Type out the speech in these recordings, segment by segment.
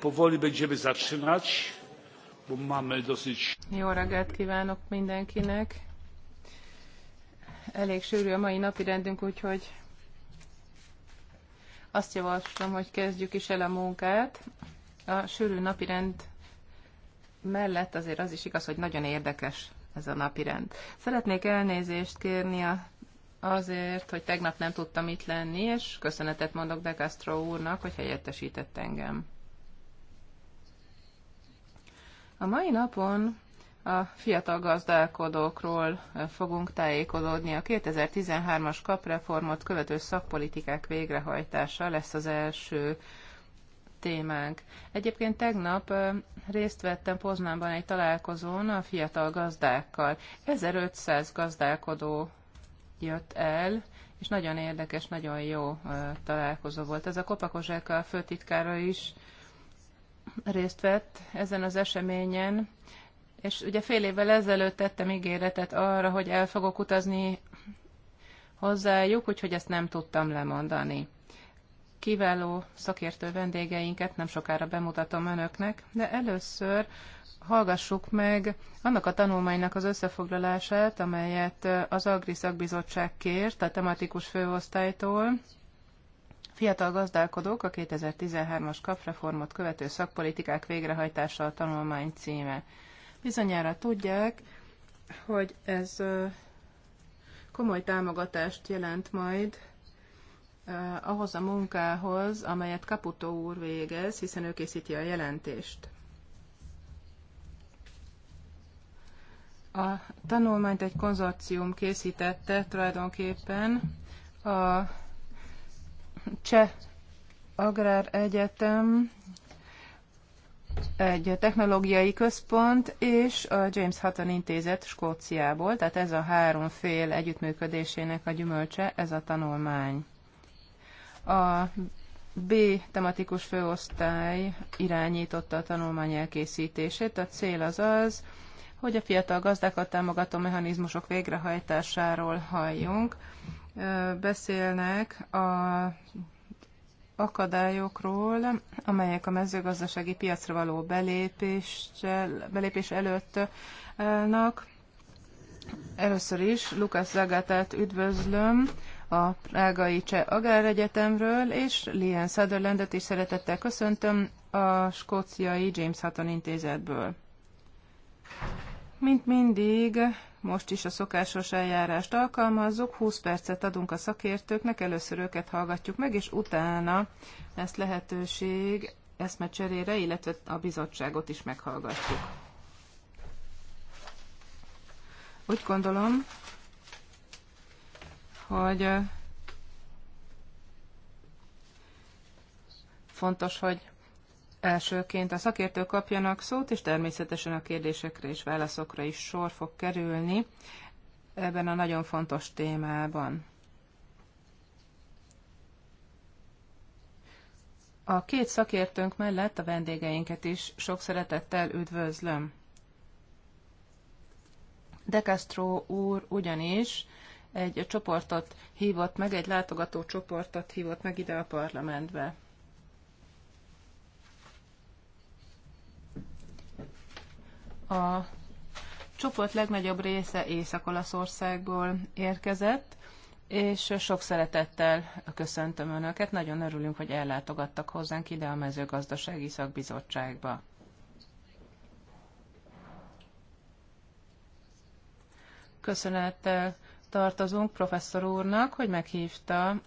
Powoli będziemy zaczynać, bo mamy dosyć... Jó reggelt kívánok mindenkinek! Elég sűrű a mai napi rendünk, úgyhogy azt javaslom, hogy kezdjük is el a munkát. A sűrű napi rend mellett azért az is igaz, hogy nagyon érdekes ez a napi rend. Szeretnék elnézést kérni a azért, hogy tegnap nem tudtam itt lenni, és köszönetet mondok De Castro úrnak, hogy helyettesített engem. A mai napon a fiatal gazdálkodókról fogunk tájékozódni. A 2013-as kapreformot követő szakpolitikák végrehajtása lesz az első témánk. Egyébként tegnap részt vettem Poznánban egy találkozón a fiatal gazdákkal. 1500 gazdálkodó jött el, és nagyon érdekes, nagyon jó találkozó volt. Ez a Kopakozsák a főtitkára is részt vett ezen az eseményen, és ugye fél évvel ezelőtt tettem ígéretet arra, hogy el fogok utazni hozzájuk, úgyhogy ezt nem tudtam lemondani. Kiváló szakértő vendégeinket nem sokára bemutatom önöknek, de először hallgassuk meg annak a tanulmánynak az összefoglalását, amelyet az Agri Szakbizottság kért a tematikus főosztálytól, Fiatal gazdálkodók a 2013-as kapreformot követő szakpolitikák végrehajtása a tanulmány címe. Bizonyára tudják, hogy ez komoly támogatást jelent majd ahhoz a munkához, amelyet Kaputó úr végez, hiszen ő készíti a jelentést. A tanulmányt egy konzorcium készítette tulajdonképpen a Cseh Agrár Egyetem egy technológiai központ és a James Hutton Intézet Skóciából, tehát ez a három fél együttműködésének a gyümölcse, ez a tanulmány. A B tematikus főosztály irányította a tanulmány elkészítését. A cél az az, hogy a fiatal gazdákat támogató mechanizmusok végrehajtásáról halljunk, beszélnek a akadályokról, amelyek a mezőgazdasági piacra való belépés, belépés előtt állnak. Először is Lukasz Zagatát üdvözlöm a Prágai Cseh Agár Egyetemről, és Lian Sutherlandet is szeretettel köszöntöm a skóciai James Hutton intézetből. Mint mindig, most is a szokásos eljárást alkalmazzuk, 20 percet adunk a szakértőknek, először őket hallgatjuk meg, és utána lesz lehetőség eszmecserére, illetve a bizottságot is meghallgatjuk. Úgy gondolom, hogy fontos, hogy Elsőként a szakértők kapjanak szót, és természetesen a kérdésekre és válaszokra is sor fog kerülni ebben a nagyon fontos témában. A két szakértőnk mellett a vendégeinket is sok szeretettel üdvözlöm. De Castro úr ugyanis egy csoportot hívott meg, egy látogató csoportot hívott meg ide a parlamentbe. A csoport legnagyobb része Észak-Olaszországból érkezett, és sok szeretettel köszöntöm Önöket. Nagyon örülünk, hogy ellátogattak hozzánk ide a mezőgazdasági szakbizottságba. Köszönettel tartozunk professzor úrnak, hogy meghívta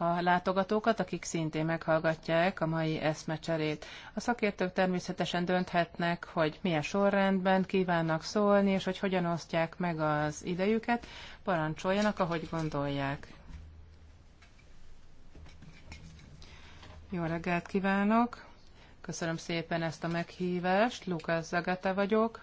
a látogatókat, akik szintén meghallgatják a mai eszmecserét. A szakértők természetesen dönthetnek, hogy milyen sorrendben kívánnak szólni, és hogy hogyan osztják meg az idejüket, parancsoljanak, ahogy gondolják. Jó reggelt kívánok! Köszönöm szépen ezt a meghívást, Lukasz Zagata vagyok,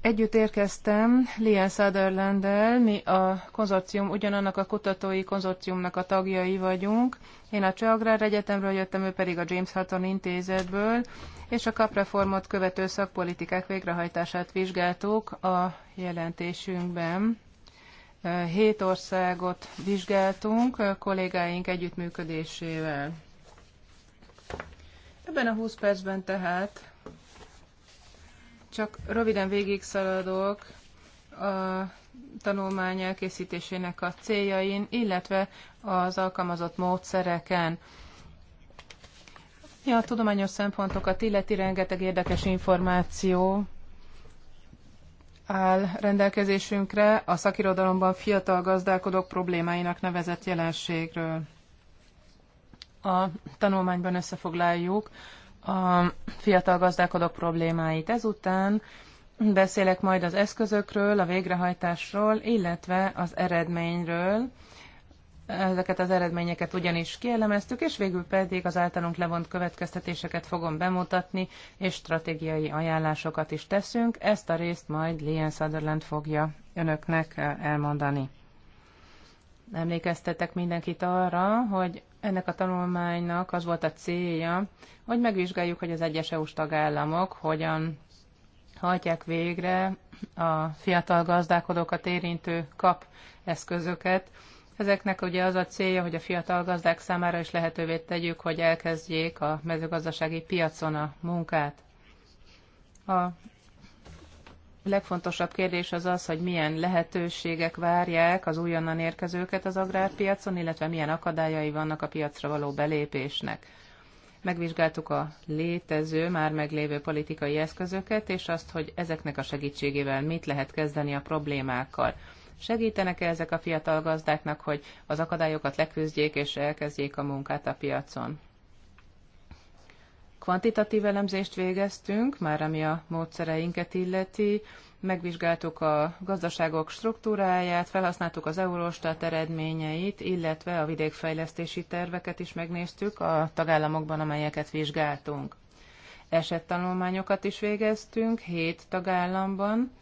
Együtt érkeztem Lian sutherland mi a konzorcium, ugyanannak a kutatói konzorciumnak a tagjai vagyunk. Én a Cseagrár Egyetemről jöttem, ő pedig a James Hutton Intézetből, és a kapreformot követő szakpolitikák végrehajtását vizsgáltuk a jelentésünkben. Hét országot vizsgáltunk kollégáink együttműködésével. Ebben a 20 percben tehát csak röviden végigszaladok a tanulmány elkészítésének a céljain, illetve az alkalmazott módszereken. Ja, a tudományos szempontokat illeti rengeteg érdekes információ áll rendelkezésünkre a szakirodalomban fiatal gazdálkodók problémáinak nevezett jelenségről. A tanulmányban összefoglaljuk a fiatal gazdálkodók problémáit. Ezután beszélek majd az eszközökről, a végrehajtásról, illetve az eredményről. Ezeket az eredményeket ugyanis kielemeztük, és végül pedig az általunk levont következtetéseket fogom bemutatni, és stratégiai ajánlásokat is teszünk. Ezt a részt majd Lian Sutherland fogja önöknek eh, elmondani emlékeztetek mindenkit arra, hogy ennek a tanulmánynak az volt a célja, hogy megvizsgáljuk, hogy az egyes EU-s tagállamok hogyan hajtják végre a fiatal gazdálkodókat érintő kap eszközöket. Ezeknek ugye az a célja, hogy a fiatal gazdák számára is lehetővé tegyük, hogy elkezdjék a mezőgazdasági piacon a munkát. A legfontosabb kérdés az az, hogy milyen lehetőségek várják az újonnan érkezőket az agrárpiacon, illetve milyen akadályai vannak a piacra való belépésnek. Megvizsgáltuk a létező, már meglévő politikai eszközöket, és azt, hogy ezeknek a segítségével mit lehet kezdeni a problémákkal. Segítenek-e ezek a fiatal gazdáknak, hogy az akadályokat leküzdjék és elkezdjék a munkát a piacon? kvantitatív elemzést végeztünk, már ami a módszereinket illeti, megvizsgáltuk a gazdaságok struktúráját, felhasználtuk az Eurostat eredményeit, illetve a vidékfejlesztési terveket is megnéztük a tagállamokban, amelyeket vizsgáltunk. Esettanulmányokat is végeztünk hét tagállamban,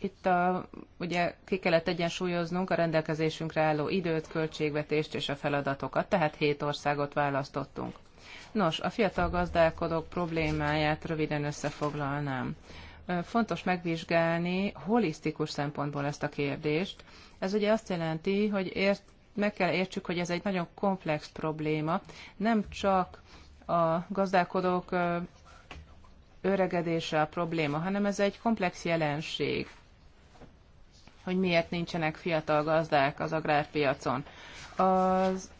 itt a, ugye ki kellett egyensúlyoznunk a rendelkezésünkre álló időt, költségvetést és a feladatokat, tehát hét országot választottunk. Nos, a fiatal gazdálkodók problémáját röviden összefoglalnám. Fontos megvizsgálni holisztikus szempontból ezt a kérdést. Ez ugye azt jelenti, hogy ért, meg kell értsük, hogy ez egy nagyon komplex probléma. Nem csak a gazdálkodók öregedése a probléma, hanem ez egy komplex jelenség hogy miért nincsenek fiatal gazdák az agrárpiacon. Az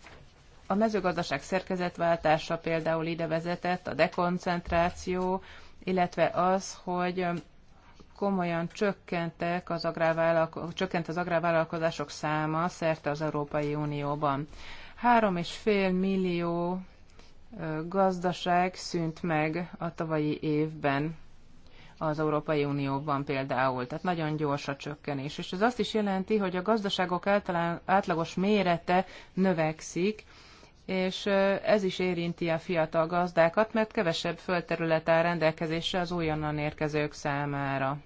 a mezőgazdaság szerkezetváltása például ide vezetett, a dekoncentráció, illetve az, hogy komolyan csökkentek az agrárvállalko- csökkent az agrárvállalkozások száma szerte az Európai Unióban. három és fél millió gazdaság szűnt meg a tavalyi évben az Európai Unióban például. Tehát nagyon gyors a csökkenés. És ez azt is jelenti, hogy a gazdaságok általán, átlagos mérete növekszik, és ez is érinti a fiatal gazdákat, mert kevesebb földterület áll rendelkezésre az újonnan érkezők számára.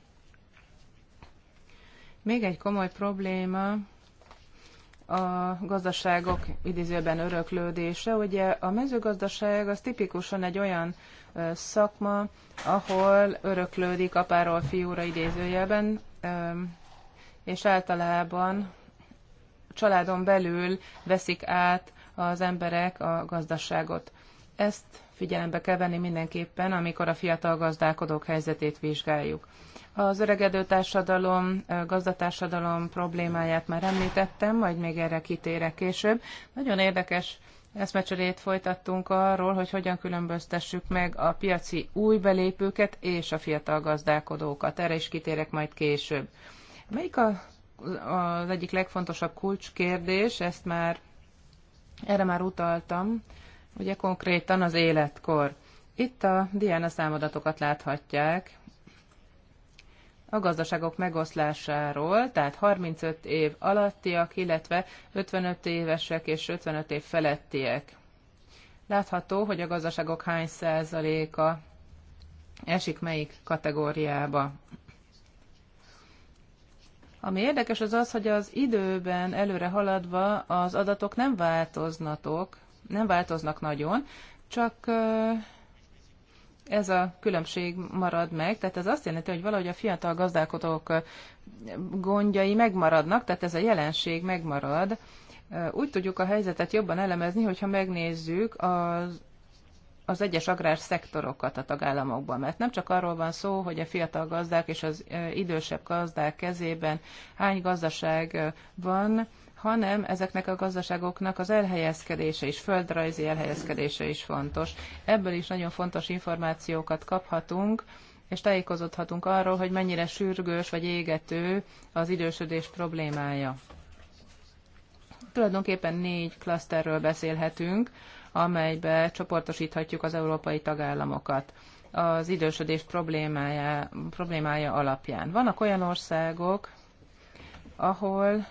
Még egy komoly probléma a gazdaságok idézőben öröklődése. Ugye a mezőgazdaság az tipikusan egy olyan szakma, ahol öröklődik apáról fiúra idézőjelben, és általában családon belül veszik át az emberek a gazdaságot. Ezt figyelembe kell venni mindenképpen, amikor a fiatal gazdálkodók helyzetét vizsgáljuk. Az öregedő társadalom, gazdatársadalom problémáját már említettem, majd még erre kitérek később. Nagyon érdekes eszmecserét folytattunk arról, hogy hogyan különböztessük meg a piaci új belépőket és a fiatal gazdálkodókat. Erre is kitérek majd később. Melyik a, az egyik legfontosabb kulcskérdés, ezt már erre már utaltam, ugye konkrétan az életkor. Itt a dián számadatokat láthatják, a gazdaságok megoszlásáról, tehát 35 év alattiak, illetve 55 évesek és 55 év felettiek. Látható, hogy a gazdaságok hány százaléka esik melyik kategóriába. Ami érdekes az az, hogy az időben előre haladva az adatok nem változnatok, nem változnak nagyon, csak ez a különbség marad meg, tehát ez azt jelenti, hogy valahogy a fiatal gazdálkodók gondjai megmaradnak, tehát ez a jelenség megmarad. Úgy tudjuk a helyzetet jobban elemezni, hogyha megnézzük az az egyes agrár szektorokat a tagállamokban, mert nem csak arról van szó, hogy a fiatal gazdák és az idősebb gazdák kezében hány gazdaság van, hanem ezeknek a gazdaságoknak az elhelyezkedése is, földrajzi elhelyezkedése is fontos. Ebből is nagyon fontos információkat kaphatunk, és tájékozódhatunk arról, hogy mennyire sürgős vagy égető az idősödés problémája. Tulajdonképpen négy klaszterről beszélhetünk, amelybe csoportosíthatjuk az európai tagállamokat az idősödés problémája, problémája alapján. Vannak olyan országok, ahol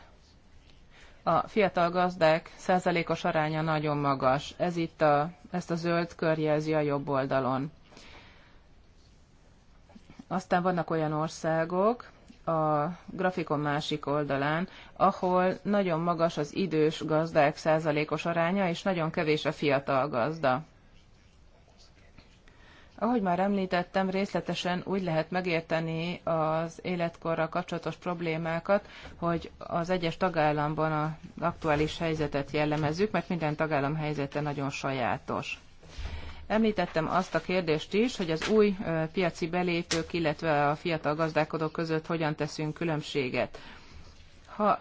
a fiatal gazdák százalékos aránya nagyon magas. Ez itt a, ezt a zöld kör jelzi a jobb oldalon. Aztán vannak olyan országok, a grafikon másik oldalán, ahol nagyon magas az idős gazdák százalékos aránya, és nagyon kevés a fiatal gazda. Ahogy már említettem, részletesen úgy lehet megérteni az életkorra kapcsolatos problémákat, hogy az egyes tagállamban az aktuális helyzetet jellemezzük, mert minden tagállam helyzete nagyon sajátos. Említettem azt a kérdést is, hogy az új piaci belépők, illetve a fiatal gazdálkodók között hogyan teszünk különbséget. Ha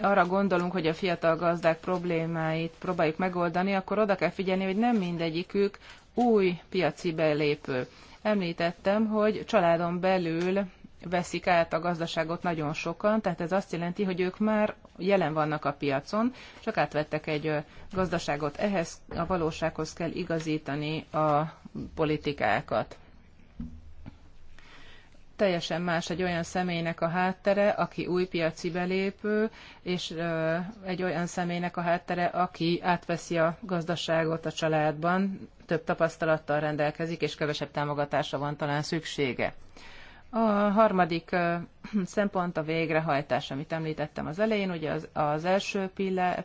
arra gondolunk, hogy a fiatal gazdák problémáit próbáljuk megoldani, akkor oda kell figyelni, hogy nem mindegyikük új piaci belépő. Említettem, hogy családon belül veszik át a gazdaságot nagyon sokan, tehát ez azt jelenti, hogy ők már jelen vannak a piacon, csak átvettek egy gazdaságot. Ehhez a valósághoz kell igazítani a politikákat teljesen más egy olyan személynek a háttere, aki új piaci belépő, és egy olyan személynek a háttere, aki átveszi a gazdaságot a családban, több tapasztalattal rendelkezik, és kevesebb támogatásra van talán szüksége. A harmadik szempont a végrehajtás, amit említettem az elején, ugye az, az első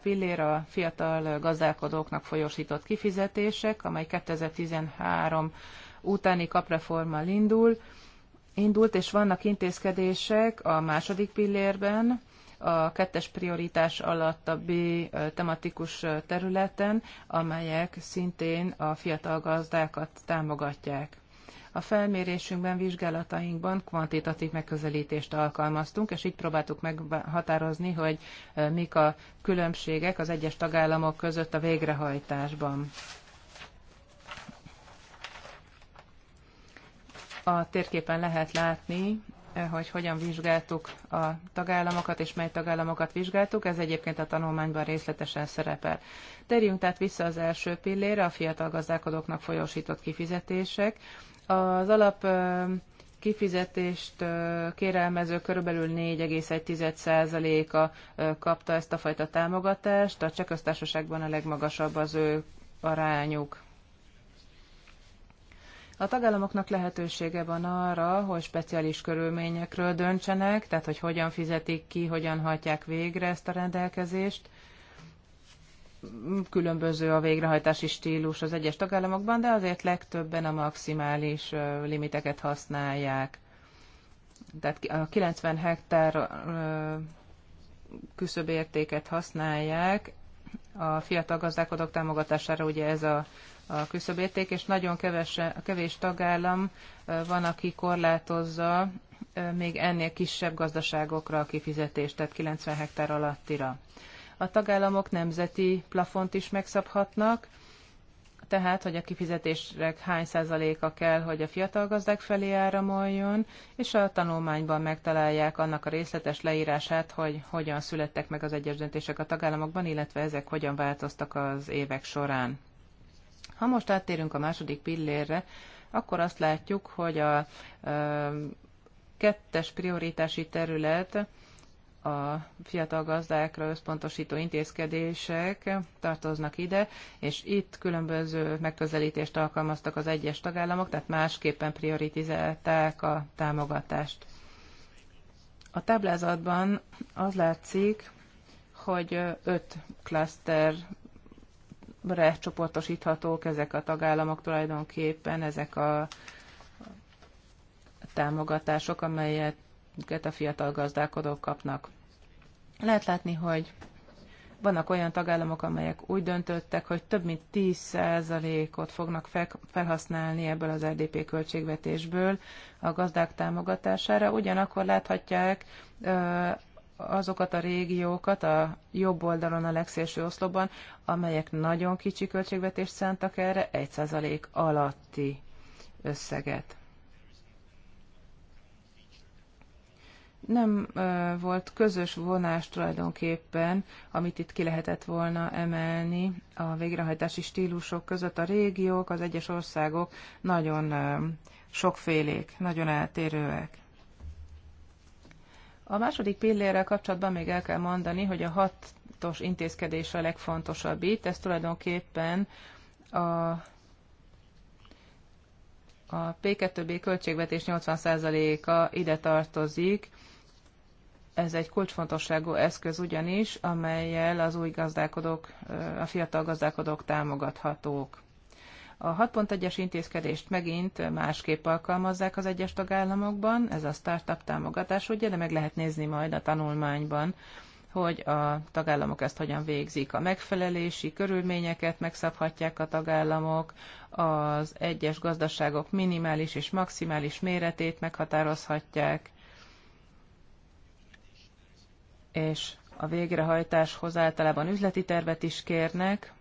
pillér a fiatal gazdálkodóknak folyosított kifizetések, amely 2013 utáni kapreformmal indul, indult, és vannak intézkedések a második pillérben, a kettes prioritás alatt a B tematikus területen, amelyek szintén a fiatal gazdákat támogatják. A felmérésünkben, vizsgálatainkban kvantitatív megközelítést alkalmaztunk, és így próbáltuk meghatározni, hogy mik a különbségek az egyes tagállamok között a végrehajtásban. A térképen lehet látni, eh, hogy hogyan vizsgáltuk a tagállamokat, és mely tagállamokat vizsgáltuk, ez egyébként a tanulmányban részletesen szerepel. Térjünk tehát vissza az első pillére, a fiatal gazdálkodóknak folyósított kifizetések. Az alap eh, kifizetést eh, kérelmező körülbelül 4,1%-a kapta ezt a fajta támogatást, a cseh a legmagasabb az ő arányuk. A tagállamoknak lehetősége van arra, hogy speciális körülményekről döntsenek, tehát hogy hogyan fizetik ki, hogyan hajtják végre ezt a rendelkezést. Különböző a végrehajtási stílus az egyes tagállamokban, de azért legtöbben a maximális limiteket használják. Tehát a 90 hektár küszöbértéket használják, a fiatal gazdálkodók támogatására ugye ez a a küszöbérték, és nagyon kevese, kevés tagállam van, aki korlátozza még ennél kisebb gazdaságokra a kifizetést, tehát 90 hektár alattira. A tagállamok nemzeti plafont is megszabhatnak, tehát, hogy a kifizetések hány százaléka kell, hogy a fiatal gazdák felé áramoljon, és a tanulmányban megtalálják annak a részletes leírását, hogy hogyan születtek meg az egyes döntések a tagállamokban, illetve ezek hogyan változtak az évek során. Ha most áttérünk a második pillérre, akkor azt látjuk, hogy a kettes prioritási terület a fiatal gazdákra összpontosító intézkedések tartoznak ide, és itt különböző megközelítést alkalmaztak az egyes tagállamok, tehát másképpen prioritizálták a támogatást. A táblázatban az látszik, hogy öt klaszter re csoportosíthatók ezek a tagállamok tulajdonképpen, ezek a támogatások, amelyeket a fiatal gazdálkodók kapnak. Lehet látni, hogy vannak olyan tagállamok, amelyek úgy döntöttek, hogy több mint 10%-ot fognak felhasználni ebből az RDP költségvetésből a gazdák támogatására. Ugyanakkor láthatják azokat a régiókat a jobb oldalon, a legszélső oszlopban, amelyek nagyon kicsi költségvetést szántak erre, 1% alatti összeget. Nem ö, volt közös vonás tulajdonképpen, amit itt ki lehetett volna emelni a végrehajtási stílusok között. A régiók, az egyes országok nagyon ö, sokfélék, nagyon eltérőek. A második pillérrel kapcsolatban még el kell mondani, hogy a hatos intézkedés a legfontosabb itt. Ez tulajdonképpen a, a P2B költségvetés 80%-a ide tartozik. Ez egy kulcsfontosságú eszköz ugyanis, amelyel az új gazdálkodók, a fiatal gazdálkodók támogathatók. A 6.1-es intézkedést megint másképp alkalmazzák az egyes tagállamokban, ez a startup támogatás, ugye, de meg lehet nézni majd a tanulmányban, hogy a tagállamok ezt hogyan végzik. A megfelelési körülményeket megszabhatják a tagállamok, az egyes gazdaságok minimális és maximális méretét meghatározhatják, és a végrehajtáshoz általában üzleti tervet is kérnek,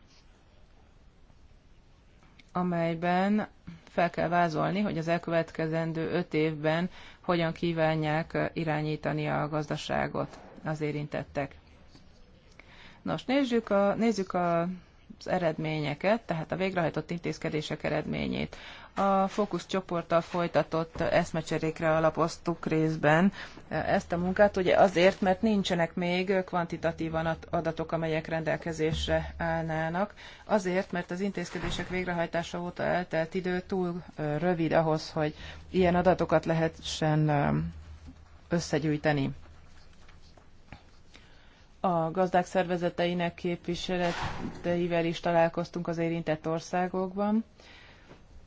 amelyben fel kell vázolni, hogy az elkövetkezendő öt évben hogyan kívánják irányítani a gazdaságot az érintettek. Nos, nézzük, a, nézzük a, az eredményeket, tehát a végrehajtott intézkedések eredményét a fókuszcsoporttal folytatott eszmecserékre alapoztuk részben e, ezt a munkát, ugye azért, mert nincsenek még kvantitatív adatok, amelyek rendelkezésre állnának, azért, mert az intézkedések végrehajtása óta eltelt idő túl e, rövid ahhoz, hogy ilyen adatokat lehessen e, összegyűjteni. A gazdák szervezeteinek képviseleteivel is találkoztunk az érintett országokban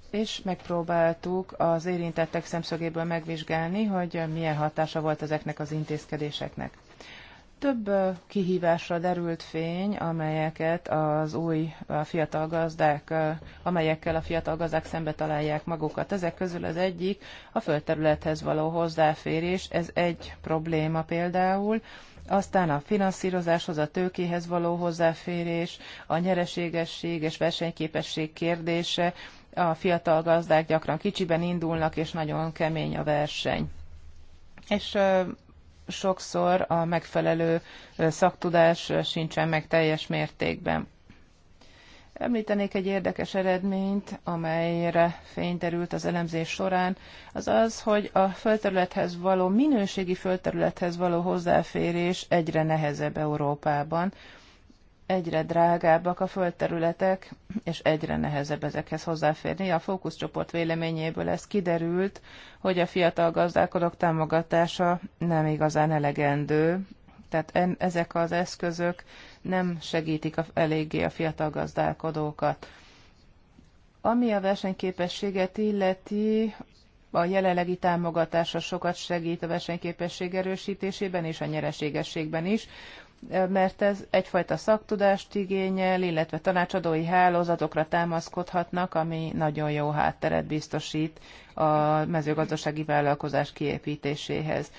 és megpróbáltuk az érintettek szemszögéből megvizsgálni, hogy milyen hatása volt ezeknek az intézkedéseknek. Több kihívásra derült fény, amelyeket az új a fiatal gazdák, amelyekkel a fiatal gazdák szembe találják magukat. Ezek közül az egyik a földterülethez való hozzáférés, ez egy probléma például, aztán a finanszírozáshoz, a tőkéhez való hozzáférés, a nyereségesség és versenyképesség kérdése, a fiatal gazdák gyakran kicsiben indulnak, és nagyon kemény a verseny. És sokszor a megfelelő szaktudás sincsen meg teljes mértékben. Említenék egy érdekes eredményt, amelyre fényterült az elemzés során, az az, hogy a földterülethez való, minőségi földterülethez való hozzáférés egyre nehezebb Európában, egyre drágábbak a földterületek, és egyre nehezebb ezekhez hozzáférni. A fókuszcsoport véleményéből ez kiderült, hogy a fiatal gazdálkodók támogatása nem igazán elegendő, tehát en, ezek az eszközök nem segítik a, eléggé a fiatal gazdálkodókat. Ami a versenyképességet illeti, a jelenlegi támogatása sokat segít a versenyképesség erősítésében és a nyereségességben is, mert ez egyfajta szaktudást igényel, illetve tanácsadói hálózatokra támaszkodhatnak, ami nagyon jó hátteret biztosít a mezőgazdasági vállalkozás kiépítéséhez.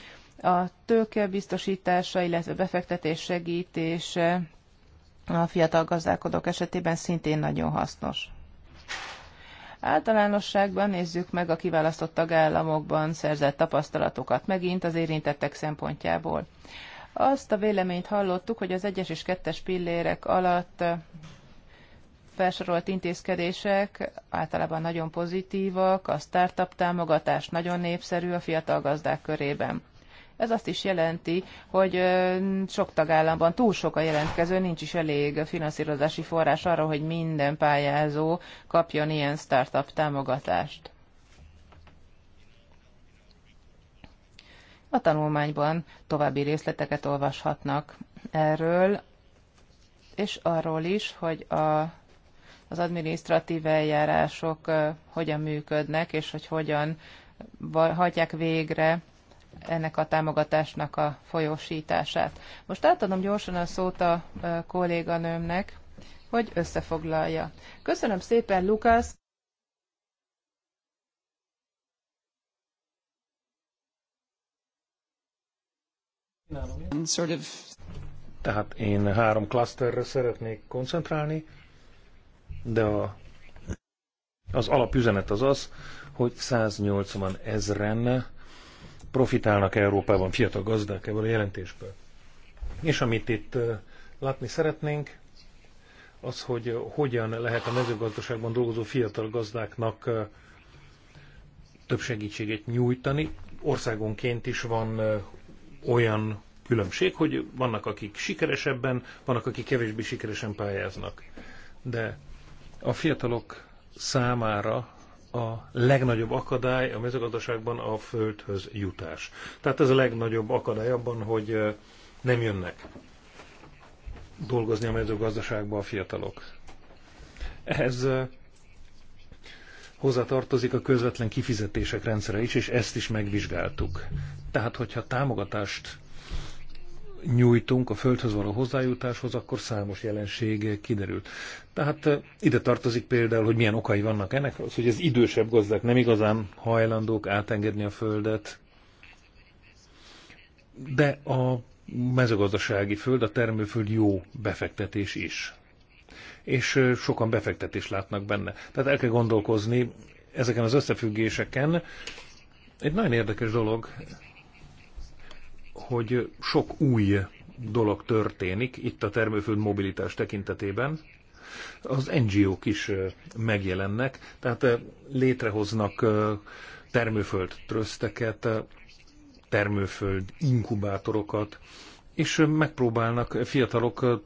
A tőke biztosítása, illetve befektetés segítése a fiatal gazdálkodók esetében szintén nagyon hasznos. Általánosságban nézzük meg a kiválasztott tagállamokban szerzett tapasztalatokat megint az érintettek szempontjából. Azt a véleményt hallottuk, hogy az egyes és kettes pillérek alatt eh, felsorolt intézkedések általában nagyon pozitívak, a startup támogatás nagyon népszerű a fiatal gazdák körében. Ez azt is jelenti, hogy eh, sok tagállamban túl sok a jelentkező, nincs is elég finanszírozási forrás arra, hogy minden pályázó kapjon ilyen startup támogatást. A tanulmányban további részleteket olvashatnak erről, és arról is, hogy a, az adminisztratív eljárások hogyan működnek, és hogy hogyan hagyják végre ennek a támogatásnak a folyósítását. Most átadom gyorsan a szót a kolléganőmnek, hogy összefoglalja. Köszönöm szépen, Lukasz! Tehát én három klaszterre szeretnék koncentrálni, de a, az alapüzenet az az, hogy 180 ezren profitálnak Európában fiatal gazdák ebből a jelentésből. És amit itt látni szeretnénk, az, hogy hogyan lehet a mezőgazdaságban dolgozó fiatal gazdáknak több segítséget nyújtani. Országonként is van olyan különbség, hogy vannak, akik sikeresebben, vannak, akik kevésbé sikeresen pályáznak. De a fiatalok számára a legnagyobb akadály a mezőgazdaságban a földhöz jutás. Tehát ez a legnagyobb akadály abban, hogy nem jönnek dolgozni a mezőgazdaságba a fiatalok. Ez hozzátartozik a közvetlen kifizetések rendszere is, és ezt is megvizsgáltuk. Tehát, hogyha támogatást nyújtunk a földhöz való hozzájutáshoz, akkor számos jelenség kiderült. Tehát eh, ide tartozik például, hogy milyen okai vannak ennek, az, hogy az idősebb gazdák nem igazán hajlandók átengedni a földet, de a mezőgazdasági föld, a termőföld jó befektetés is és sokan befektetést látnak benne. Tehát el kell gondolkozni ezeken az összefüggéseken. Egy nagyon érdekes dolog, hogy sok új dolog történik itt a termőföld mobilitás tekintetében. Az NGO-k is megjelennek, tehát létrehoznak termőföld trözteket, termőföld inkubátorokat, és megpróbálnak fiatalok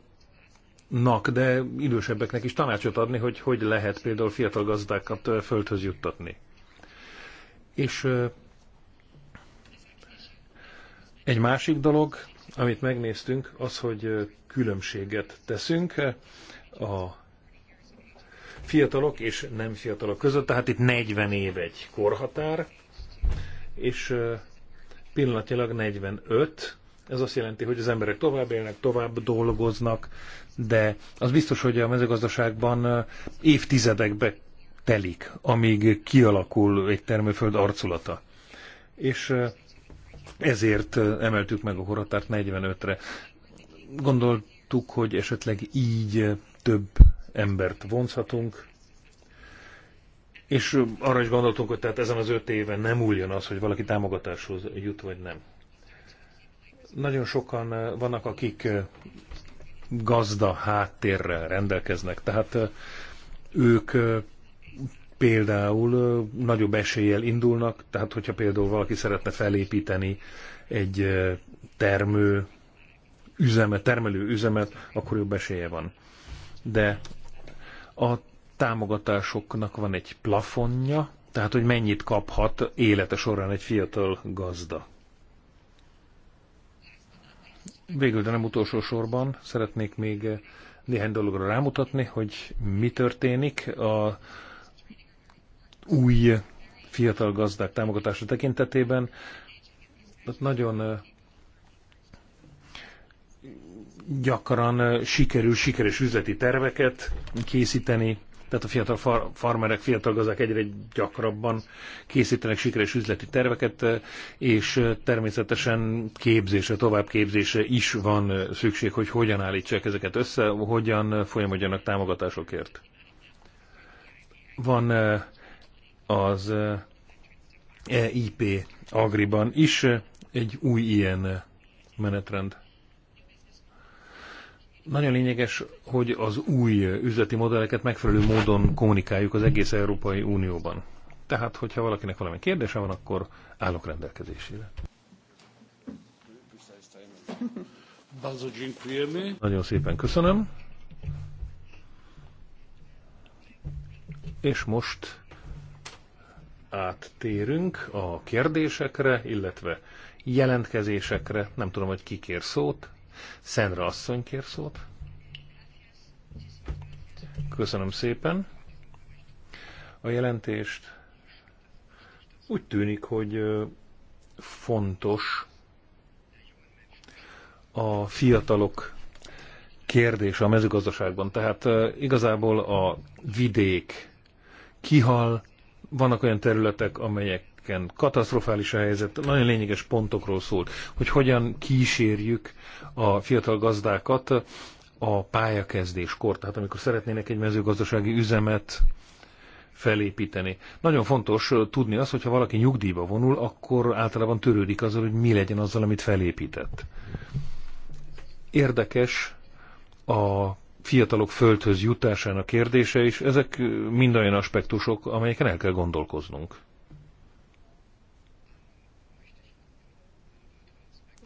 nak, de idősebbeknek is tanácsot adni, hogy hogy lehet például fiatal gazdákat földhöz juttatni. És egy másik dolog, amit megnéztünk, az, hogy különbséget teszünk a fiatalok és nem fiatalok között, tehát itt 40 év egy korhatár, és pillanatilag 45, ez azt jelenti, hogy az emberek tovább élnek, tovább dolgoznak, de az biztos, hogy a mezőgazdaságban évtizedekbe telik, amíg kialakul egy termőföld arculata. És ezért emeltük meg a koratárt 45-re. Gondoltuk, hogy esetleg így több embert vonzhatunk, és arra is gondoltunk, hogy tehát ezen az öt éven nem úljon az, hogy valaki támogatáshoz jut, vagy nem. Nagyon sokan eh, vannak, akik eh, gazda háttérrel rendelkeznek, tehát eh, ők például nagyobb eséllyel indulnak, tehát hogyha például valaki szeretne felépíteni egy termő üzemet, termelő üzemet, akkor jobb esélye van. De a támogatásoknak van egy plafonja, tehát hogy mennyit kaphat élete során egy fiatal gazda. Végül, de nem utolsó sorban szeretnék még néhány dologra rámutatni, hogy mi történik a új fiatal gazdák támogatása tekintetében. Nagyon gyakran sikerül sikeres üzleti terveket készíteni, tehát a fiatal far- farmerek, fiatal gazdák egyre gyakrabban készítenek sikeres üzleti terveket, és természetesen képzése, továbbképzése is van szükség, hogy hogyan állítsák ezeket össze, hogyan folyamodjanak támogatásokért. Van eh, az EIP eh, e Agriban is egy új ilyen menetrend. Nagyon lényeges, hogy az új üzleti modelleket megfelelő módon kommunikáljuk az egész Európai Unióban. Tehát, hogyha valakinek valami kérdése van, akkor állok rendelkezésére. Nagyon szépen köszönöm. És most áttérünk a kérdésekre, illetve jelentkezésekre. Nem tudom, hogy ki kér szót. Szentra asszony kér szót. Köszönöm szépen. A jelentést úgy tűnik, hogy fontos a fiatalok kérdése a mezőgazdaságban. Tehát igazából a vidék kihal, vannak olyan területek, amelyek területeken katasztrofális a helyzet, nagyon lényeges pontokról szólt, hogy hogyan kísérjük a fiatal gazdákat a pályakezdéskor, tehát amikor szeretnének egy mezőgazdasági üzemet felépíteni. Nagyon fontos tudni azt, hogyha valaki nyugdíjba vonul, akkor általában törődik azzal, hogy mi legyen azzal, amit felépített. Érdekes a fiatalok földhöz jutásának kérdése is, ezek mind olyan aspektusok, amelyeken el kell gondolkoznunk.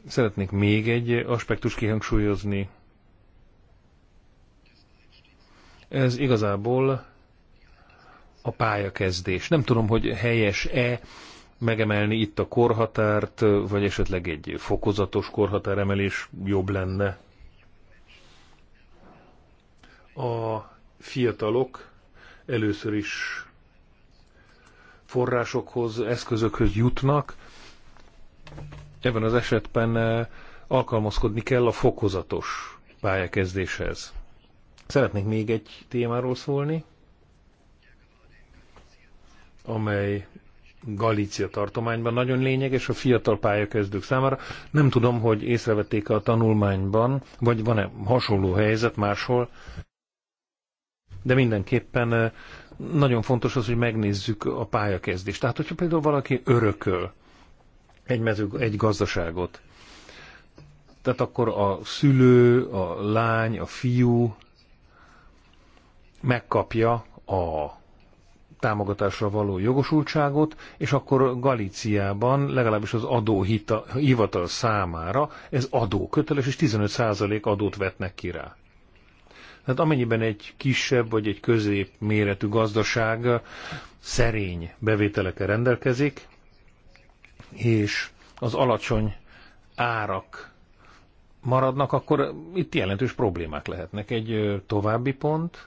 Szeretnék még egy aspektus kihangsúlyozni. Ez igazából a pályakezdés. Nem tudom, hogy helyes-e megemelni itt a korhatárt, vagy esetleg egy fokozatos korhatáremelés jobb lenne. A fiatalok először is forrásokhoz, eszközökhöz jutnak, Ebben az esetben eh, alkalmazkodni kell a fokozatos pályakezdéshez. Szeretnék még egy témáról szólni, amely Galícia tartományban nagyon lényeges a fiatal pályakezdők számára. Nem tudom, hogy észrevették -e a tanulmányban, vagy van-e hasonló helyzet máshol, de mindenképpen eh, nagyon fontos az, hogy megnézzük a pályakezdést. Tehát, hogyha például valaki örököl egy, mező egy gazdaságot. Tehát akkor a szülő, a lány, a fiú megkapja a támogatásra való jogosultságot, és akkor Galíciában legalábbis az adóhivatal számára ez adóköteles, és 15% adót vetnek ki rá. Tehát amennyiben egy kisebb vagy egy középméretű gazdaság szerény bevételekkel rendelkezik, és az alacsony árak maradnak, akkor itt jelentős problémák lehetnek. Egy további pont,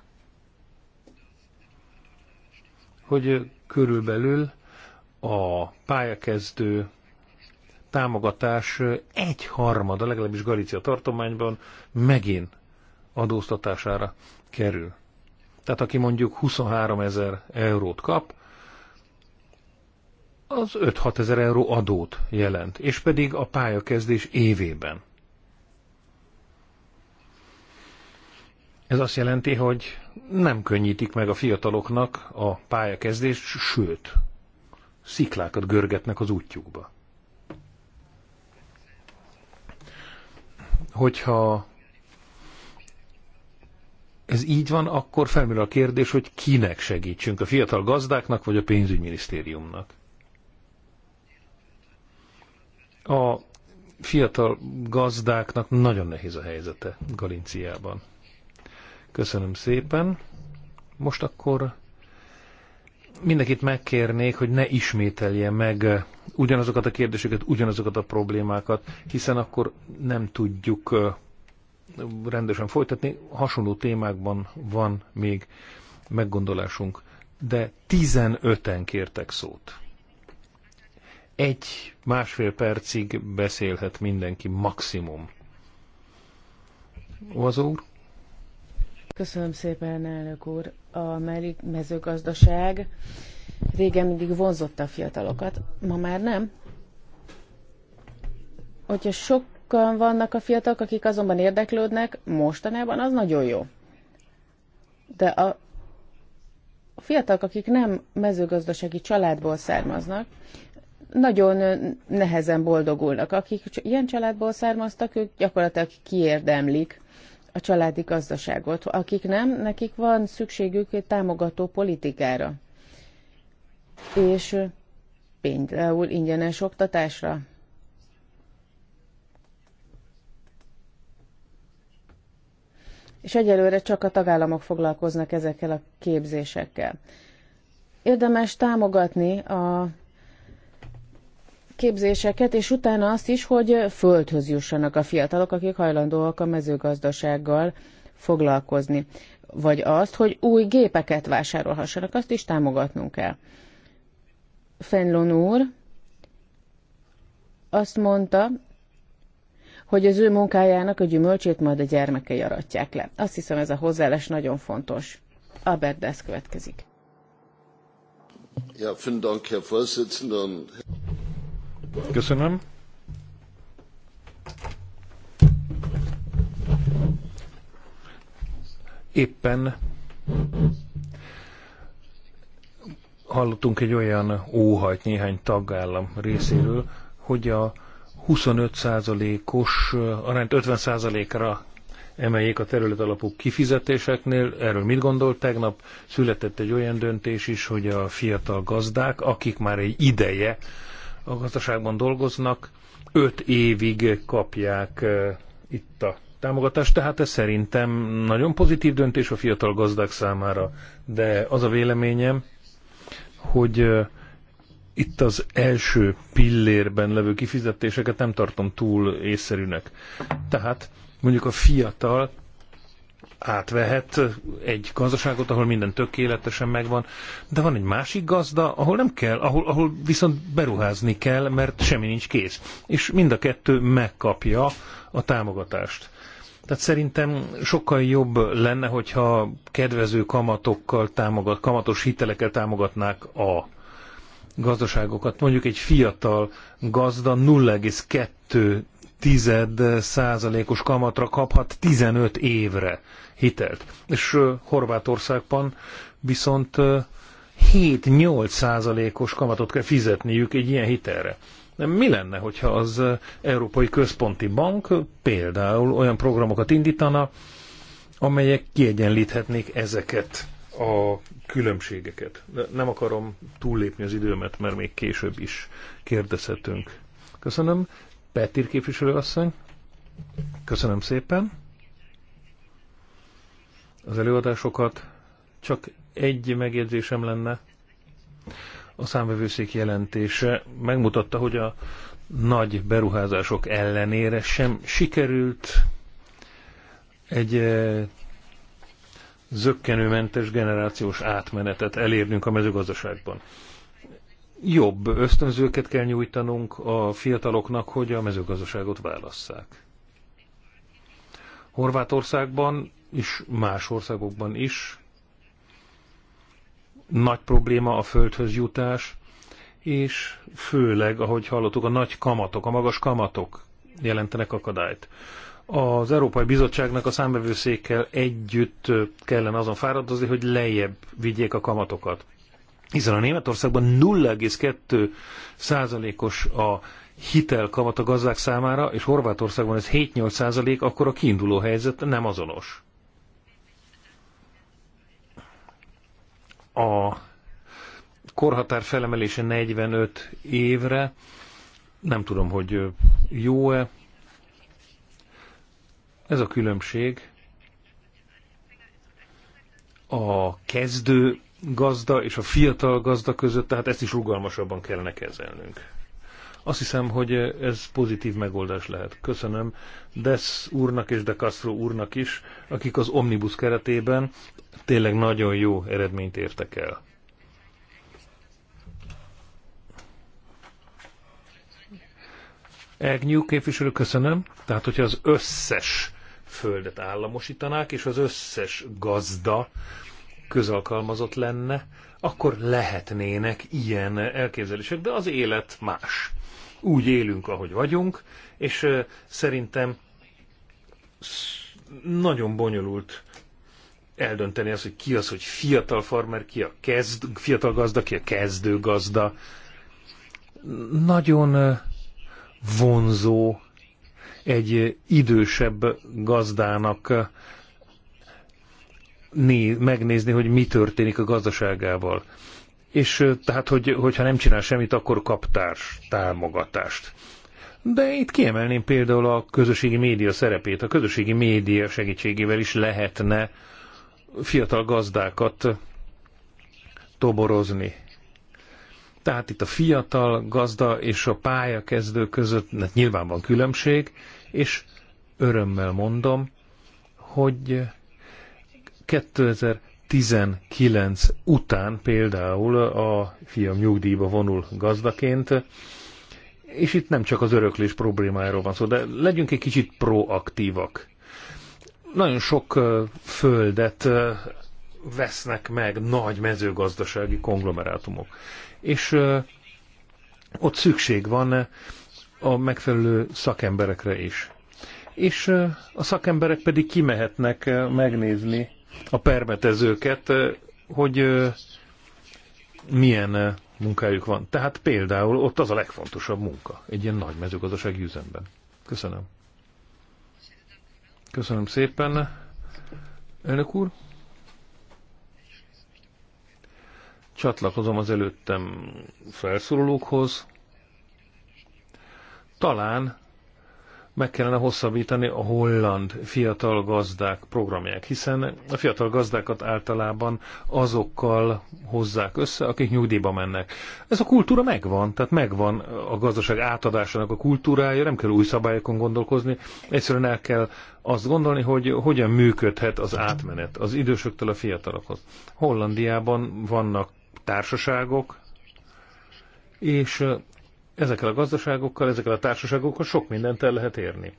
hogy körülbelül a pályakezdő támogatás egy harmada, legalábbis Galícia tartományban megint adóztatására kerül. Tehát aki mondjuk 23 ezer eurót kap, az 5-6 ezer euró adót jelent, és pedig a pályakezdés évében. Ez azt jelenti, hogy nem könnyítik meg a fiataloknak a pályakezdést, sőt, sziklákat görgetnek az útjukba. Hogyha ez így van, akkor felmerül a kérdés, hogy kinek segítsünk, a fiatal gazdáknak vagy a pénzügyminisztériumnak. A fiatal gazdáknak nagyon nehéz a helyzete Galinciában. Köszönöm szépen. Most akkor mindenkit megkérnék, hogy ne ismételje meg ugyanazokat a kérdéseket, ugyanazokat a problémákat, hiszen akkor nem tudjuk rendesen folytatni. Hasonló témákban van még meggondolásunk, de 15-en kértek szót egy másfél percig beszélhet mindenki maximum. az úr? Köszönöm szépen, elnök úr. A mezőgazdaság régen mindig vonzotta a fiatalokat, ma már nem. Hogyha sokan vannak a fiatalok, akik azonban érdeklődnek, mostanában az nagyon jó. De a fiatalok, akik nem mezőgazdasági családból származnak, nagyon nehezen boldogulnak. Akik ilyen családból származtak, ők gyakorlatilag kiérdemlik a családi gazdaságot. Akik nem, nekik van szükségük egy támogató politikára. És például ingyenes oktatásra. És egyelőre csak a tagállamok foglalkoznak ezekkel a képzésekkel. Érdemes támogatni a képzéseket, és utána azt is, hogy földhöz jussanak a fiatalok, akik hajlandóak a mezőgazdasággal foglalkozni. Vagy azt, hogy új gépeket vásárolhassanak, azt is támogatnunk kell. Fenlon úr azt mondta, hogy az ő munkájának a gyümölcsét majd a gyermekei aratják le. Azt hiszem ez a hozzáállás nagyon fontos. A Dess következik. Ja, Köszönöm. Éppen hallottunk egy olyan óhajt néhány tagállam részéről, hogy a 25%-os arányt 50%-ra emeljék a terület alapú kifizetéseknél. Erről mit gondolt tegnap? Született egy olyan döntés is, hogy a fiatal gazdák, akik már egy ideje a gazdaságban dolgoznak, öt évig kapják itt a támogatást, tehát ez szerintem nagyon pozitív döntés a fiatal gazdák számára, de az a véleményem, hogy itt az első pillérben levő kifizetéseket nem tartom túl észszerűnek. Tehát mondjuk a fiatal átvehet egy gazdaságot, ahol minden tökéletesen megvan, de van egy másik gazda, ahol nem kell, ahol, ahol viszont beruházni kell, mert semmi nincs kész. És mind a kettő megkapja a támogatást. Tehát szerintem sokkal jobb lenne, hogyha kedvező kamatokkal támogat, kamatos hitelekkel támogatnák a gazdaságokat. Mondjuk egy fiatal gazda tized százalékos kamatra kaphat 15 évre hitelt. És Horvátországban viszont 7-8 százalékos kamatot kell fizetniük egy ilyen hitelre. Mi lenne, hogyha az Európai Központi Bank például olyan programokat indítana, amelyek kiegyenlíthetnék ezeket a különbségeket? De nem akarom túllépni az időmet, mert még később is kérdezhetünk. Köszönöm. Petir képviselőasszony. Köszönöm szépen. Az előadásokat csak egy megjegyzésem lenne. A számvevőszék jelentése megmutatta, hogy a nagy beruházások ellenére sem sikerült egy eh, zöggenőmentes generációs átmenetet elérnünk a mezőgazdaságban jobb ösztönzőket kell nyújtanunk a fiataloknak, hogy a mezőgazdaságot válasszák. Horvátországban és más országokban is nagy probléma a földhöz jutás, és főleg, ahogy hallottuk, a nagy kamatok, a magas kamatok jelentenek akadályt. Az Európai Bizottságnak a számbevőszékkel együtt kellene azon fáradozni, hogy lejjebb vigyék a kamatokat hiszen a Németországban 0,2 százalékos a hitelkamat a gazdák számára, és Horvátországban ez 7-8 százalék, akkor a kiinduló helyzet nem azonos. A korhatár felemelése 45 évre, nem tudom, hogy jó-e. Ez a különbség. A kezdő gazda és a fiatal gazda között, tehát ezt is rugalmasabban kellene kezelnünk. Azt hiszem, hogy ez pozitív megoldás lehet. Köszönöm Desz úrnak és De Castro úrnak is, akik az Omnibus keretében tényleg nagyon jó eredményt értek el. Egnyú képviselő, köszönöm. Tehát, hogyha az összes földet államosítanák, és az összes gazda közalkalmazott lenne, akkor lehetnének ilyen elképzelések, de az élet más. Úgy élünk, ahogy vagyunk, és szerintem nagyon bonyolult eldönteni azt, hogy ki az, hogy fiatal farmer, ki a kezd, fiatal gazda, ki a kezdő gazda. Nagyon vonzó egy idősebb gazdának né, megnézni, hogy mi történik a gazdaságával. És tehát, hogy, hogyha nem csinál semmit, akkor kap társ, támogatást. De itt kiemelném például a közösségi média szerepét. A közösségi média segítségével is lehetne fiatal gazdákat toborozni. Tehát itt a fiatal gazda és a pályakezdő között hát nyilván van különbség, és örömmel mondom, hogy 2019 után például a fiam nyugdíjba vonul gazdaként, és itt nem csak az öröklés problémájáról van szó, de legyünk egy kicsit proaktívak. Nagyon sok földet vesznek meg nagy mezőgazdasági konglomerátumok. És ott szükség van a megfelelő szakemberekre is. És a szakemberek pedig kimehetnek megnézni a permetezőket, hogy milyen munkájuk van. Tehát például ott az a legfontosabb munka egy ilyen nagy mezőgazdasági üzemben. Köszönöm. Köszönöm szépen. Elnök úr? Csatlakozom az előttem felszólalókhoz. Talán meg kellene hosszabbítani a holland fiatal gazdák programját, hiszen a fiatal gazdákat általában azokkal hozzák össze, akik nyugdíjba mennek. Ez a kultúra megvan, tehát megvan a gazdaság átadásának a kultúrája, nem kell új szabályokon gondolkozni, egyszerűen el kell azt gondolni, hogy hogyan működhet az átmenet az idősöktől a fiatalokhoz. Hollandiában vannak társaságok, és ezekkel a gazdaságokkal, ezekkel a társaságokkal sok mindent el lehet érni.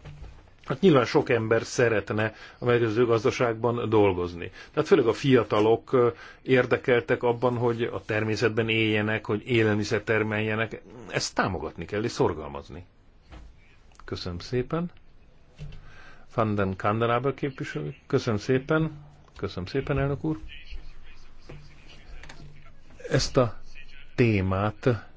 Hát nyilván sok ember szeretne a megőző gazdaságban dolgozni. Tehát főleg a fiatalok érdekeltek abban, hogy a természetben éljenek, hogy élelmiszer termeljenek. Ezt támogatni kell és szorgalmazni. Köszönöm szépen. Fanden Kanderábel képviselő. Köszönöm szépen. Köszönöm szépen, elnök úr. Ezt a témát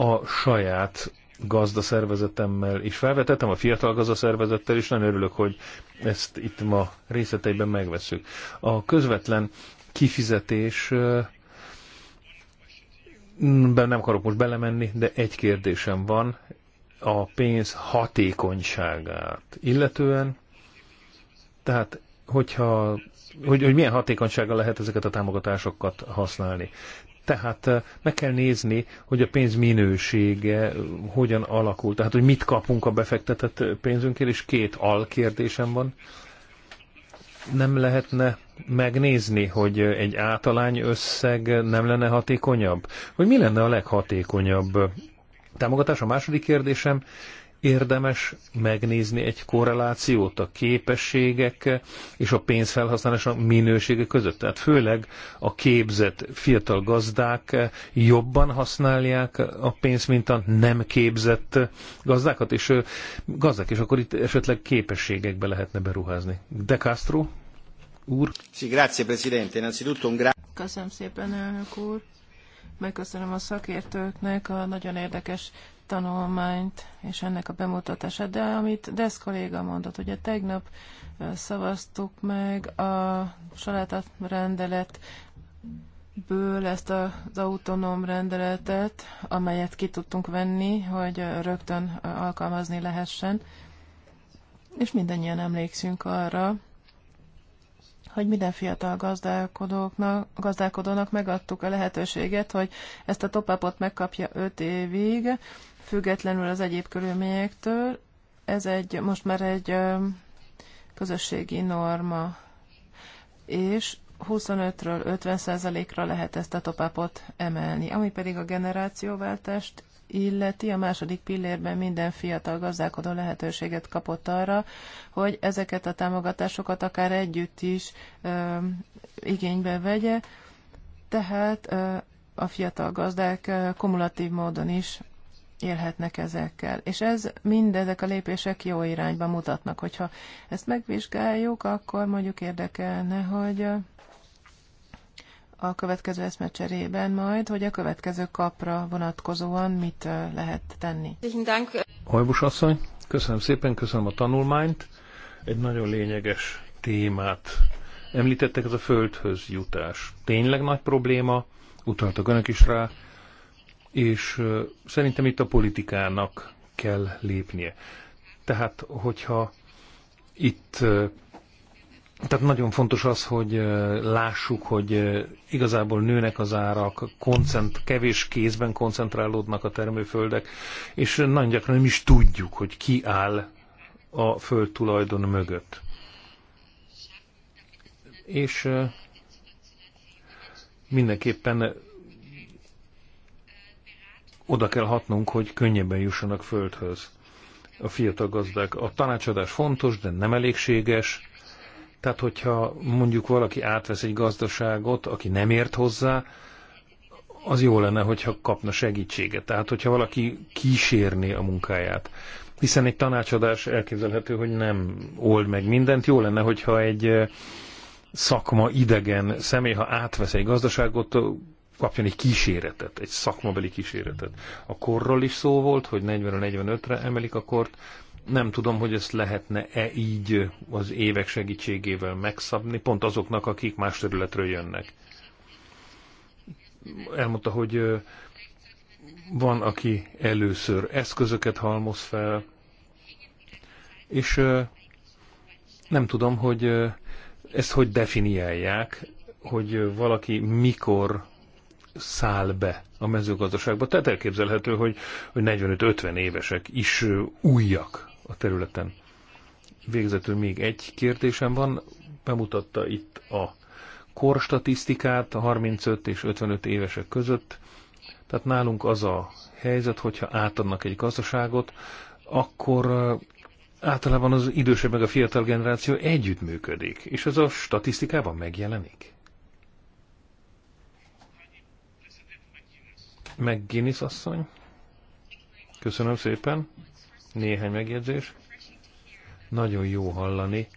a saját gazdaszervezetemmel is felvetettem, a fiatal gazdaszervezettel is, nagyon örülök, hogy ezt itt ma részleteiben megveszük. A közvetlen kifizetés hm, nem akarok most belemenni, de egy kérdésem van a pénz hatékonyságát illetően. Tehát, hogyha, hogy, hogy milyen hatékonysággal lehet ezeket a támogatásokat használni. Tehát eh, meg kell nézni, hogy a pénz minősége eh, hogyan alakul, tehát hogy mit kapunk a befektetett eh, pénzünkért, és két alkérdésem van. Nem lehetne megnézni, hogy egy általány összeg nem lenne hatékonyabb? Hogy mi lenne a leghatékonyabb támogatás? A második kérdésem, érdemes megnézni egy korrelációt a képességek és a pénzfelhasználásnak minősége között. Tehát főleg a képzett fiatal gazdák jobban használják a pénzt, mint a nem képzett gazdákat, és gazdák, és akkor itt esetleg képességekbe lehetne beruházni. De Castro úr? Sí, grazie, Presidente. Innanzitutto un gra- Köszönöm szépen, elnök úr. Megköszönöm a szakértőknek a nagyon érdekes tanulmányt és ennek a bemutatását, de amit Desz kolléga mondott, ugye tegnap szavaztuk meg a salátat rendelet ből ezt az autonóm rendeletet, amelyet ki tudtunk venni, hogy rögtön alkalmazni lehessen. És mindannyian emlékszünk arra, hogy minden fiatal gazdálkodónak megadtuk a lehetőséget, hogy ezt a topapot megkapja 5 évig, függetlenül az egyéb körülményektől. Ez egy, most már egy közösségi norma, és 25-ről 50%-ra lehet ezt a topápot emelni. Ami pedig a generációváltást illeti, a második pillérben minden fiatal gazdálkodó lehetőséget kapott arra, hogy ezeket a támogatásokat akár együtt is ö, igénybe vegye, tehát ö, a fiatal gazdák ö, kumulatív módon is élhetnek ezekkel. És ez mindezek a lépések jó irányba mutatnak. Hogyha ezt megvizsgáljuk, akkor mondjuk érdekelne, hogy a következő eszmecserében majd, hogy a következő kapra vonatkozóan mit lehet tenni. Hajbus asszony, köszönöm szépen, köszönöm a tanulmányt. Egy nagyon lényeges témát említettek, ez a földhöz jutás. Tényleg nagy probléma, utaltak önök is rá, és szerintem itt a politikának kell lépnie. Tehát, hogyha itt tehát nagyon fontos az, hogy lássuk, hogy igazából nőnek az árak, koncent, kevés kézben koncentrálódnak a termőföldek, és nagyon gyakran nem is tudjuk, hogy ki áll a föld tulajdon mögött. És mindenképpen oda kell hatnunk, hogy könnyebben jussanak földhöz a fiatal gazdák. A tanácsadás fontos, de nem elégséges. Tehát, hogyha mondjuk valaki átvesz egy gazdaságot, aki nem ért hozzá, az jó lenne, hogyha kapna segítséget. Tehát, hogyha valaki kísérné a munkáját. Hiszen egy tanácsadás elképzelhető, hogy nem old meg mindent. Jó lenne, hogyha egy eh, szakma idegen személy, ha átvesz egy gazdaságot, kapjon egy kíséretet, egy szakmabeli kíséretet. A korról is szó volt, hogy 40-45-re emelik a kort. Nem tudom, hogy ezt lehetne-e így az évek segítségével megszabni, pont azoknak, akik más területről jönnek. Elmondta, hogy van, aki először eszközöket halmoz fel, és nem tudom, hogy ezt hogy definiálják, hogy valaki mikor száll be a mezőgazdaságba. Tehát elképzelhető, hogy, hogy 45-50 évesek is újjak a területen. Végzetül még egy kérdésem van. Bemutatta itt a korstatisztikát a 35 és 55 évesek között. Tehát nálunk az a helyzet, hogyha átadnak egy gazdaságot, akkor általában az idősebb meg a fiatal generáció együttműködik, és ez a statisztikában megjelenik. Meg Guinness asszony. Köszönöm szépen. Néhány megjegyzés. Nagyon jó hallani,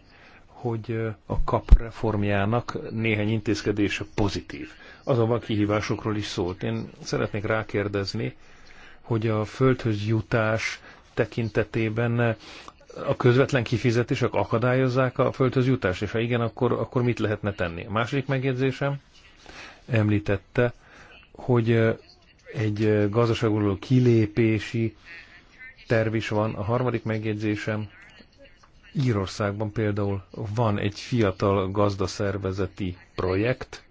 hogy a kap reformjának néhány intézkedése pozitív. Azonban kihívásokról is szólt. Én szeretnék rákérdezni, hogy a földhöz jutás tekintetében a közvetlen kifizetések akadályozzák a földhöz jutást, és ha igen, akkor, akkor mit lehetne tenni? A második megjegyzésem említette, hogy egy gazdaságról kilépési terv is van. A harmadik megjegyzésem, Írországban például van egy fiatal gazdaszervezeti projekt,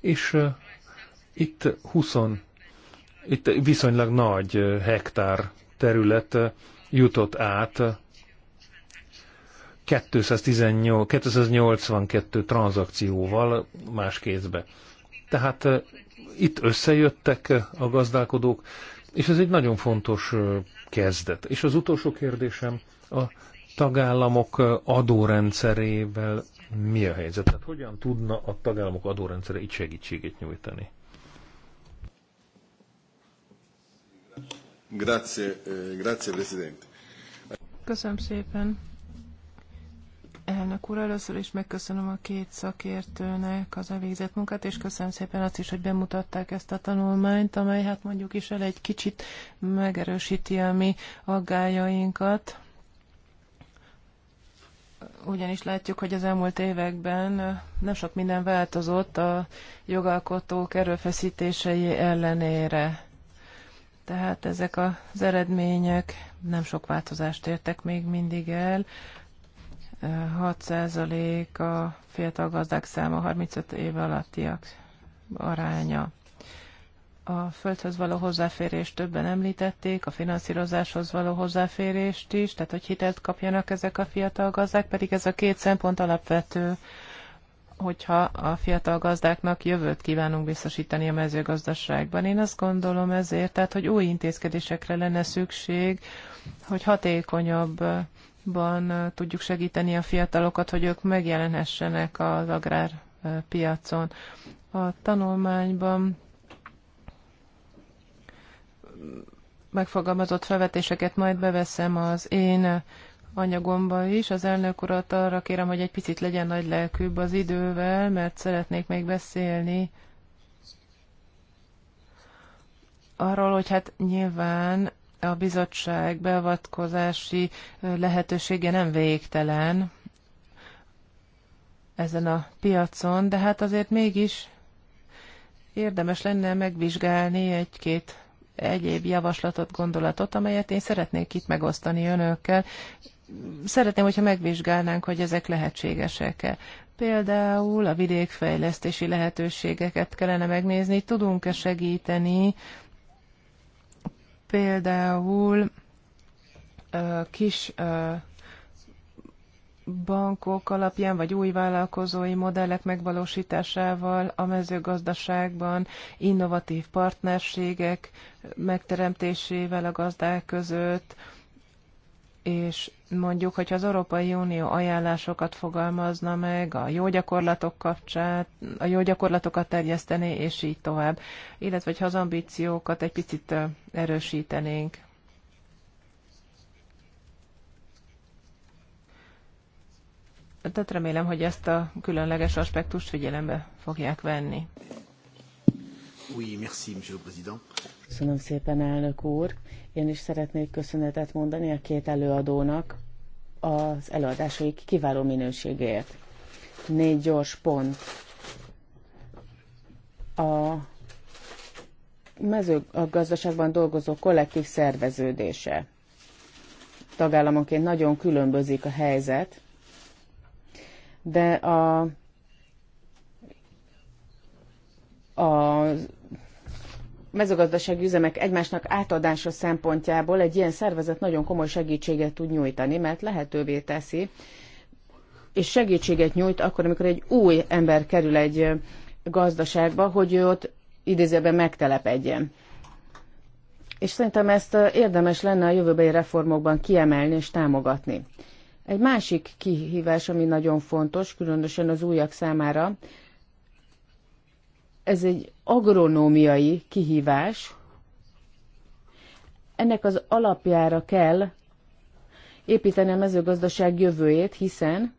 és itt 20, itt viszonylag nagy hektár terület jutott át 218, 282 tranzakcióval más kézbe. Tehát itt összejöttek a gazdálkodók, és ez egy nagyon fontos kezdet. És az utolsó kérdésem, a tagállamok adórendszerével mi a helyzet? Tehát hogyan tudna a tagállamok adórendszere itt segítséget nyújtani? Grazie, eh, grazie Presidente. Köszönöm szépen, Elnök úr, először is megköszönöm a két szakértőnek az elvégzett munkát, és köszönöm szépen azt is, hogy bemutatták ezt a tanulmányt, amely hát mondjuk is el egy kicsit megerősíti a mi aggájainkat. Ugyanis látjuk, hogy az elmúlt években nem sok minden változott a jogalkotók erőfeszítései ellenére. Tehát ezek az eredmények nem sok változást értek még mindig el. 6% a fiatal gazdák száma, 35 év alattiak aránya. A földhöz való hozzáférést többen említették, a finanszírozáshoz való hozzáférést is, tehát hogy hitelt kapjanak ezek a fiatal gazdák, pedig ez a két szempont alapvető, hogyha a fiatal gazdáknak jövőt kívánunk biztosítani a mezőgazdaságban. Én azt gondolom ezért, tehát hogy új intézkedésekre lenne szükség, hogy hatékonyabb ban tudjuk segíteni a fiatalokat, hogy ők megjelenhessenek az agrárpiacon. A tanulmányban megfogalmazott felvetéseket majd beveszem az én anyagomba is. Az elnök urat arra kérem, hogy egy picit legyen nagy lelkűbb az idővel, mert szeretnék még beszélni arról, hogy hát nyilván a bizottság beavatkozási lehetősége nem végtelen ezen a piacon, de hát azért mégis érdemes lenne megvizsgálni egy-két egyéb javaslatot, gondolatot, amelyet én szeretnék itt megosztani önökkel. Szeretném, hogyha megvizsgálnánk, hogy ezek lehetségesek-e. Például a vidékfejlesztési lehetőségeket kellene megnézni, tudunk-e segíteni Például kis bankok alapján, vagy új vállalkozói modellek megvalósításával a mezőgazdaságban, innovatív partnerségek megteremtésével a gazdák között, és mondjuk, hogyha az Európai Unió ajánlásokat fogalmazna meg, a jó gyakorlatok kapcsát, a jó gyakorlatokat terjesztené, és így tovább, illetve hogyha az ambíciókat egy picit erősítenénk. Tehát remélem, hogy ezt a különleges aspektust figyelembe fogják venni. Oui, merci, Köszönöm szépen, elnök úr. Én is szeretnék köszönetet mondani a két előadónak az előadásaik kiváló minőségéért. Négy gyors pont. A mezőgazdaságban dolgozó kollektív szerveződése. Tagállamonként nagyon különbözik a helyzet, de a, az mezőgazdasági üzemek egymásnak átadása szempontjából egy ilyen szervezet nagyon komoly segítséget tud nyújtani, mert lehetővé teszi, és segítséget nyújt akkor, amikor egy új ember kerül egy gazdaságba, hogy ő ott idézőben megtelepedjen. És szerintem ezt érdemes lenne a jövőbeli reformokban kiemelni és támogatni. Egy másik kihívás, ami nagyon fontos, különösen az újak számára, ez egy agronómiai kihívás. Ennek az alapjára kell építeni a mezőgazdaság jövőjét, hiszen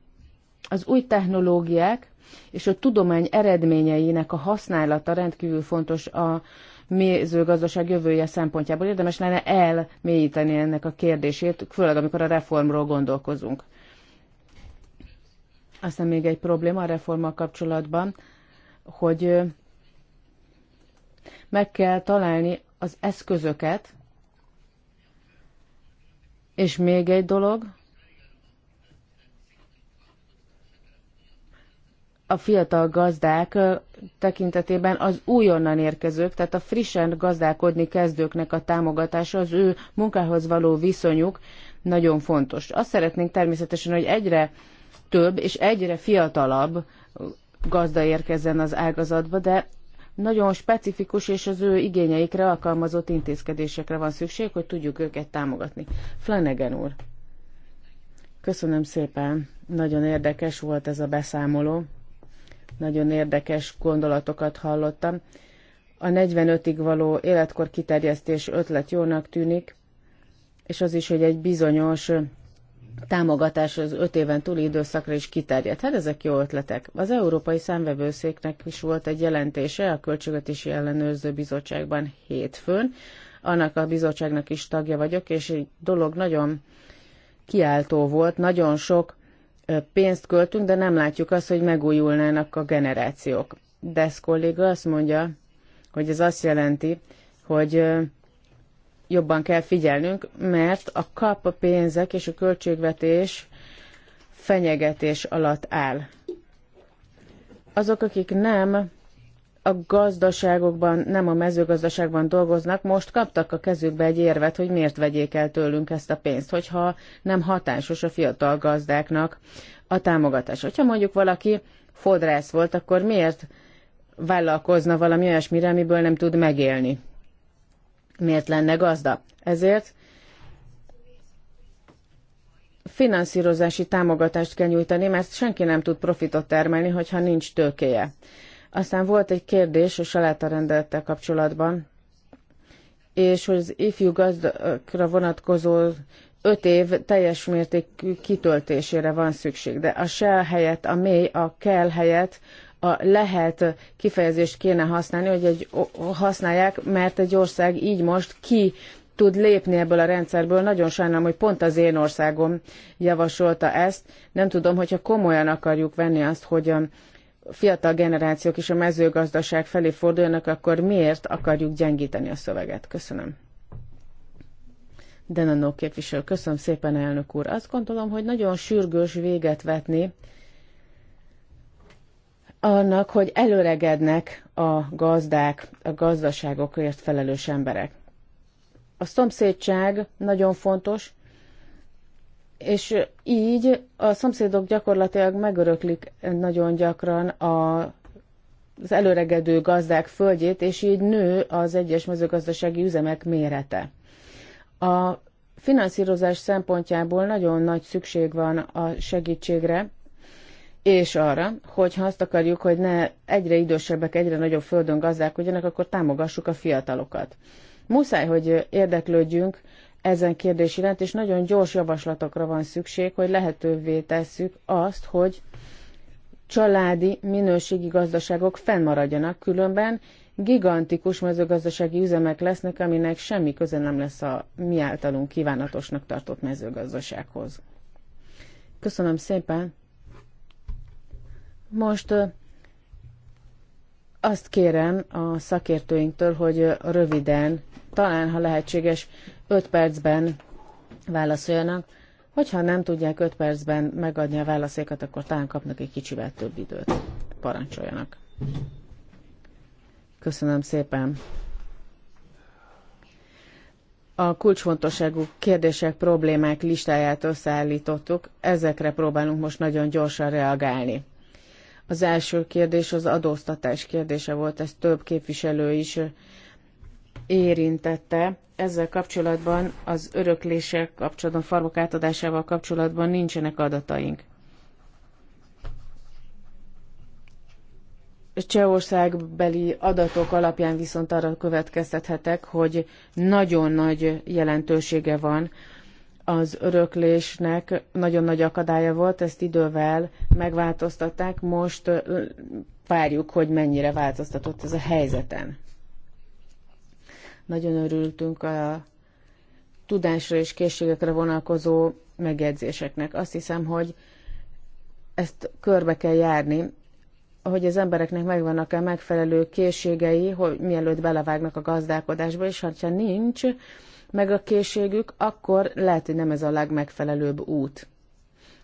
az új technológiák és a tudomány eredményeinek a használata rendkívül fontos a mezőgazdaság jövője szempontjából. Érdemes lenne elmélyíteni ennek a kérdését, főleg amikor a reformról gondolkozunk. Aztán még egy probléma a reformmal kapcsolatban, hogy meg kell találni az eszközöket, és még egy dolog, a fiatal gazdák tekintetében az újonnan érkezők, tehát a frissen gazdálkodni kezdőknek a támogatása, az ő munkához való viszonyuk nagyon fontos. Azt szeretnénk természetesen, hogy egyre több és egyre fiatalabb gazda érkezzen az ágazatba, de nagyon specifikus és az ő igényeikre alkalmazott intézkedésekre van szükség, hogy tudjuk őket támogatni. Flanagan úr, köszönöm szépen, nagyon érdekes volt ez a beszámoló, nagyon érdekes gondolatokat hallottam. A 45-ig való életkor kiterjesztés ötlet jónak tűnik, és az is, hogy egy bizonyos támogatás az öt éven túli időszakra is kiterjedt. Hát ezek jó ötletek. Az Európai Számvevőszéknek is volt egy jelentése a Költségvetési Ellenőrző Bizottságban hétfőn. Annak a bizottságnak is tagja vagyok, és egy dolog nagyon kiáltó volt, nagyon sok pénzt költünk, de nem látjuk azt, hogy megújulnának a generációk. Desz kolléga azt mondja, hogy ez azt jelenti, hogy jobban kell figyelnünk, mert a kap a pénzek és a költségvetés fenyegetés alatt áll. Azok, akik nem a gazdaságokban, nem a mezőgazdaságban dolgoznak, most kaptak a kezükbe egy érvet, hogy miért vegyék el tőlünk ezt a pénzt, hogyha nem hatásos a fiatal gazdáknak a támogatás. Hogyha mondjuk valaki fodrász volt, akkor miért vállalkozna valami olyasmire, amiből nem tud megélni? miért lenne gazda. Ezért finanszírozási támogatást kell nyújtani, mert senki nem tud profitot termelni, hogyha nincs tőkéje. Aztán volt egy kérdés a salátarendelettel kapcsolatban, és hogy az ifjú gazdakra vonatkozó öt év teljes mértékű kitöltésére van szükség, de a shell helyett, a mély, a kell helyett a lehet kifejezést kéne használni, hogy egy, használják, mert egy ország így most ki tud lépni ebből a rendszerből. Nagyon sajnálom, hogy pont az én országom javasolta ezt. Nem tudom, hogyha komolyan akarjuk venni azt, hogy a fiatal generációk is a mezőgazdaság felé forduljanak, akkor miért akarjuk gyengíteni a szöveget? Köszönöm. Denanó képviselő, köszönöm szépen, elnök úr. Azt gondolom, hogy nagyon sürgős véget vetni annak, hogy előregednek a gazdák, a gazdaságokért felelős emberek. A szomszédság nagyon fontos, és így a szomszédok gyakorlatilag megöröklik nagyon gyakran a, az előregedő gazdák földjét, és így nő az egyes mezőgazdasági üzemek mérete. A finanszírozás szempontjából nagyon nagy szükség van a segítségre, és arra, hogy ha azt akarjuk, hogy ne egyre idősebbek, egyre nagyobb földön gazdálkodjanak, akkor támogassuk a fiatalokat. Muszáj, hogy érdeklődjünk ezen kérdés iránt, és nagyon gyors javaslatokra van szükség, hogy lehetővé tesszük azt, hogy családi minőségi gazdaságok fennmaradjanak, különben gigantikus mezőgazdasági üzemek lesznek, aminek semmi köze nem lesz a mi általunk kívánatosnak tartott mezőgazdasághoz. Köszönöm szépen! Most azt kérem a szakértőinktől, hogy röviden, talán ha lehetséges, 5 percben válaszoljanak. Hogyha nem tudják 5 percben megadni a válaszékat, akkor talán kapnak egy kicsivel több időt. Parancsoljanak. Köszönöm szépen. A kulcsfontosságú kérdések, problémák listáját összeállítottuk, ezekre próbálunk most nagyon gyorsan reagálni. Az első kérdés az adóztatás kérdése volt, ezt több képviselő is érintette. Ezzel kapcsolatban az öröklések kapcsolatban, farmok átadásával kapcsolatban nincsenek adataink. Csehországbeli adatok alapján viszont arra következtethetek, hogy nagyon nagy jelentősége van az öröklésnek nagyon nagy akadálya volt, ezt idővel megváltoztatták, most várjuk, hogy mennyire változtatott ez a helyzeten. Nagyon örültünk a tudásra és készségekre vonalkozó megjegyzéseknek. Azt hiszem, hogy ezt körbe kell járni, hogy az embereknek megvannak-e megfelelő készségei, hogy mielőtt belevágnak a gazdálkodásba, és ha nincs, meg a készségük, akkor lehet, hogy nem ez a legmegfelelőbb út,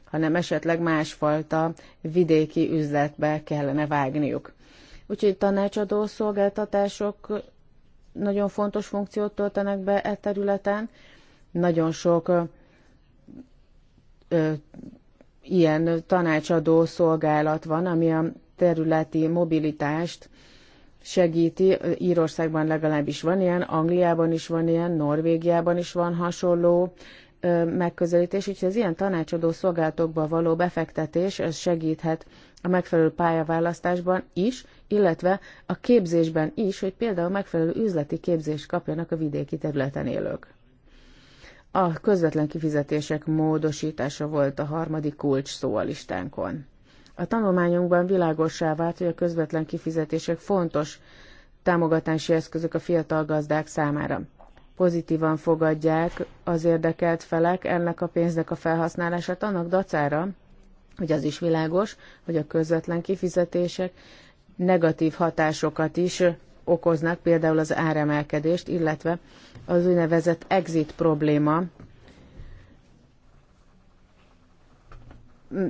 hanem esetleg másfajta vidéki üzletbe kellene vágniuk. Úgyhogy tanácsadó szolgáltatások nagyon fontos funkciót töltenek be e területen. Nagyon sok ö, ö, ilyen tanácsadó szolgálat van, ami a területi mobilitást segíti, Írországban legalábbis van ilyen, Angliában is van ilyen, Norvégiában is van hasonló megközelítés, úgyhogy az ilyen tanácsadó szolgálatokba való befektetés, ez segíthet a megfelelő pályaválasztásban is, illetve a képzésben is, hogy például megfelelő üzleti képzést kapjanak a vidéki területen élők. A közvetlen kifizetések módosítása volt a harmadik kulcs szó a listánkon. A tanulmányunkban világosá vált, hogy a közvetlen kifizetések fontos támogatási eszközök a fiatal gazdák számára. Pozitívan fogadják az érdekelt felek ennek a pénznek a felhasználását annak dacára, hogy az is világos, hogy a közvetlen kifizetések negatív hatásokat is okoznak, például az áremelkedést, illetve az úgynevezett exit probléma,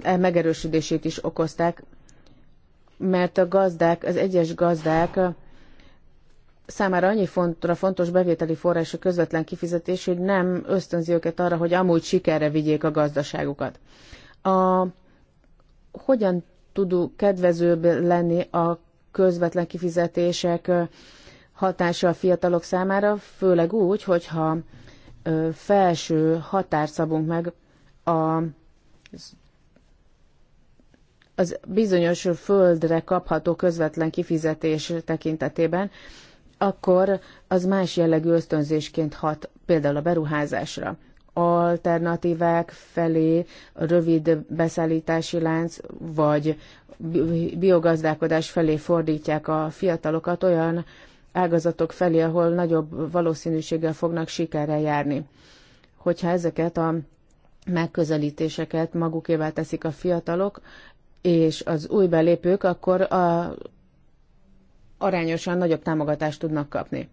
megerősödését is okozták, mert a gazdák, az egyes gazdák számára annyi fontra fontos bevételi forrás a közvetlen kifizetés, hogy nem ösztönzi őket arra, hogy amúgy sikerre vigyék a gazdaságukat. A, hogyan tud kedvezőbb lenni a közvetlen kifizetések hatása a fiatalok számára, főleg úgy, hogyha felső határt szabunk meg a az bizonyos földre kapható közvetlen kifizetés tekintetében, akkor az más jellegű ösztönzésként hat például a beruházásra. Alternatívák felé rövid beszállítási lánc, vagy biogazdálkodás felé fordítják a fiatalokat olyan ágazatok felé, ahol nagyobb valószínűséggel fognak sikerrel járni. Hogyha ezeket a megközelítéseket magukévá teszik a fiatalok, és az új belépők akkor a, arányosan nagyobb támogatást tudnak kapni.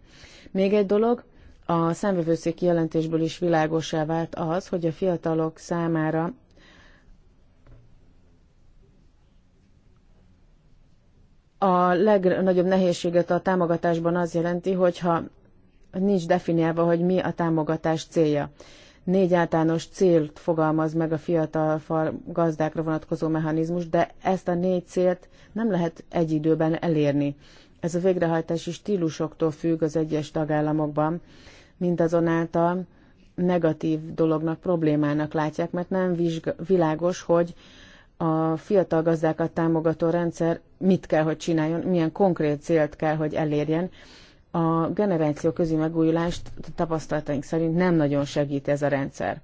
Még egy dolog, a számvevőszéki jelentésből is világosá vált az, hogy a fiatalok számára a legnagyobb nehézséget a támogatásban az jelenti, hogyha nincs definiálva, hogy mi a támogatás célja négy általános célt fogalmaz meg a fiatal fal gazdákra vonatkozó mechanizmus, de ezt a négy célt nem lehet egy időben elérni. Ez a végrehajtási stílusoktól függ az egyes tagállamokban, mindazonáltal negatív dolognak, problémának látják, mert nem világos, hogy a fiatal gazdákat támogató rendszer mit kell, hogy csináljon, milyen konkrét célt kell, hogy elérjen, a generáció közi megújulást tapasztalataink szerint nem nagyon segít ez a rendszer.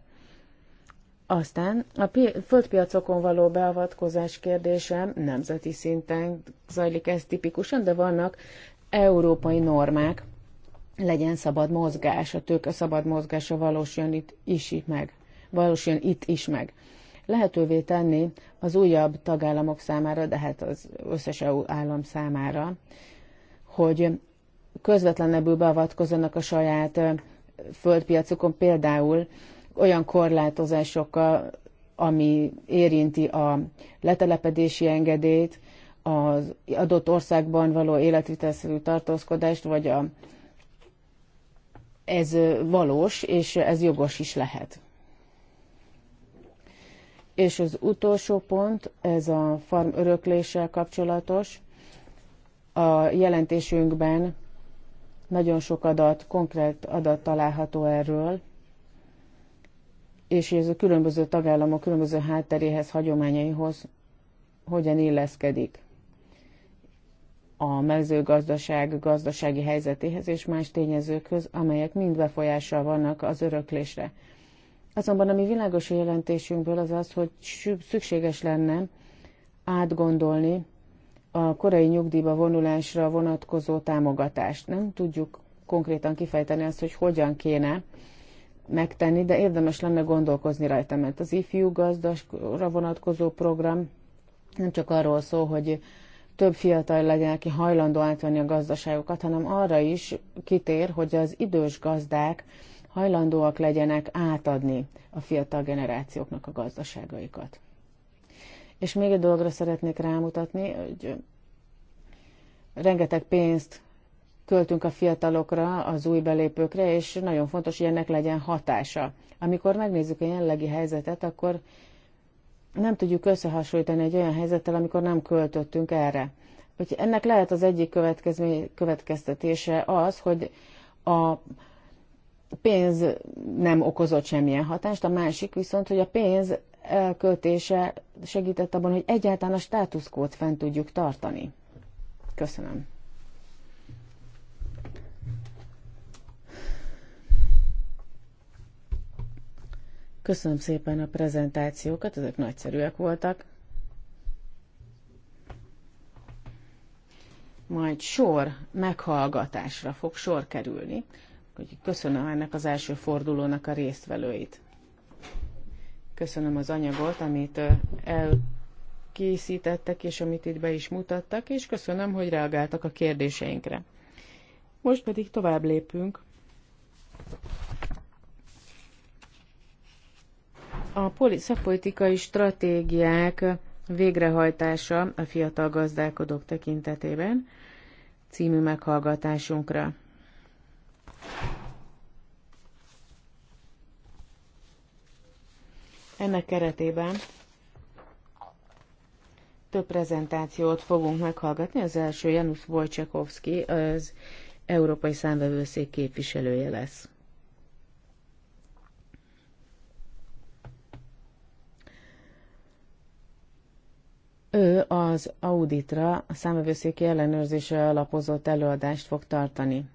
Aztán a földpiacokon való beavatkozás kérdése nemzeti szinten zajlik ez tipikusan, de vannak európai normák, legyen szabad mozgás, a tőke szabad mozgása valósuljon itt is meg. Valósuljon itt is meg. Lehetővé tenni az újabb tagállamok számára, de hát az összes EU állam számára, hogy közvetlenebbül beavatkozzanak a saját földpiacokon, például olyan korlátozásokkal, ami érinti a letelepedési engedélyt, az adott országban való életvitelszerű tartózkodást, vagy a, ez valós, és ez jogos is lehet. És az utolsó pont, ez a farm örökléssel kapcsolatos. A jelentésünkben nagyon sok adat, konkrét adat található erről, és ez a különböző tagállamok különböző hátteréhez, hagyományaihoz hogyan illeszkedik a mezőgazdaság gazdasági helyzetéhez és más tényezőkhöz, amelyek mind befolyással vannak az öröklésre. Azonban ami világos jelentésünkből az az, hogy szükséges lenne átgondolni a korai nyugdíjba vonulásra vonatkozó támogatást. Nem tudjuk konkrétan kifejteni azt, hogy hogyan kéne megtenni, de érdemes lenne gondolkozni rajta, mert az ifjú gazdasra vonatkozó program nem csak arról szól, hogy több fiatal legyen, aki hajlandó átvenni a gazdaságokat, hanem arra is kitér, hogy az idős gazdák hajlandóak legyenek átadni a fiatal generációknak a gazdaságaikat. És még egy dologra szeretnék rámutatni, hogy rengeteg pénzt költünk a fiatalokra, az új belépőkre, és nagyon fontos, hogy ennek legyen hatása. Amikor megnézzük a jelenlegi helyzetet, akkor nem tudjuk összehasonlítani egy olyan helyzettel, amikor nem költöttünk erre. Hogy ennek lehet az egyik következtetése az, hogy a pénz nem okozott semmilyen hatást, a másik viszont, hogy a pénz elköltése segített abban, hogy egyáltalán a státuszkót fent tudjuk tartani. Köszönöm. Köszönöm szépen a prezentációkat, ezek nagyszerűek voltak. Majd sor meghallgatásra fog sor kerülni hogy köszönöm ennek az első fordulónak a résztvevőit. Köszönöm az anyagot, amit elkészítettek, és amit itt be is mutattak, és köszönöm, hogy reagáltak a kérdéseinkre. Most pedig tovább lépünk. A szakpolitikai stratégiák végrehajtása a fiatal gazdálkodók tekintetében című meghallgatásunkra. Ennek keretében több prezentációt fogunk meghallgatni. Az első Janusz Wojciechowski, az Európai Számvevőszék képviselője lesz. Ő az auditra, a számvevőszéki ellenőrzésre alapozott előadást fog tartani.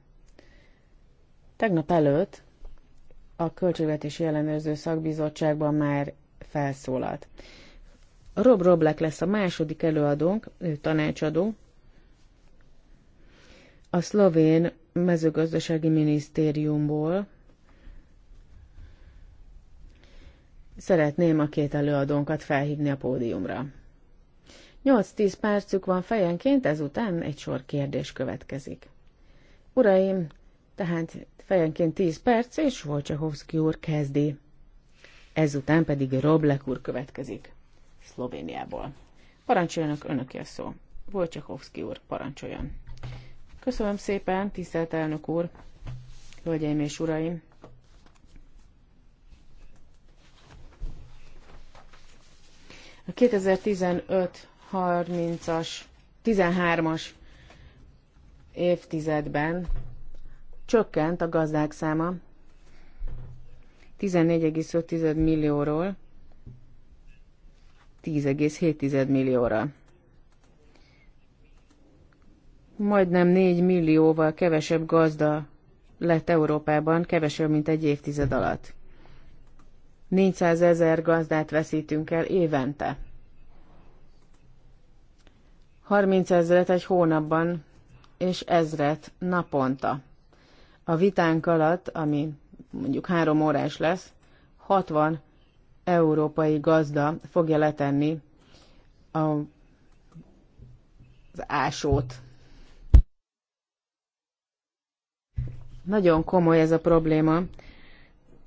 Tegnap előtt a Költségvetési Ellenőrző Szakbizottságban már felszólalt. Rob Roblek lesz a második előadónk, ő tanácsadó. A szlovén mezőgazdasági minisztériumból szeretném a két előadónkat felhívni a pódiumra. 8-10 percük van fejenként, ezután egy sor kérdés következik. Uraim, tehát Fejenként 10 perc, és Volcsehovszki úr kezdi. Ezután pedig Roblek úr következik. Szlovéniából. Parancsoljanak önöki a szó. Volcsehovszki úr, parancsoljon. Köszönöm szépen, tisztelt elnök úr, hölgyeim és uraim. A 2015-30-as, 13-as évtizedben csökkent a gazdák száma 14,5 millióról 10,7 millióra. Majdnem 4 millióval kevesebb gazda lett Európában, kevesebb, mint egy évtized alatt. 400 ezer gazdát veszítünk el évente. 30 ezeret egy hónapban, és ezret naponta a vitánk alatt, ami mondjuk három órás lesz, 60 európai gazda fogja letenni a, az ásót. Nagyon komoly ez a probléma,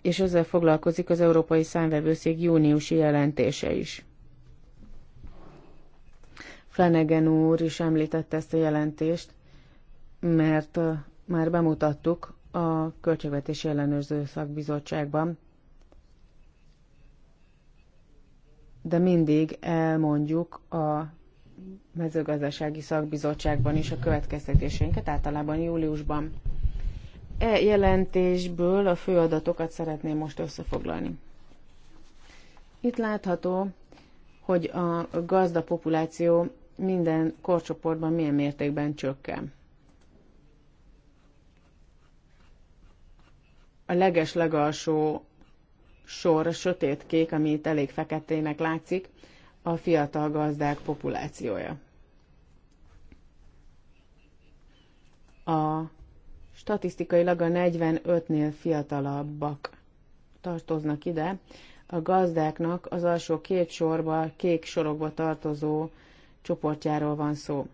és ezzel foglalkozik az Európai Számvevőszék júniusi jelentése is. Flanagan úr is említette ezt a jelentést, mert már bemutattuk a Költségvetési Ellenőrző Szakbizottságban, de mindig elmondjuk a mezőgazdasági szakbizottságban is a következtetéseinket, általában júliusban. E jelentésből a fő adatokat szeretném most összefoglalni. Itt látható, hogy a gazda populáció minden korcsoportban milyen mértékben csökken. a leges legalsó sor, a sötét kék, ami itt elég feketének látszik, a fiatal gazdák populációja. A statisztikailag a 45-nél fiatalabbak tartoznak ide. A gazdáknak az alsó két sorba, kék sorokba tartozó csoportjáról van szó.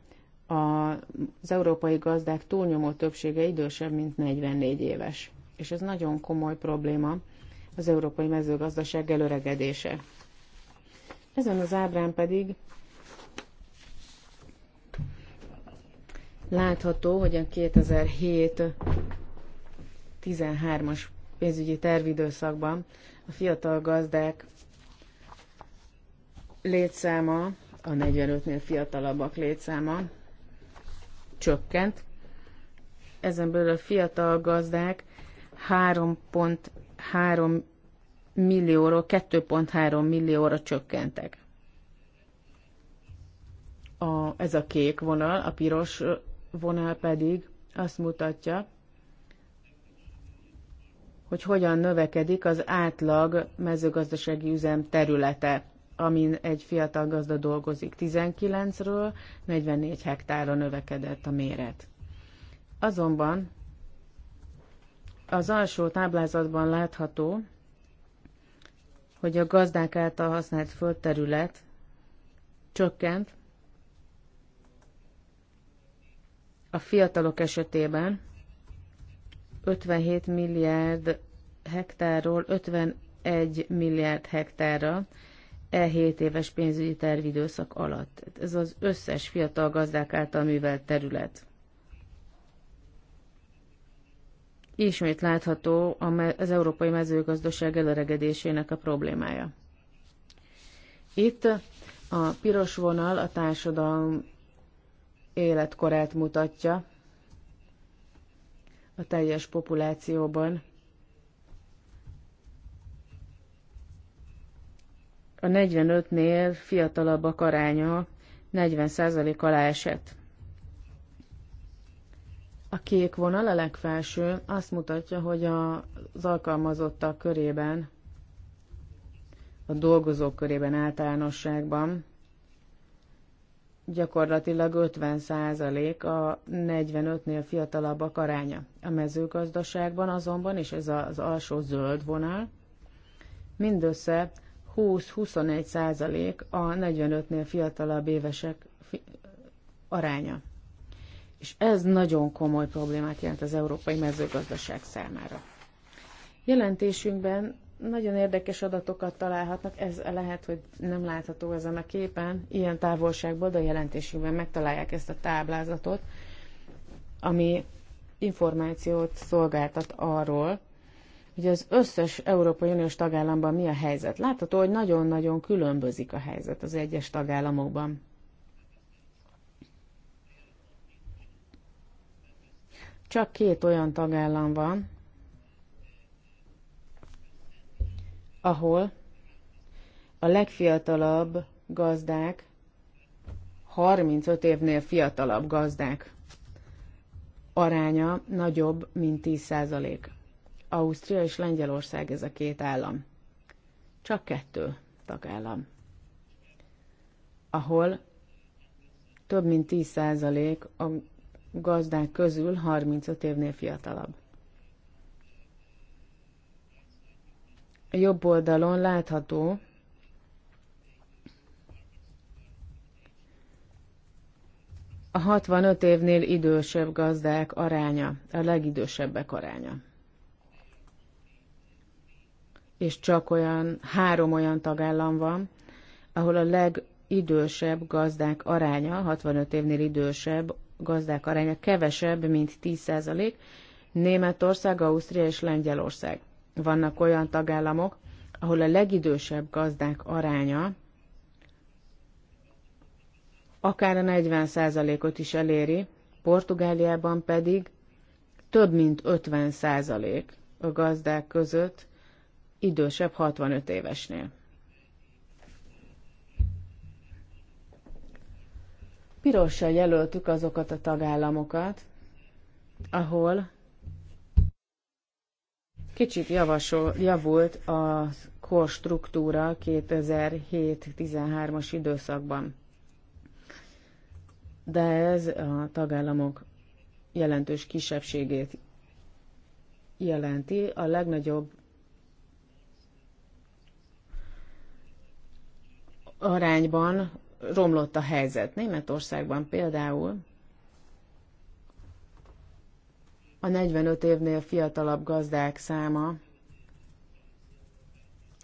Az európai gazdák túlnyomó többsége idősebb, mint 44 éves és ez nagyon komoly probléma, az európai mezőgazdaság előregedése. Ezen az ábrán pedig látható, hogy a 2007-13-as pénzügyi tervidőszakban a fiatal gazdák létszáma, a 45-nél fiatalabbak létszáma csökkent. Ezenből a fiatal gazdák 3.3 millióról 2.3 millióra csökkentek. A, ez a kék vonal, a piros vonal pedig azt mutatja, hogy hogyan növekedik az átlag mezőgazdasági üzem területe, amin egy fiatal gazda dolgozik. 19-ről 44 hektára növekedett a méret. Azonban az alsó táblázatban látható, hogy a gazdák által használt földterület csökkent, a fiatalok esetében 57 milliárd hektárról 51 milliárd hektárra e 7 éves pénzügyi tervidőszak alatt. Ez az összes fiatal gazdák által művelt terület. ismét látható az európai mezőgazdaság elöregedésének a problémája. Itt a piros vonal a társadalom életkorát mutatja a teljes populációban. A 45-nél fiatalabbak aránya 40% alá esett. A kék vonal a legfelső azt mutatja, hogy az alkalmazottak körében, a dolgozók körében általánosságban gyakorlatilag 50% a 45-nél fiatalabbak aránya. A mezőgazdaságban azonban, és ez az alsó zöld vonal, mindössze 20-21% a 45-nél fiatalabb évesek aránya. És ez nagyon komoly problémát jelent az európai mezőgazdaság számára. Jelentésünkben nagyon érdekes adatokat találhatnak, ez lehet, hogy nem látható ezen a képen, ilyen távolságból, de a jelentésünkben megtalálják ezt a táblázatot, ami információt szolgáltat arról, hogy az összes Európai Uniós tagállamban mi a helyzet. Látható, hogy nagyon-nagyon különbözik a helyzet az egyes tagállamokban. Csak két olyan tagállam van, ahol a legfiatalabb gazdák 35 évnél fiatalabb gazdák aránya nagyobb, mint 10%. Ausztria és Lengyelország ez a két állam. Csak kettő tagállam, ahol több mint 10% gazdák közül 35 évnél fiatalabb. A jobb oldalon látható, a 65 évnél idősebb gazdák aránya, a legidősebbek aránya. És csak olyan, három olyan tagállam van, ahol a legidősebb gazdák aránya, 65 évnél idősebb, gazdák aránya kevesebb, mint 10%, Németország, Ausztria és Lengyelország. Vannak olyan tagállamok, ahol a legidősebb gazdák aránya akár a 40%-ot is eléri, Portugáliában pedig több mint 50% a gazdák között idősebb 65 évesnél. Pirossal jelöltük azokat a tagállamokat, ahol kicsit javasol, javult a korstruktúra 2007-13-as időszakban. De ez a tagállamok jelentős kisebbségét jelenti. A legnagyobb arányban romlott a helyzet. Németországban például a 45 évnél fiatalabb gazdák száma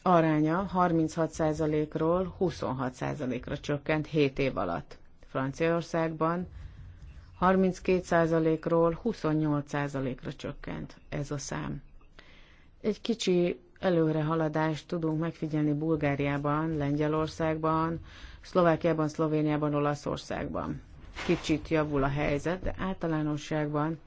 aránya 36%-ról 26%-ra csökkent 7 év alatt. Franciaországban 32%-ról 28%-ra csökkent ez a szám. Egy kicsi előrehaladást tudunk megfigyelni Bulgáriában, Lengyelországban, Szlovákiában, Szlovéniában, Olaszországban. Kicsit javul a helyzet, de általánosságban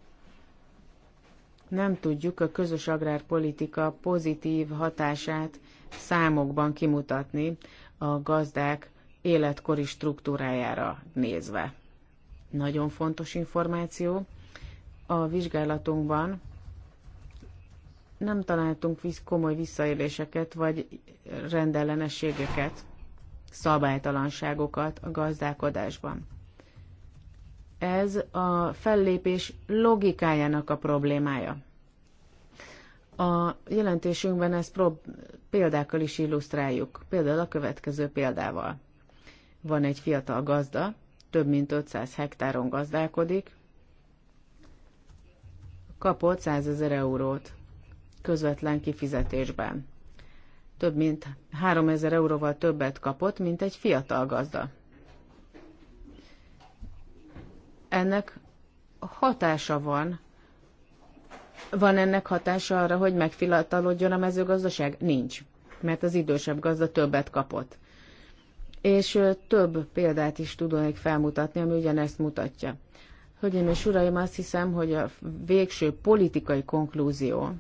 nem tudjuk a közös agrárpolitika pozitív hatását számokban kimutatni a gazdák életkori struktúrájára nézve. Nagyon fontos információ. A vizsgálatunkban nem találtunk komoly visszaéléseket vagy rendellenességeket szabálytalanságokat a gazdálkodásban. Ez a fellépés logikájának a problémája. A jelentésünkben ezt prób- példákkal is illusztráljuk, például a következő példával. Van egy fiatal gazda, több mint 500 hektáron gazdálkodik, kapott 100 ezer eurót közvetlen kifizetésben több mint 3000 euróval többet kapott, mint egy fiatal gazda. Ennek hatása van. Van ennek hatása arra, hogy megfiatalodjon a mezőgazdaság? Nincs, mert az idősebb gazda többet kapott. És több példát is tudnék felmutatni, ami ugyanezt mutatja. Hölgyeim és uraim, azt hiszem, hogy a végső politikai konklúzió,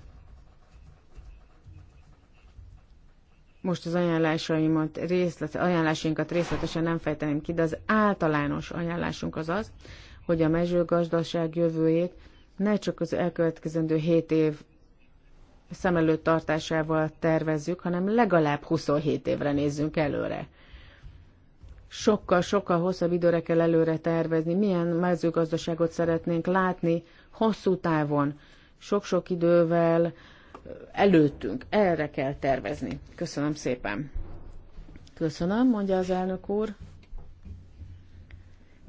most az ajánlásaimat részlet, ajánlásainkat részletesen nem fejteném ki, de az általános ajánlásunk az az, hogy a mezőgazdaság jövőjét ne csak az elkövetkezendő 7 év szem előtt tartásával tervezzük, hanem legalább 27 évre nézzünk előre. Sokkal-sokkal hosszabb időre kell előre tervezni, milyen mezőgazdaságot szeretnénk látni hosszú távon, sok-sok idővel, előttünk. Erre kell tervezni. Köszönöm szépen. Köszönöm, mondja az elnök úr.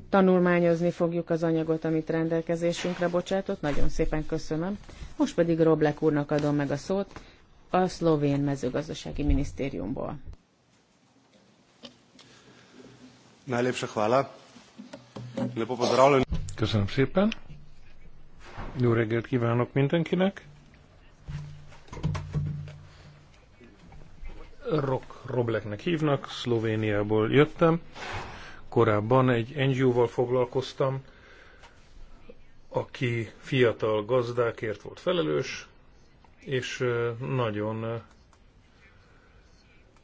Tanulmányozni fogjuk az anyagot, amit rendelkezésünkre bocsátott. Nagyon szépen köszönöm. Most pedig Roblek úrnak adom meg a szót a szlovén mezőgazdasági minisztériumból. Najlepša hvala. Lepo pozdravljen. Köszönöm szépen. Jó reggelt kívánok mindenkinek. Rock Robleknek hívnak, Szlovéniából jöttem. Korábban egy NGO-val foglalkoztam, aki fiatal gazdákért volt felelős, és nagyon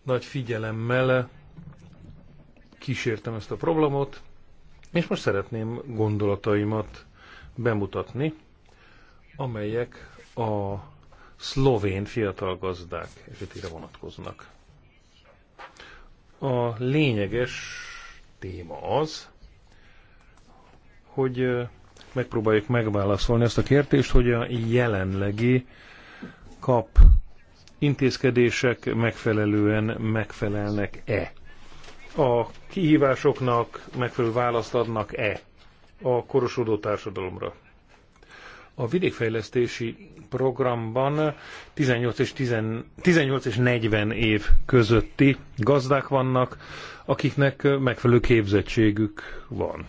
nagy figyelemmel kísértem ezt a problémot, és most szeretném gondolataimat bemutatni, amelyek a szlovén fiatal gazdák esetére vonatkoznak. A lényeges téma az, hogy megpróbáljuk megválaszolni ezt a kérdést, hogy a jelenlegi kap intézkedések megfelelően megfelelnek-e? A kihívásoknak megfelelő választ adnak-e a korosodó társadalomra? A vidékfejlesztési programban 18 és, 10, 18 és 40 év közötti gazdák vannak, akiknek megfelelő képzettségük van.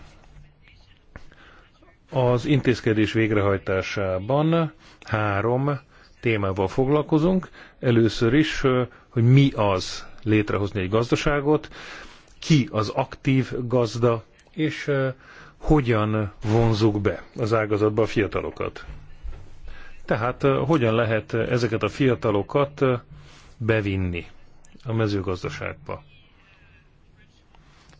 Az intézkedés végrehajtásában három témával foglalkozunk. Először is, hogy mi az létrehozni egy gazdaságot, ki az aktív gazda, és hogyan vonzuk be az ágazatba a fiatalokat. Tehát eh, hogyan lehet ezeket a fiatalokat eh, bevinni a mezőgazdaságba.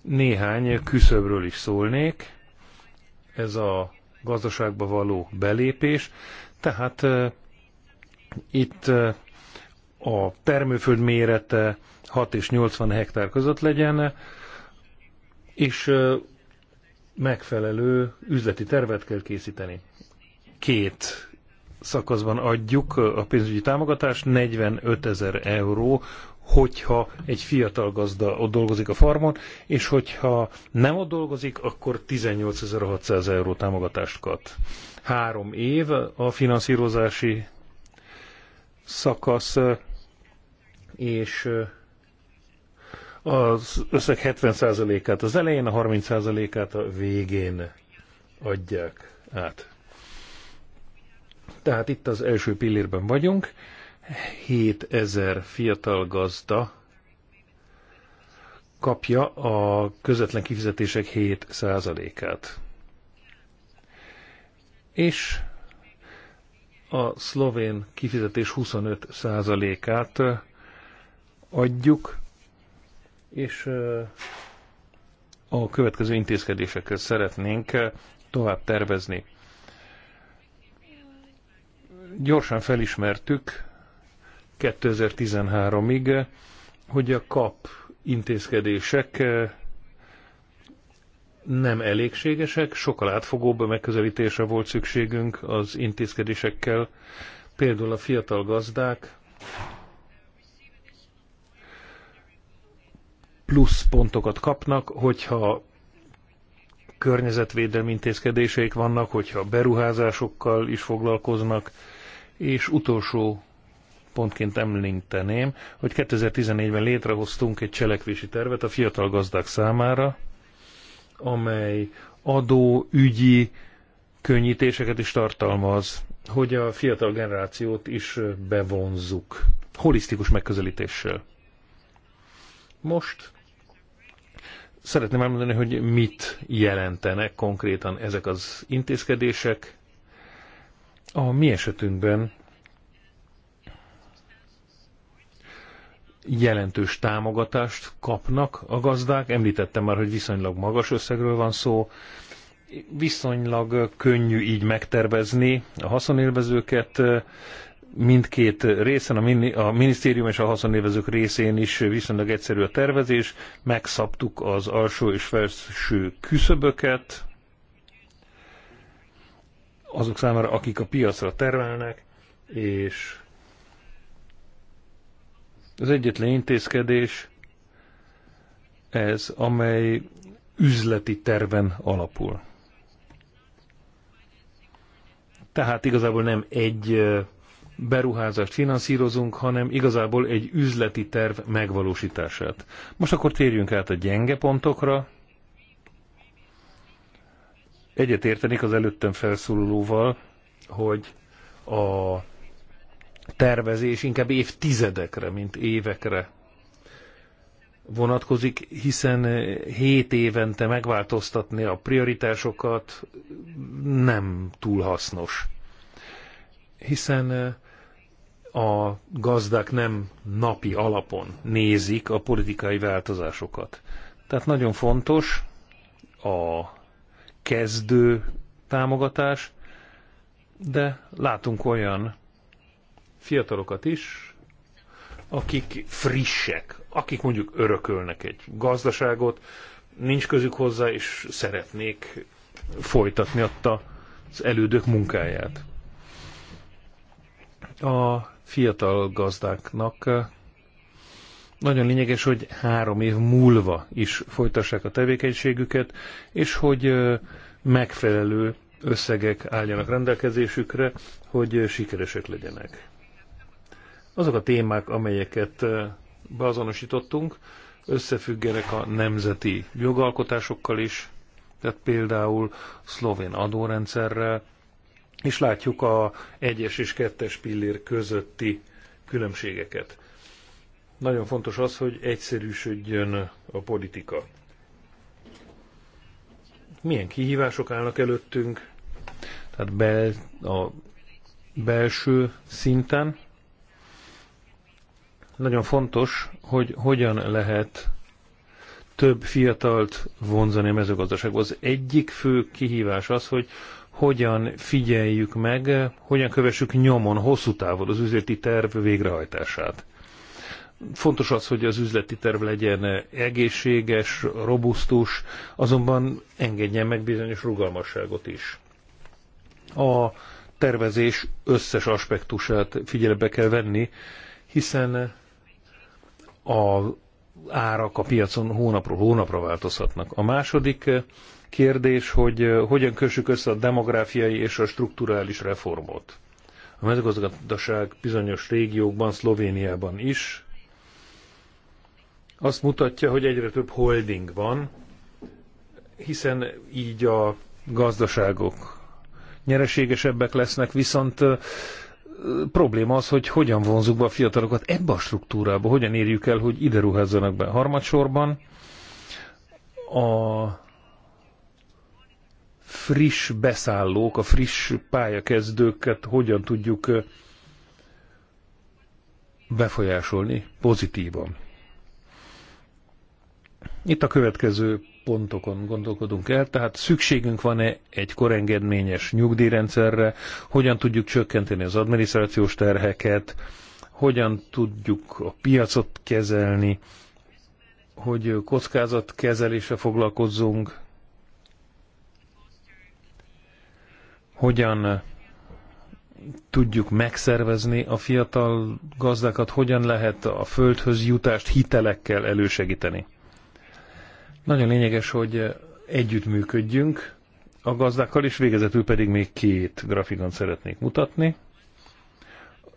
Néhány küszöbről is szólnék. Ez a gazdaságba való belépés. Tehát eh, itt a termőföld mérete 6 és 80 hektár között legyen, és megfelelő üzleti tervet kell készíteni. Két szakaszban adjuk a pénzügyi támogatást, 45 ezer euró, hogyha egy fiatal gazda ott dolgozik a farmon, és hogyha nem ott dolgozik, akkor 18.600 euró támogatást kap. Három év a finanszírozási szakasz, és az összeg 70%-át az elején, a 30%-át a végén adják át. Tehát itt az első pillérben vagyunk, 7000 fiatal gazda kapja a közvetlen kifizetések 7%-át. És a szlovén kifizetés 25%-át adjuk és a következő intézkedésekkel szeretnénk tovább tervezni. Gyorsan felismertük 2013-ig, hogy a kap intézkedések nem elégségesek, sokkal átfogóbb megközelítésre volt szükségünk az intézkedésekkel, például a fiatal gazdák plusz pontokat kapnak, hogyha környezetvédelmi intézkedéseik vannak, hogyha beruházásokkal is foglalkoznak, és utolsó pontként említeném, hogy 2014-ben létrehoztunk egy cselekvési tervet a fiatal gazdák számára, amely adóügyi könnyítéseket is tartalmaz, hogy a fiatal generációt is bevonzuk, holisztikus megközelítéssel. Most szeretném elmondani, hogy mit jelentenek konkrétan ezek az intézkedések. A mi esetünkben jelentős támogatást kapnak a gazdák. Említettem már, hogy viszonylag magas összegről van szó. Viszonylag könnyű így megtervezni a haszonélvezőket, mindkét részen, a, mini, a minisztérium és a haszonélvezők részén is viszonylag egyszerű a tervezés, megszabtuk az alsó és felső küszöböket, azok számára, akik a piacra termelnek, és az egyetlen intézkedés ez, amely üzleti terven alapul. Tehát igazából nem egy beruházást finanszírozunk, hanem igazából egy üzleti terv megvalósítását. Most akkor térjünk át a gyenge pontokra. Egyet értenik az előttem felszólulóval, hogy a tervezés inkább évtizedekre, mint évekre vonatkozik, hiszen hét évente megváltoztatni a prioritásokat nem túl hasznos. Hiszen a gazdák nem napi alapon nézik a politikai változásokat. Tehát nagyon fontos a kezdő támogatás, de látunk olyan fiatalokat is, akik frissek, akik mondjuk örökölnek egy gazdaságot, nincs közük hozzá, és szeretnék folytatni adta az elődök munkáját. A fiatal gazdáknak nagyon lényeges, hogy három év múlva is folytassák a tevékenységüket, és hogy megfelelő összegek álljanak rendelkezésükre, hogy sikeresek legyenek. Azok a témák, amelyeket beazonosítottunk, összefüggenek a nemzeti jogalkotásokkal is, tehát például szlovén adórendszerrel, és látjuk a egyes és kettes pillér közötti különbségeket. Nagyon fontos az, hogy egyszerűsödjön a politika. Milyen kihívások állnak előttünk? Tehát bel, a belső szinten. Nagyon fontos, hogy hogyan lehet több fiatalt vonzani a mezőgazdaságba. Az egyik fő kihívás az, hogy hogyan figyeljük meg, hogyan kövessük nyomon, hosszú távon az üzleti terv végrehajtását. Fontos az, hogy az üzleti terv legyen egészséges, robusztus, azonban engedjen meg bizonyos rugalmasságot is. A tervezés összes aspektusát figyelembe kell venni, hiszen a árak a piacon hónapról hónapra változhatnak. A második Kérdés, hogy hogyan kössük össze a demográfiai és a strukturális reformot. A mezőgazdaság bizonyos régiókban, Szlovéniában is azt mutatja, hogy egyre több holding van, hiszen így a gazdaságok nyereségesebbek lesznek, viszont probléma az, hogy hogyan vonzuk be a fiatalokat ebbe a struktúrába, hogyan érjük el, hogy ide ruházzanak be. Harmadsorban a friss beszállók, a friss pályakezdőket hogyan tudjuk befolyásolni pozitívan. Itt a következő pontokon gondolkodunk el, tehát szükségünk van-e egy korengedményes nyugdíjrendszerre, hogyan tudjuk csökkenteni az adminisztrációs terheket, hogyan tudjuk a piacot kezelni, hogy kockázatkezelésre foglalkozzunk, hogyan tudjuk megszervezni a fiatal gazdákat, hogyan lehet a földhöz jutást hitelekkel elősegíteni. Nagyon lényeges, hogy együttműködjünk a gazdákkal, és végezetül pedig még két grafikon szeretnék mutatni.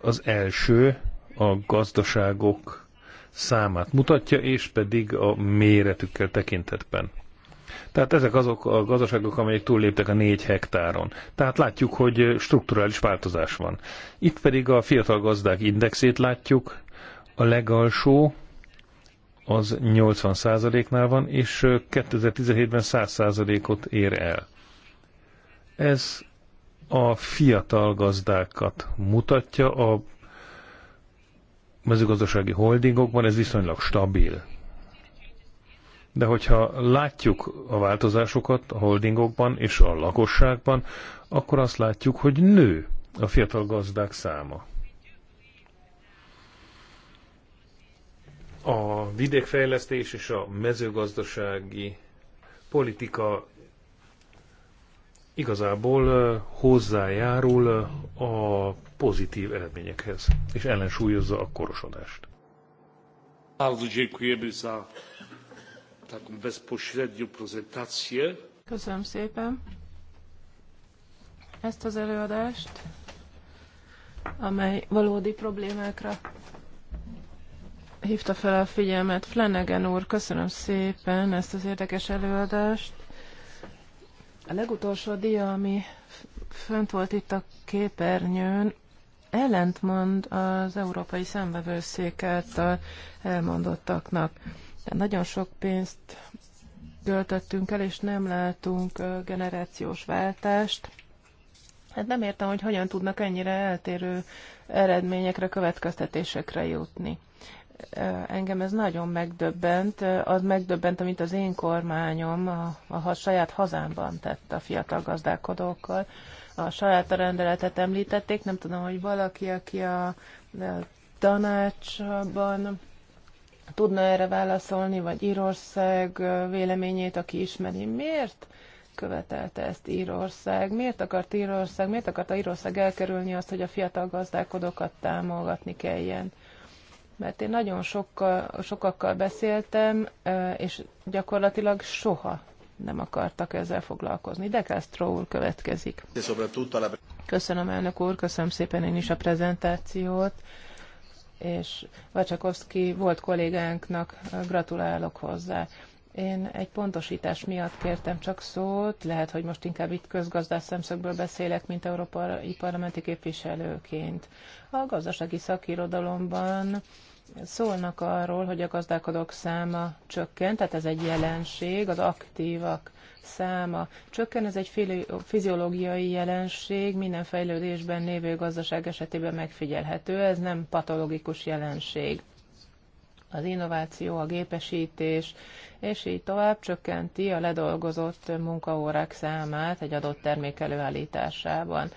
Az első a gazdaságok számát mutatja, és pedig a méretükkel tekintetben. Tehát ezek azok a gazdaságok, amelyek túlléptek a négy hektáron. Tehát látjuk, hogy strukturális változás van. Itt pedig a fiatal gazdák indexét látjuk, a legalsó az 80%-nál van, és 2017-ben 100%-ot ér el. Ez a fiatal gazdákat mutatja, a mezőgazdasági holdingokban ez viszonylag stabil de hogyha látjuk a változásokat a holdingokban és a lakosságban, akkor azt látjuk, hogy nő a fiatal gazdák száma. A vidékfejlesztés és a mezőgazdasági politika igazából hozzájárul a pozitív eredményekhez, és ellensúlyozza a korosodást. Bardzo dziękujemy za taką bezpośrednią prezentację. Köszönöm szépen ezt az előadást, amely valódi problémákra hívta fel a figyelmet. Flanagan úr, köszönöm szépen ezt az érdekes előadást. A legutolsó dia, ami fönt volt itt a képernyőn, ellentmond az Európai Szembevőszék által elmondottaknak de Nagyon sok pénzt költöttünk el, és nem látunk generációs váltást. Hát nem értem, hogy hogyan tudnak ennyire eltérő eredményekre, következtetésekre jutni. Engem ez nagyon megdöbbent, az megdöbbent, amit az én kormányom a, a, saját hazámban tett a fiatal gazdálkodókkal. A saját rendeletet említették, nem tudom, hogy valaki, aki a, a tanácsban Tudna erre válaszolni, vagy Írország véleményét, aki ismeri, miért követelte ezt Írország? Miért akart Írország, miért akarta Írország elkerülni azt, hogy a fiatal gazdálkodókat támogatni kelljen? Mert én nagyon sokkal sokakkal beszéltem, és gyakorlatilag soha nem akartak ezzel foglalkozni. De Castro úr következik. Köszönöm, elnök úr, köszönöm szépen én is a prezentációt és Vacsakoszki volt kollégánknak gratulálok hozzá. Én egy pontosítás miatt kértem csak szót, lehet, hogy most inkább itt közgazdás szemszögből beszélek, mint európai parlamenti képviselőként. A gazdasági szakirodalomban szólnak arról, hogy a gazdálkodók száma csökkent, tehát ez egy jelenség, az aktívak száma csökken, ez egy fiziológiai jelenség, minden fejlődésben lévő gazdaság esetében megfigyelhető, ez nem patológikus jelenség. Az innováció, a gépesítés, és így tovább csökkenti a ledolgozott munkaórák számát egy adott termék előállításában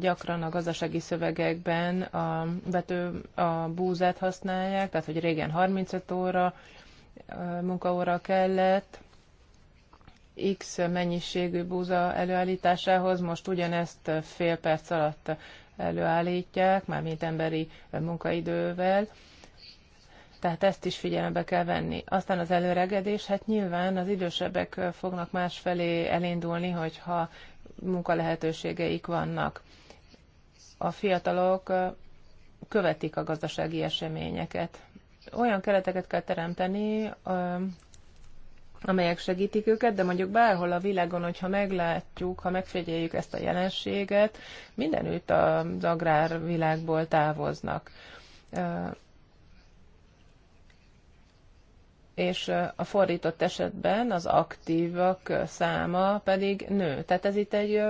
gyakran a gazdasági szövegekben a, bető, a búzát használják, tehát hogy régen 35 óra munkaóra kellett, X mennyiségű búza előállításához most ugyanezt fél perc alatt előállítják, mármint emberi munkaidővel. Tehát ezt is figyelembe kell venni. Aztán az előregedés, hát nyilván az idősebbek fognak másfelé elindulni, hogyha munkalehetőségeik vannak. A fiatalok követik a gazdasági eseményeket. Olyan kereteket kell teremteni, amelyek segítik őket, de mondjuk bárhol a világon, hogyha meglátjuk, ha megfigyeljük ezt a jelenséget, mindenütt az agrárvilágból távoznak. És a fordított esetben az aktívak száma pedig nő. Tehát ez itt egy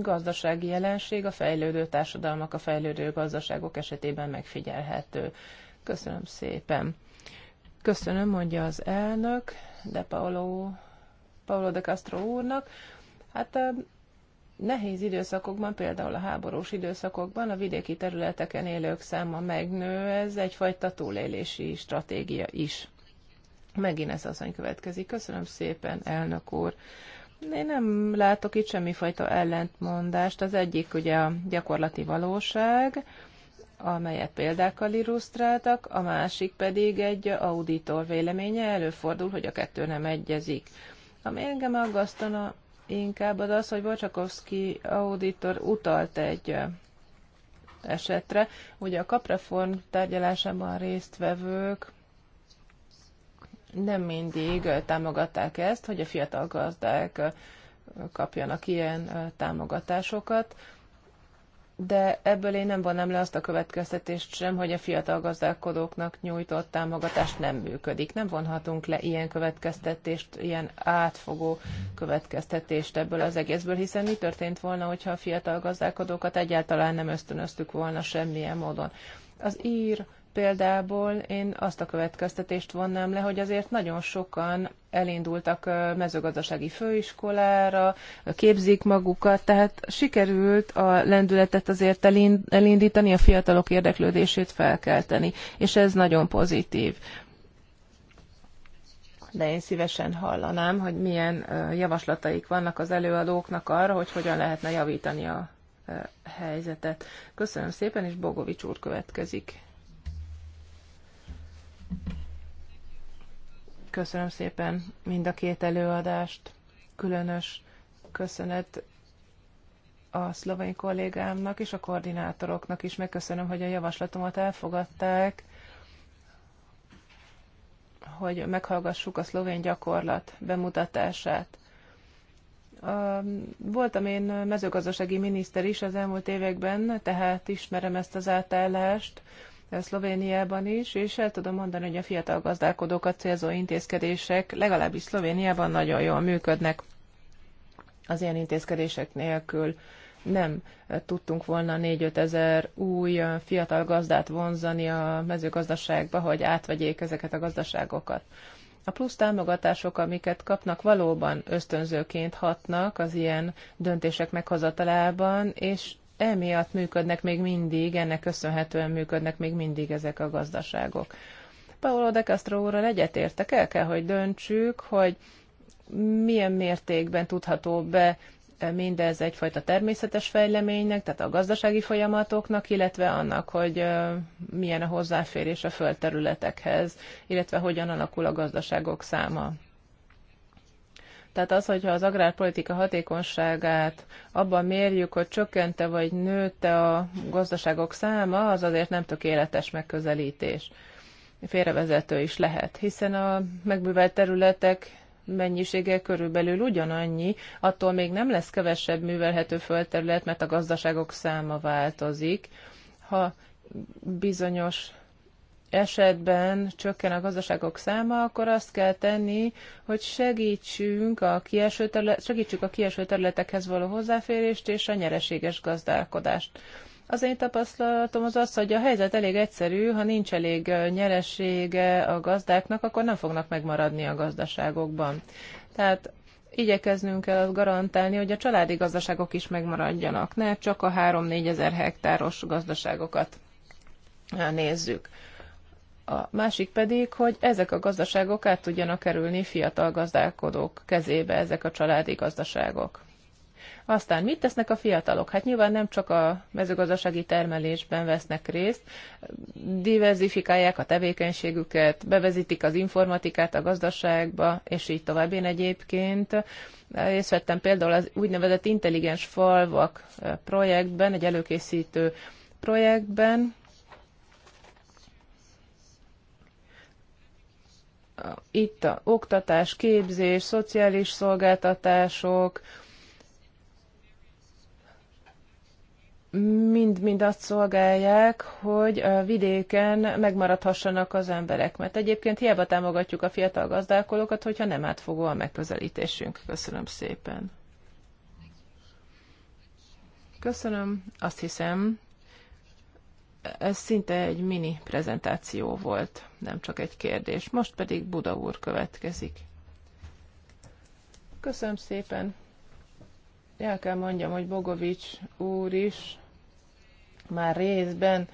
gazdasági jelenség, a fejlődő társadalmak, a fejlődő gazdaságok esetében megfigyelhető. Köszönöm szépen. Köszönöm, mondja az elnök de Paolo, Paolo de Castro úrnak. Hát nehéz időszakokban, például a háborús időszakokban a vidéki területeken élők száma megnő, ez egyfajta túlélési stratégia is. Megint ez asszony következik. Köszönöm szépen, elnök úr. Én nem látok itt semmifajta ellentmondást. Az egyik ugye a gyakorlati valóság, amelyet példákkal illusztráltak, a másik pedig egy auditor véleménye, előfordul, hogy a kettő nem egyezik. Ami engem aggasztana inkább az az, hogy Bocsakovszki auditor utalt egy esetre. Ugye a kapreform tárgyalásában résztvevők nem mindig támogatták ezt, hogy a fiatal gazdák kapjanak ilyen támogatásokat de ebből én nem vonnám le azt a következtetést sem, hogy a fiatal gazdálkodóknak nyújtott támogatás nem működik. Nem vonhatunk le ilyen következtetést, ilyen átfogó következtetést ebből az egészből, hiszen mi történt volna, hogyha a fiatal gazdálkodókat egyáltalán nem ösztönöztük volna semmilyen módon. Az ír példából én azt a következtetést vonnám le, hogy azért nagyon sokan elindultak mezőgazdasági főiskolára, képzik magukat, tehát sikerült a lendületet azért elindítani, a fiatalok érdeklődését felkelteni, és ez nagyon pozitív de én szívesen hallanám, hogy milyen javaslataik vannak az előadóknak arra, hogy hogyan lehetne javítani a helyzetet. Köszönöm szépen, és Bogovics úr következik. Köszönöm szépen mind a két előadást. Különös köszönet a szlovén kollégámnak és a koordinátoroknak is. Megköszönöm, hogy a javaslatomat elfogadták, hogy meghallgassuk a szlovén gyakorlat bemutatását. Voltam én mezőgazdasági miniszter is az elmúlt években, tehát ismerem ezt az átállást. Szlovéniában is, és el tudom mondani, hogy a fiatal gazdálkodókat célzó intézkedések legalábbis Szlovéniában nagyon jól működnek. Az ilyen intézkedések nélkül nem tudtunk volna 4-5 ezer új fiatal gazdát vonzani a mezőgazdaságba, hogy átvegyék ezeket a gazdaságokat. A plusz támogatások, amiket kapnak, valóban ösztönzőként hatnak az ilyen döntések meghozatalában, és emiatt működnek még mindig, ennek köszönhetően működnek még mindig ezek a gazdaságok. Paolo de Castro úrral egyetértek, el kell, hogy döntsük, hogy milyen mértékben tudható be mindez egyfajta természetes fejleménynek, tehát a gazdasági folyamatoknak, illetve annak, hogy milyen a hozzáférés a földterületekhez, illetve hogyan alakul a gazdaságok száma. Tehát az, hogyha az agrárpolitika hatékonyságát abban mérjük, hogy csökkente vagy nőtte a gazdaságok száma, az azért nem tökéletes megközelítés. Félrevezető is lehet, hiszen a megbűvelt területek mennyisége körülbelül ugyanannyi, attól még nem lesz kevesebb művelhető földterület, mert a gazdaságok száma változik. Ha bizonyos esetben csökken a gazdaságok száma, akkor azt kell tenni, hogy segítsünk a kieső terület, segítsük a kieső területekhez való hozzáférést és a nyereséges gazdálkodást. Az én tapasztalatom az az, hogy a helyzet elég egyszerű, ha nincs elég nyeresége a gazdáknak, akkor nem fognak megmaradni a gazdaságokban. Tehát igyekeznünk kell azt garantálni, hogy a családi gazdaságok is megmaradjanak, ne csak a 3-4 ezer hektáros gazdaságokat nézzük a másik pedig, hogy ezek a gazdaságok át tudjanak kerülni fiatal gazdálkodók kezébe, ezek a családi gazdaságok. Aztán mit tesznek a fiatalok? Hát nyilván nem csak a mezőgazdasági termelésben vesznek részt, diversifikálják a tevékenységüket, bevezítik az informatikát a gazdaságba, és így tovább. Én egyébként részt vettem például az úgynevezett intelligens falvak eh, projektben, egy előkészítő projektben, itt a oktatás, képzés, szociális szolgáltatások, mind-mind azt szolgálják, hogy a vidéken megmaradhassanak az emberek. Mert egyébként hiába támogatjuk a fiatal gazdálkodókat, hogyha nem átfogó a megközelítésünk. Köszönöm szépen. Köszönöm. Azt hiszem, ez szinte egy mini prezentáció volt, nem csak egy kérdés. Most pedig Buda úr következik. Köszönöm szépen. El kell mondjam, hogy Bogovics úr is már részben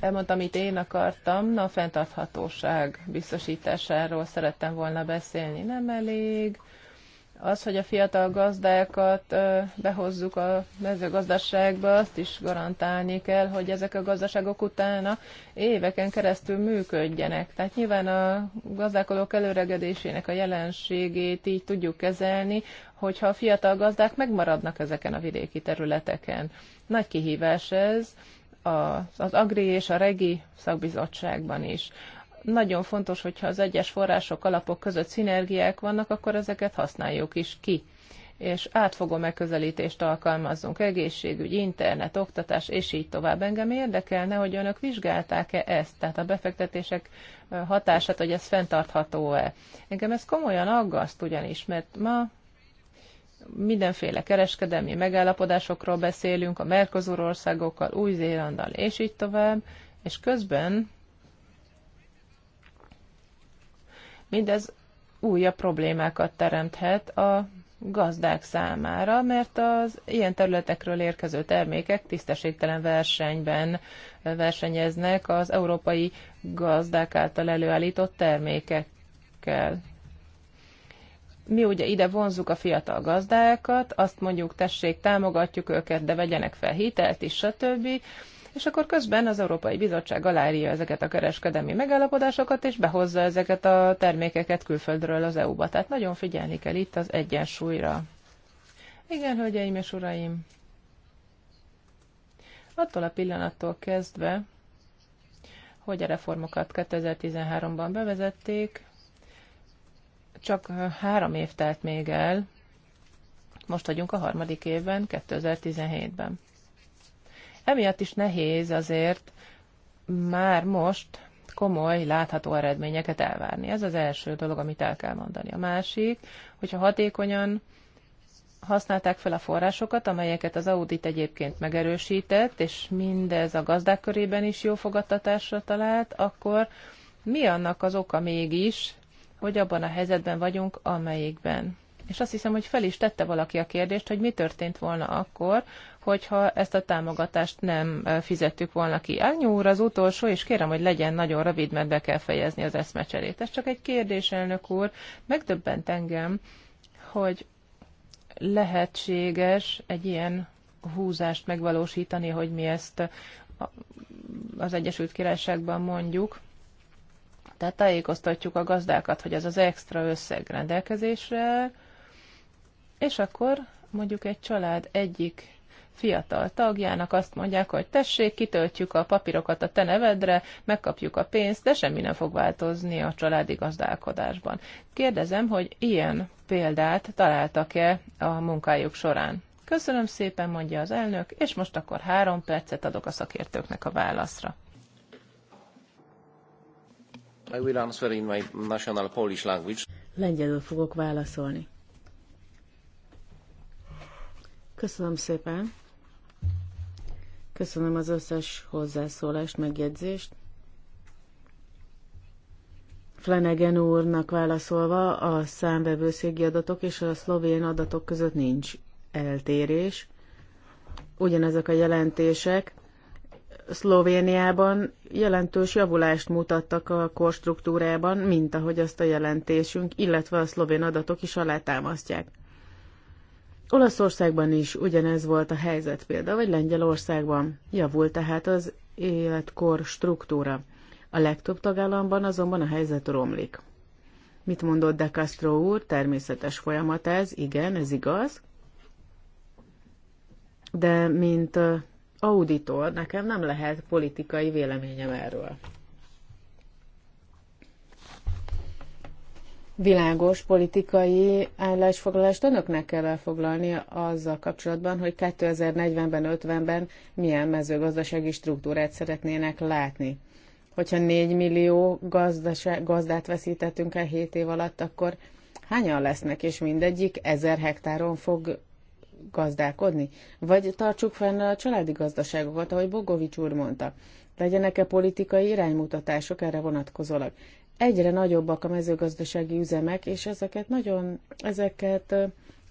elmondtam, amit én akartam, na a fenntarthatóság biztosításáról szerettem volna beszélni. Nem elég az, hogy a fiatal gazdákat behozzuk a mezőgazdaságba, azt is garantálni kell, hogy ezek a gazdaságok utána éveken keresztül működjenek. Tehát nyilván a gazdálkodók előregedésének a jelenségét így tudjuk kezelni, hogyha a fiatal gazdák megmaradnak ezeken a vidéki területeken. Nagy kihívás ez az, Agri és a Regi szakbizottságban is nagyon fontos, hogyha az egyes források, alapok között szinergiák vannak, akkor ezeket használjuk is ki és átfogó megközelítést alkalmazzunk, egészségügy, internet, oktatás, és így tovább. Engem érdekelne, hogy önök vizsgálták-e ezt, tehát a befektetések hatását, hogy ez fenntartható-e. Engem ez komolyan aggaszt ugyanis, mert ma mindenféle kereskedelmi megállapodásokról beszélünk, a Merkozor országokkal, Új-Zélandal, és így tovább, és közben Mindez újabb problémákat teremthet a gazdák számára, mert az ilyen területekről érkező termékek tisztességtelen versenyben versenyeznek az európai gazdák által előállított termékekkel. Mi ugye ide vonzuk a fiatal gazdákat, azt mondjuk tessék, támogatjuk őket, de vegyenek fel hitelt is, stb és akkor közben az Európai Bizottság aláírja ezeket a kereskedelmi megállapodásokat, és behozza ezeket a termékeket külföldről az EU-ba. Tehát nagyon figyelni kell itt az egyensúlyra. Igen, hölgyeim és uraim, attól a pillanattól kezdve, hogy a reformokat 2013-ban bevezették, csak három év telt még el, most vagyunk a harmadik évben, 2017-ben. Emiatt is nehéz azért már most komoly, látható eredményeket elvárni. Ez az első dolog, amit el kell mondani. A másik, hogyha hatékonyan használták fel a forrásokat, amelyeket az audit egyébként megerősített, és mindez a gazdák körében is jó fogadtatásra talált, akkor mi annak az oka mégis, hogy abban a helyzetben vagyunk, amelyikben? és azt hiszem, hogy fel is tette valaki a kérdést, hogy mi történt volna akkor, hogyha ezt a támogatást nem fizettük volna ki. Elnyú úr az utolsó, és kérem, hogy legyen nagyon rövid, mert be kell fejezni az eszmecserét. Ez csak egy kérdés, elnök úr. Megdöbbent engem, hogy lehetséges egy ilyen húzást megvalósítani, hogy mi ezt az Egyesült Királyságban mondjuk. Tehát tájékoztatjuk a gazdákat, hogy ez az extra összeg rendelkezésre és akkor mondjuk egy család egyik fiatal tagjának azt mondják, hogy tessék, kitöltjük a papírokat a te nevedre, megkapjuk a pénzt, de semmi nem fog változni a családi gazdálkodásban. Kérdezem, hogy ilyen példát találtak-e a munkájuk során? Köszönöm szépen, mondja az elnök, és most akkor három percet adok a szakértőknek a válaszra. I will answer in my national Polish language. Lengyelül fogok válaszolni. Köszönöm szépen. Köszönöm az összes hozzászólást, megjegyzést. Flanagan úrnak válaszolva, a számvevőszégi adatok és a szlovén adatok között nincs eltérés. Ugyanezek a jelentések Szlovéniában jelentős javulást mutattak a korstruktúrában, mint ahogy azt a jelentésünk, illetve a szlovén adatok is alátámasztják. Olaszországban is ugyanez volt a helyzet például, vagy Lengyelországban javult tehát az életkor struktúra. A legtöbb tagállamban azonban a helyzet romlik. Mit mondott De Castro úr? Természetes folyamat ez, igen, ez igaz. De mint auditor nekem nem lehet politikai véleményem erről. világos politikai állásfoglalást önöknek kell elfoglalni azzal kapcsolatban, hogy 2040-ben, 50-ben milyen mezőgazdasági struktúrát szeretnének látni. Hogyha 4 millió gazdaság, gazdát veszítettünk el 7 év alatt, akkor hányan lesznek, és mindegyik 1000 hektáron fog gazdálkodni? Vagy tartsuk fenn a családi gazdaságokat, ahogy Bogovics úr mondta. Legyenek-e politikai iránymutatások erre vonatkozólag? egyre nagyobbak a mezőgazdasági üzemek, és ezeket nagyon, ezeket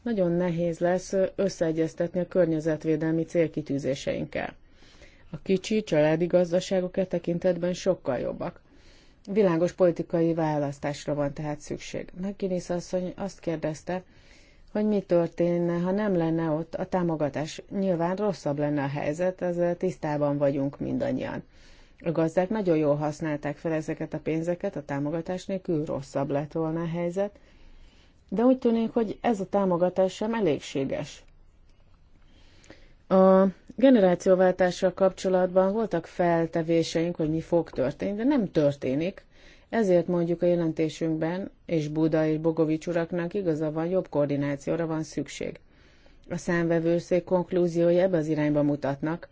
nagyon nehéz lesz összeegyeztetni a környezetvédelmi célkitűzéseinkkel. A kicsi családi gazdaságok e tekintetben sokkal jobbak. Világos politikai választásra van tehát szükség. Megkinisz asszony azt kérdezte, hogy mi történne, ha nem lenne ott a támogatás. Nyilván rosszabb lenne a helyzet, ezzel tisztában vagyunk mindannyian. A gazdák nagyon jól használták fel ezeket a pénzeket, a támogatás nélkül rosszabb lett volna a helyzet, de úgy tűnik, hogy ez a támogatás sem elégséges. A generációváltással kapcsolatban voltak feltevéseink, hogy mi fog történni, de nem történik. Ezért mondjuk a jelentésünkben, és Buda és Bogovics uraknak igaza van, jobb koordinációra van szükség. A számvevőszék konklúziói ebbe az irányba mutatnak,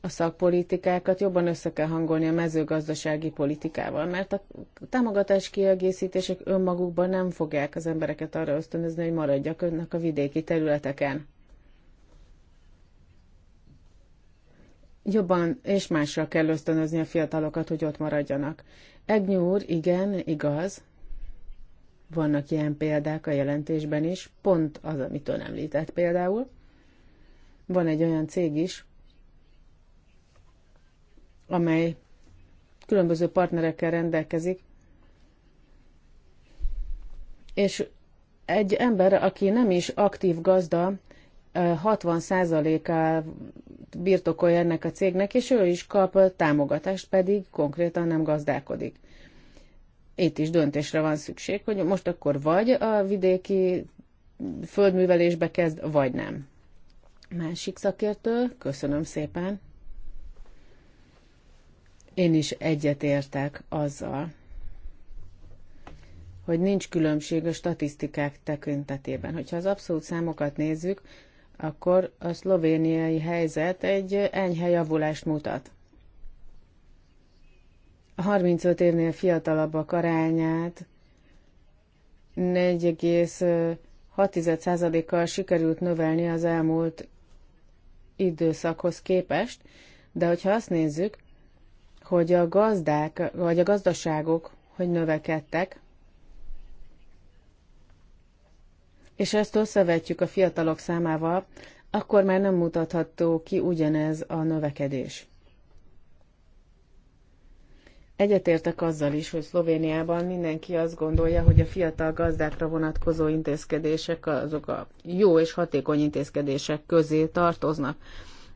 a szakpolitikákat jobban össze kell hangolni a mezőgazdasági politikával, mert a támogatás kiegészítések önmagukban nem fogják az embereket arra ösztönözni, hogy maradjak önnek a vidéki területeken. Jobban és másra kell ösztönözni a fiatalokat, hogy ott maradjanak. Egy úr, igen, igaz. Vannak ilyen példák a jelentésben is, pont az, amit ön említett például. Van egy olyan cég is, amely különböző partnerekkel rendelkezik, és egy ember, aki nem is aktív gazda, 60%-á birtokolja ennek a cégnek, és ő is kap támogatást, pedig konkrétan nem gazdálkodik. Itt is döntésre van szükség, hogy most akkor vagy a vidéki földművelésbe kezd, vagy nem. Másik szakértő, köszönöm szépen. Én is egyetértek azzal, hogy nincs különbség a statisztikák tekintetében. Hogyha az abszolút számokat nézzük, akkor a szlovéniai helyzet egy enyhe javulást mutat. A 35 évnél fiatalabbak arányát 4,6%-kal sikerült növelni az elmúlt időszakhoz képest, de hogyha azt nézzük, hogy a gazdák, vagy a gazdaságok, hogy növekedtek, és ezt összevetjük a fiatalok számával, akkor már nem mutatható ki ugyanez a növekedés. Egyetértek azzal is, hogy Szlovéniában mindenki azt gondolja, hogy a fiatal gazdákra vonatkozó intézkedések azok a jó és hatékony intézkedések közé tartoznak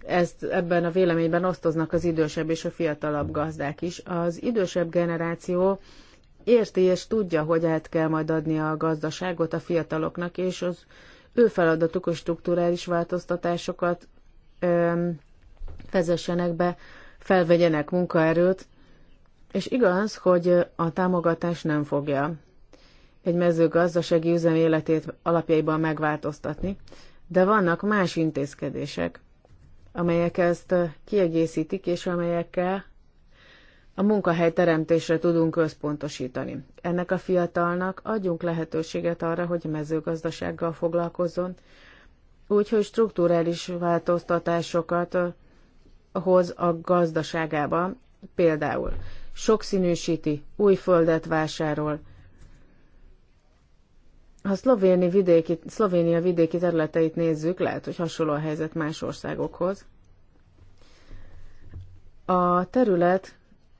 ezt ebben a véleményben osztoznak az idősebb és a fiatalabb gazdák is. Az idősebb generáció érti és tudja, hogy át kell majd adni a gazdaságot a fiataloknak, és az ő feladatuk a struktúrális változtatásokat öm, vezessenek be, felvegyenek munkaerőt, és igaz, hogy a támogatás nem fogja egy mezőgazdasági üzem életét alapjaiban megváltoztatni, de vannak más intézkedések, amelyek ezt eh, kiegészítik, és amelyekkel a munkahely teremtésre tudunk összpontosítani. Ennek a fiatalnak adjunk lehetőséget arra, hogy mezőgazdasággal foglalkozzon, úgyhogy strukturális változtatásokat eh, hoz a gazdaságába, például sokszínűsíti, új földet vásárol, ha szlovéni vidéki, Szlovénia vidéki területeit nézzük, lehet, hogy hasonló a helyzet más országokhoz. A terület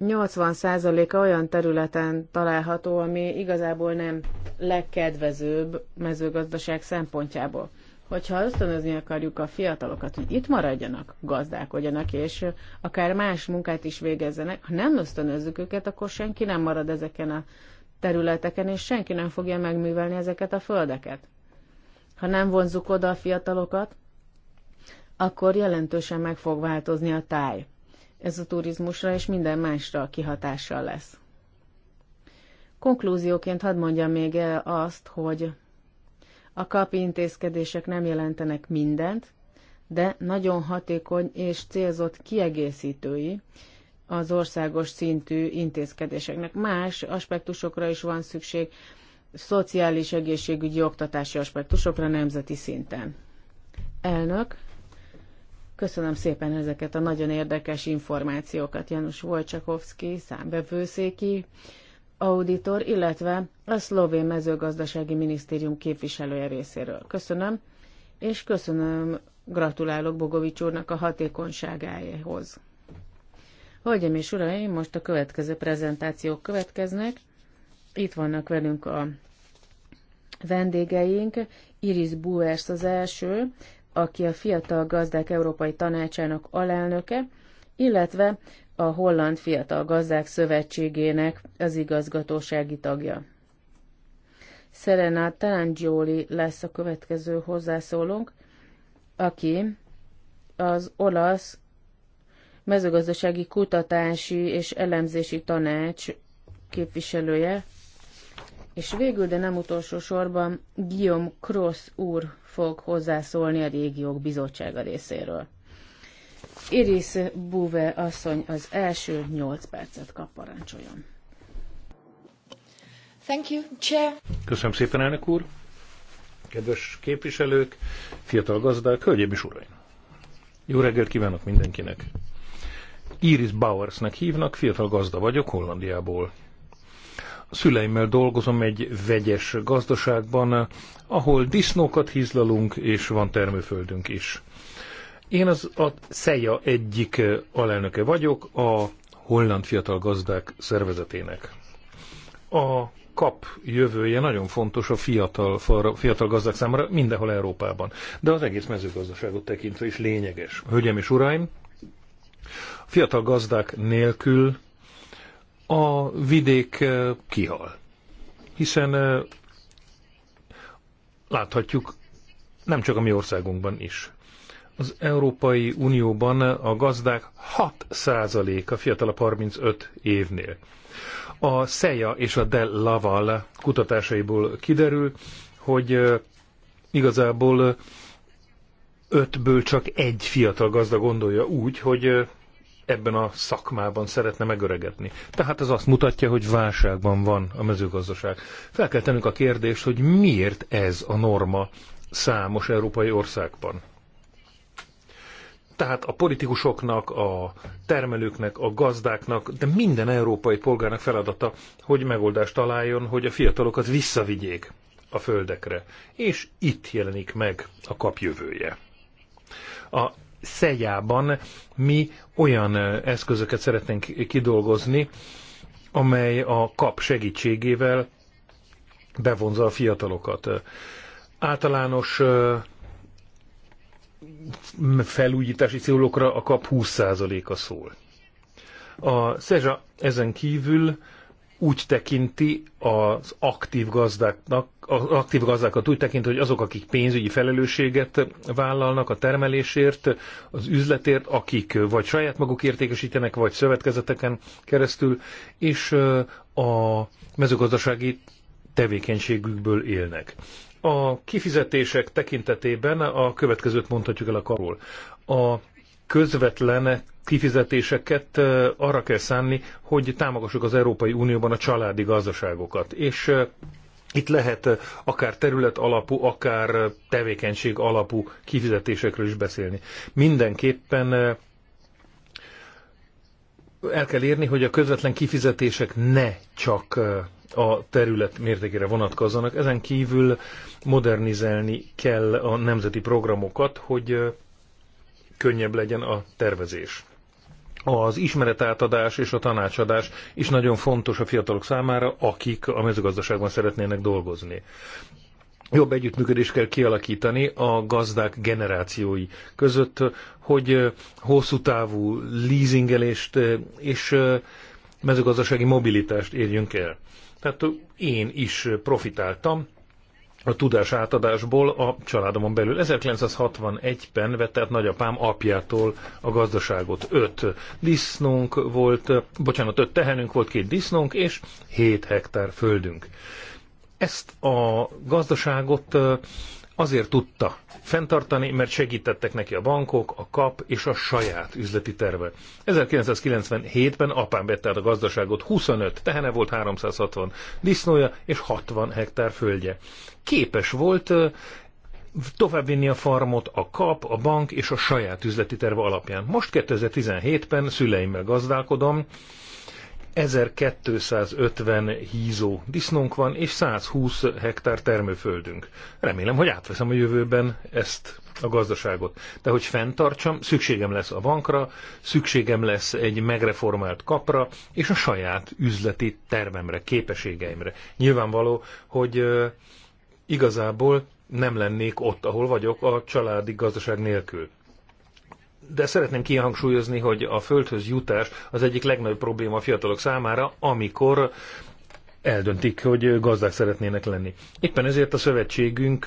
80%-a olyan területen található, ami igazából nem legkedvezőbb mezőgazdaság szempontjából. Hogyha ösztönözni akarjuk a fiatalokat, hogy itt maradjanak, gazdálkodjanak, és akár más munkát is végezzenek, ha nem ösztönözzük őket, akkor senki nem marad ezeken a területeken, és senki nem fogja megművelni ezeket a földeket. Ha nem vonzuk oda a fiatalokat, akkor jelentősen meg fog változni a táj. Ez a turizmusra és minden másra kihatással lesz. Konklúzióként hadd mondjam még el azt, hogy a kapi intézkedések nem jelentenek mindent, de nagyon hatékony és célzott kiegészítői, az országos szintű intézkedéseknek. Más aspektusokra is van szükség, szociális, egészségügyi, oktatási aspektusokra nemzeti szinten. Elnök, köszönöm szépen ezeket a nagyon érdekes információkat. Janusz Wojciechowski, számbevőszéki auditor, illetve a szlovén mezőgazdasági minisztérium képviselője részéről. Köszönöm, és köszönöm, gratulálok Bogovics úrnak a hatékonyságához. Hölgyeim és Uraim, most a következő prezentációk következnek. Itt vannak velünk a vendégeink. Iris Buers az első, aki a Fiatal Gazdák Európai Tanácsának alelnöke, illetve a Holland Fiatal Gazdák Szövetségének az igazgatósági tagja. Serena Tarangioli lesz a következő hozzászólónk, aki az olasz mezőgazdasági kutatási és elemzési tanács képviselője, és végül, de nem utolsó sorban, Guillaume Cross úr fog hozzászólni a régiók bizottsága részéről. Iris Bouve asszony az első nyolc percet kap parancsoljon. Thank you, Chair. Köszönöm szépen, elnök úr! Kedves képviselők, fiatal gazdák, hölgyeim és uraim! Jó reggelt kívánok mindenkinek! Iris Bowersnek hívnak, fiatal gazda vagyok Hollandiából. A szüleimmel dolgozom egy vegyes gazdaságban, ahol disznókat hízlalunk, és van termőföldünk is. Én az a SZEJA egyik alelnöke vagyok, a Holland Fiatal Gazdák Szervezetének. A kap jövője nagyon fontos a fiatal, fiatal gazdák számára mindenhol Európában, de az egész mezőgazdaságot tekintve is lényeges. Hölgyeim és uraim, fiatal gazdák nélkül a vidék kihal. Hiszen láthatjuk nem csak a mi országunkban is. Az Európai Unióban a gazdák 6%-a fiatalabb 35 évnél. A SEJA és a Del Laval kutatásaiból kiderül, hogy igazából ötből csak egy fiatal gazda gondolja úgy, hogy ebben a szakmában szeretne megöregedni. Tehát ez azt mutatja, hogy válságban van a mezőgazdaság. Fel kell tennünk a kérdést, hogy miért ez a norma számos európai országban. Tehát a politikusoknak, a termelőknek, a gazdáknak, de minden európai polgárnak feladata, hogy megoldást találjon, hogy a fiatalokat visszavigyék a földekre. És itt jelenik meg a kapjövője. A szejában mi olyan eszközöket szeretnénk kidolgozni, amely a kap segítségével bevonza a fiatalokat. Általános felújítási célokra a kap 20%-a szól. A SZEZSA ezen kívül úgy tekinti az aktív gazdáknak, az aktív gazdákat úgy tekint, hogy azok, akik pénzügyi felelősséget vállalnak a termelésért, az üzletért, akik vagy saját maguk értékesítenek, vagy szövetkezeteken keresztül, és a mezőgazdasági tevékenységükből élnek. A kifizetések tekintetében a következőt mondhatjuk el a karról. A közvetlen kifizetéseket arra kell szánni, hogy támogassuk az Európai Unióban a családi gazdaságokat. És itt lehet akár terület alapú, akár tevékenység alapú kifizetésekről is beszélni. Mindenképpen el kell érni, hogy a közvetlen kifizetések ne csak a terület mértékére vonatkozzanak. Ezen kívül modernizálni kell a nemzeti programokat, hogy könnyebb legyen a tervezés az ismeretátadás és a tanácsadás is nagyon fontos a fiatalok számára, akik a mezőgazdaságban szeretnének dolgozni. Jobb együttműködést kell kialakítani a gazdák generációi között, hogy hosszú távú leasingelést és mezőgazdasági mobilitást érjünk el. Tehát én is profitáltam a tudás átadásból a családomon belül. 1961-ben vette át nagyapám apjától a gazdaságot. Öt disznónk volt, bocsánat, öt tehenünk volt, két disznónk és 7 hektár földünk. Ezt a gazdaságot azért tudta fenntartani, mert segítettek neki a bankok, a kap és a saját üzleti terve. 1997-ben apám vette a gazdaságot, 25 tehene volt, 360 disznója és 60 hektár földje. Képes volt továbbvinni a farmot a kap, a bank és a saját üzleti terve alapján. Most 2017-ben szüleimmel gazdálkodom, 1250 hízó disznónk van, és 120 hektár termőföldünk. Remélem, hogy átveszem a jövőben ezt a gazdaságot. De hogy fenntartsam, szükségem lesz a bankra, szükségem lesz egy megreformált kapra, és a saját üzleti termemre, képességeimre. Nyilvánvaló, hogy igazából nem lennék ott, ahol vagyok, a családi gazdaság nélkül de szeretném kihangsúlyozni, hogy a földhöz jutás az egyik legnagyobb probléma a fiatalok számára, amikor eldöntik, hogy gazdák szeretnének lenni. Éppen ezért a szövetségünk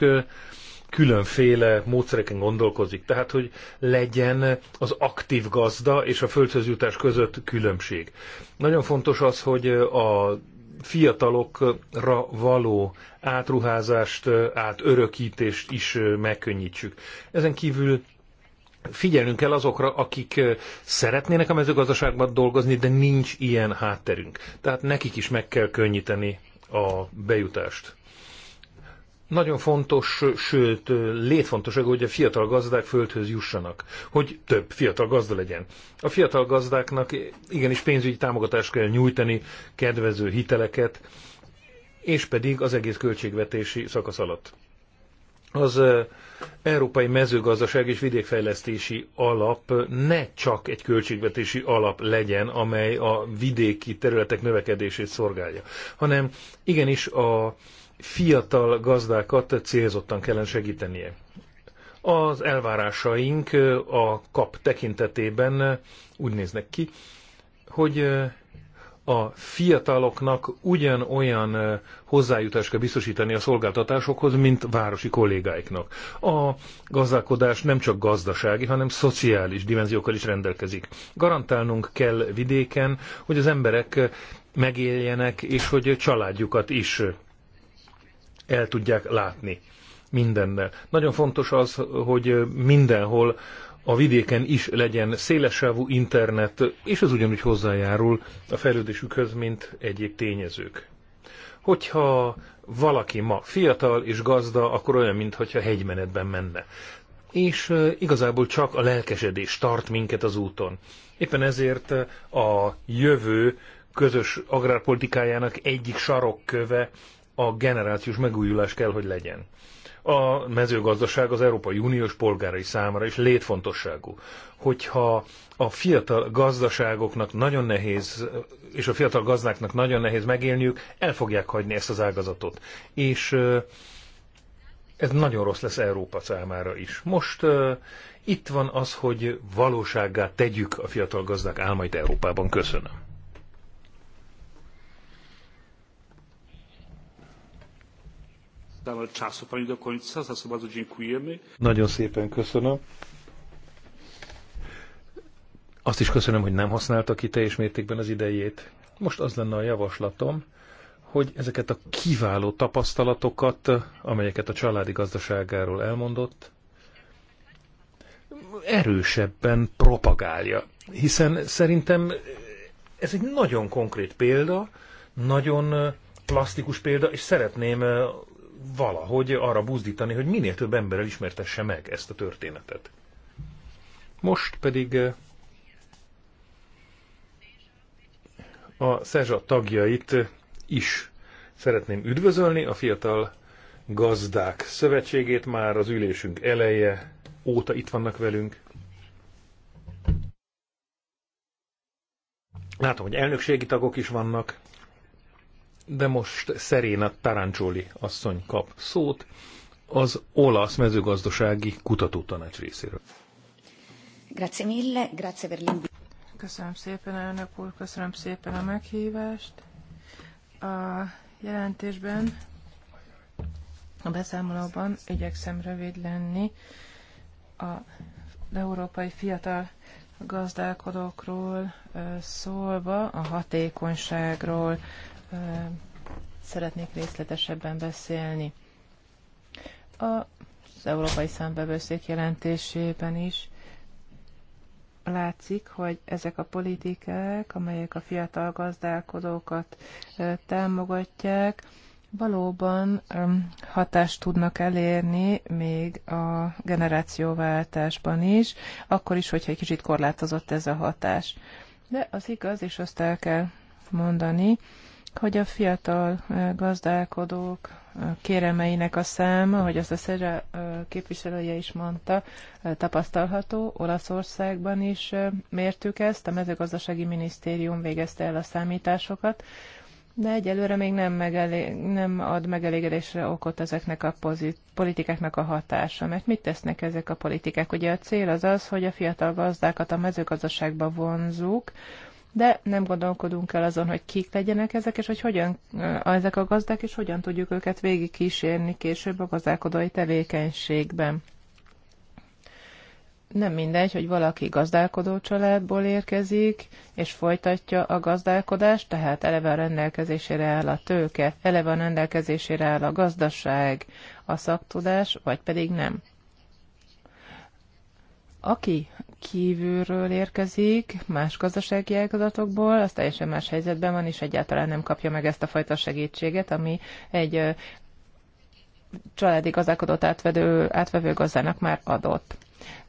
különféle módszereken gondolkozik. Tehát, hogy legyen az aktív gazda és a földhöz jutás között különbség. Nagyon fontos az, hogy a fiatalokra való átruházást, átörökítést is megkönnyítsük. Ezen kívül Figyelnünk kell azokra, akik szeretnének a mezőgazdaságban dolgozni, de nincs ilyen hátterünk. Tehát nekik is meg kell könnyíteni a bejutást. Nagyon fontos, sőt létfontosság, hogy a fiatal gazdák földhöz jussanak, hogy több fiatal gazda legyen. A fiatal gazdáknak igenis pénzügyi támogatást kell nyújtani, kedvező hiteleket, és pedig az egész költségvetési szakasz alatt. Az Európai Mezőgazdaság és Vidékfejlesztési Alap ne csak egy költségvetési alap legyen, amely a vidéki területek növekedését szorgálja, hanem igenis a fiatal gazdákat célzottan kellene segítenie. Az elvárásaink a kap tekintetében úgy néznek ki, hogy a fiataloknak ugyanolyan hozzájutást kell biztosítani a szolgáltatásokhoz, mint városi kollégáiknak. A gazdálkodás nem csak gazdasági, hanem szociális dimenziókkal is rendelkezik. Garantálnunk kell vidéken, hogy az emberek megéljenek, és hogy családjukat is el tudják látni mindennel. Nagyon fontos az, hogy mindenhol a vidéken is legyen szélessávú internet, és ez ugyanúgy hozzájárul a fejlődésükhöz, mint egyéb tényezők. Hogyha valaki ma fiatal és gazda, akkor olyan, mintha hegymenetben menne. És igazából csak a lelkesedés tart minket az úton. Éppen ezért a jövő közös agrárpolitikájának egyik sarokköve a generációs megújulás kell, hogy legyen a mezőgazdaság az Európai Uniós polgárai számára is létfontosságú. Hogyha a fiatal gazdaságoknak nagyon nehéz, és a fiatal gazdáknak nagyon nehéz megélniük, el fogják hagyni ezt az ágazatot. És ez nagyon rossz lesz Európa számára is. Most uh, itt van az, hogy valósággá tegyük a fiatal gazdák álmait Európában. Köszönöm. Nagyon szépen köszönöm. Azt is köszönöm, hogy nem használta ki teljes mértékben az idejét. Most az lenne a javaslatom, hogy ezeket a kiváló tapasztalatokat, amelyeket a családi gazdaságáról elmondott, erősebben propagálja. Hiszen szerintem ez egy nagyon konkrét példa, nagyon plastikus példa, és szeretném valahogy arra buzdítani, hogy minél több emberrel ismertesse meg ezt a történetet. Most pedig eh, a Szerzsa tagjait eh, is szeretném üdvözölni, a Fiatal Gazdák Szövetségét már az ülésünk eleje óta itt vannak velünk. Látom, hogy elnökségi tagok is vannak de most Szeréna Taráncsóli asszony kap szót az olasz mezőgazdasági kutatótanács részéről. Grazie mille, grazie per Köszönöm szépen, elnök úr, köszönöm szépen a meghívást. A jelentésben, a beszámolóban igyekszem rövid lenni a európai fiatal gazdálkodókról szólva, a hatékonyságról szeretnék részletesebben beszélni. Az Európai Számbevőszék jelentésében is látszik, hogy ezek a politikák, amelyek a fiatal gazdálkodókat támogatják, valóban hatást tudnak elérni még a generációváltásban is, akkor is, hogyha egy kicsit korlátozott ez a hatás. De az igaz, és azt el kell mondani, hogy a fiatal gazdálkodók kéremeinek a száma, hogy azt a Szerre képviselője is mondta, tapasztalható. Olaszországban is mértük ezt, a mezőgazdasági minisztérium végezte el a számításokat, de egyelőre még nem, megelé- nem ad megelégedésre okot ezeknek a pozit- politikáknak a hatása. Mert mit tesznek ezek a politikák? Ugye a cél az az, hogy a fiatal gazdákat a mezőgazdaságba vonzuk, de nem gondolkodunk el azon, hogy kik legyenek ezek, és hogy hogyan ezek a gazdák, és hogyan tudjuk őket kísérni később a gazdálkodói tevékenységben. Nem mindegy, hogy valaki gazdálkodó családból érkezik, és folytatja a gazdálkodást, tehát eleve a rendelkezésére áll a tőke, eleve a rendelkezésére áll a gazdaság, a szaktudás, vagy pedig nem aki kívülről érkezik, más gazdasági ágazatokból, az teljesen más helyzetben van, és egyáltalán nem kapja meg ezt a fajta segítséget, ami egy családi gazdálkodót átvedő, átvevő gazdának már adott.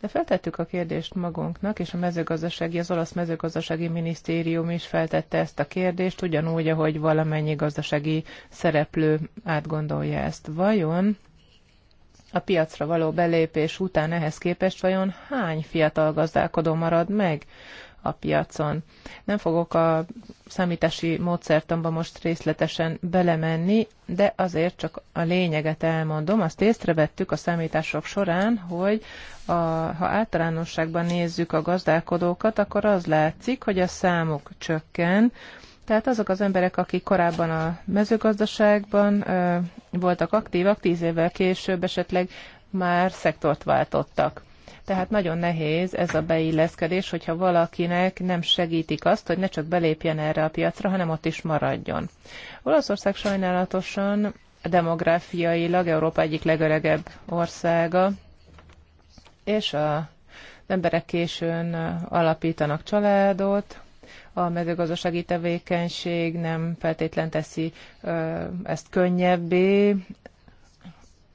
De feltettük a kérdést magunknak, és a mezőgazdasági, az olasz mezőgazdasági minisztérium is feltette ezt a kérdést, ugyanúgy, ahogy valamennyi gazdasági szereplő átgondolja ezt. Vajon a piacra való belépés után ehhez képest vajon hány fiatal gazdálkodó marad meg a piacon. Nem fogok a számítási módszertamba most részletesen belemenni, de azért csak a lényeget elmondom. Azt észrevettük a számítások során, hogy a, ha általánosságban nézzük a gazdálkodókat, akkor az látszik, hogy a számuk csökken, tehát azok az emberek, akik korábban a mezőgazdaságban voltak aktívak, tíz évvel később esetleg már szektort váltottak. Tehát nagyon nehéz ez a beilleszkedés, hogyha valakinek nem segítik azt, hogy ne csak belépjen erre a piacra, hanem ott is maradjon. Olaszország sajnálatosan demográfiailag Európa egyik legöregebb országa, és a emberek későn alapítanak családot, a mezőgazdasági tevékenység nem feltétlen teszi ezt könnyebbé.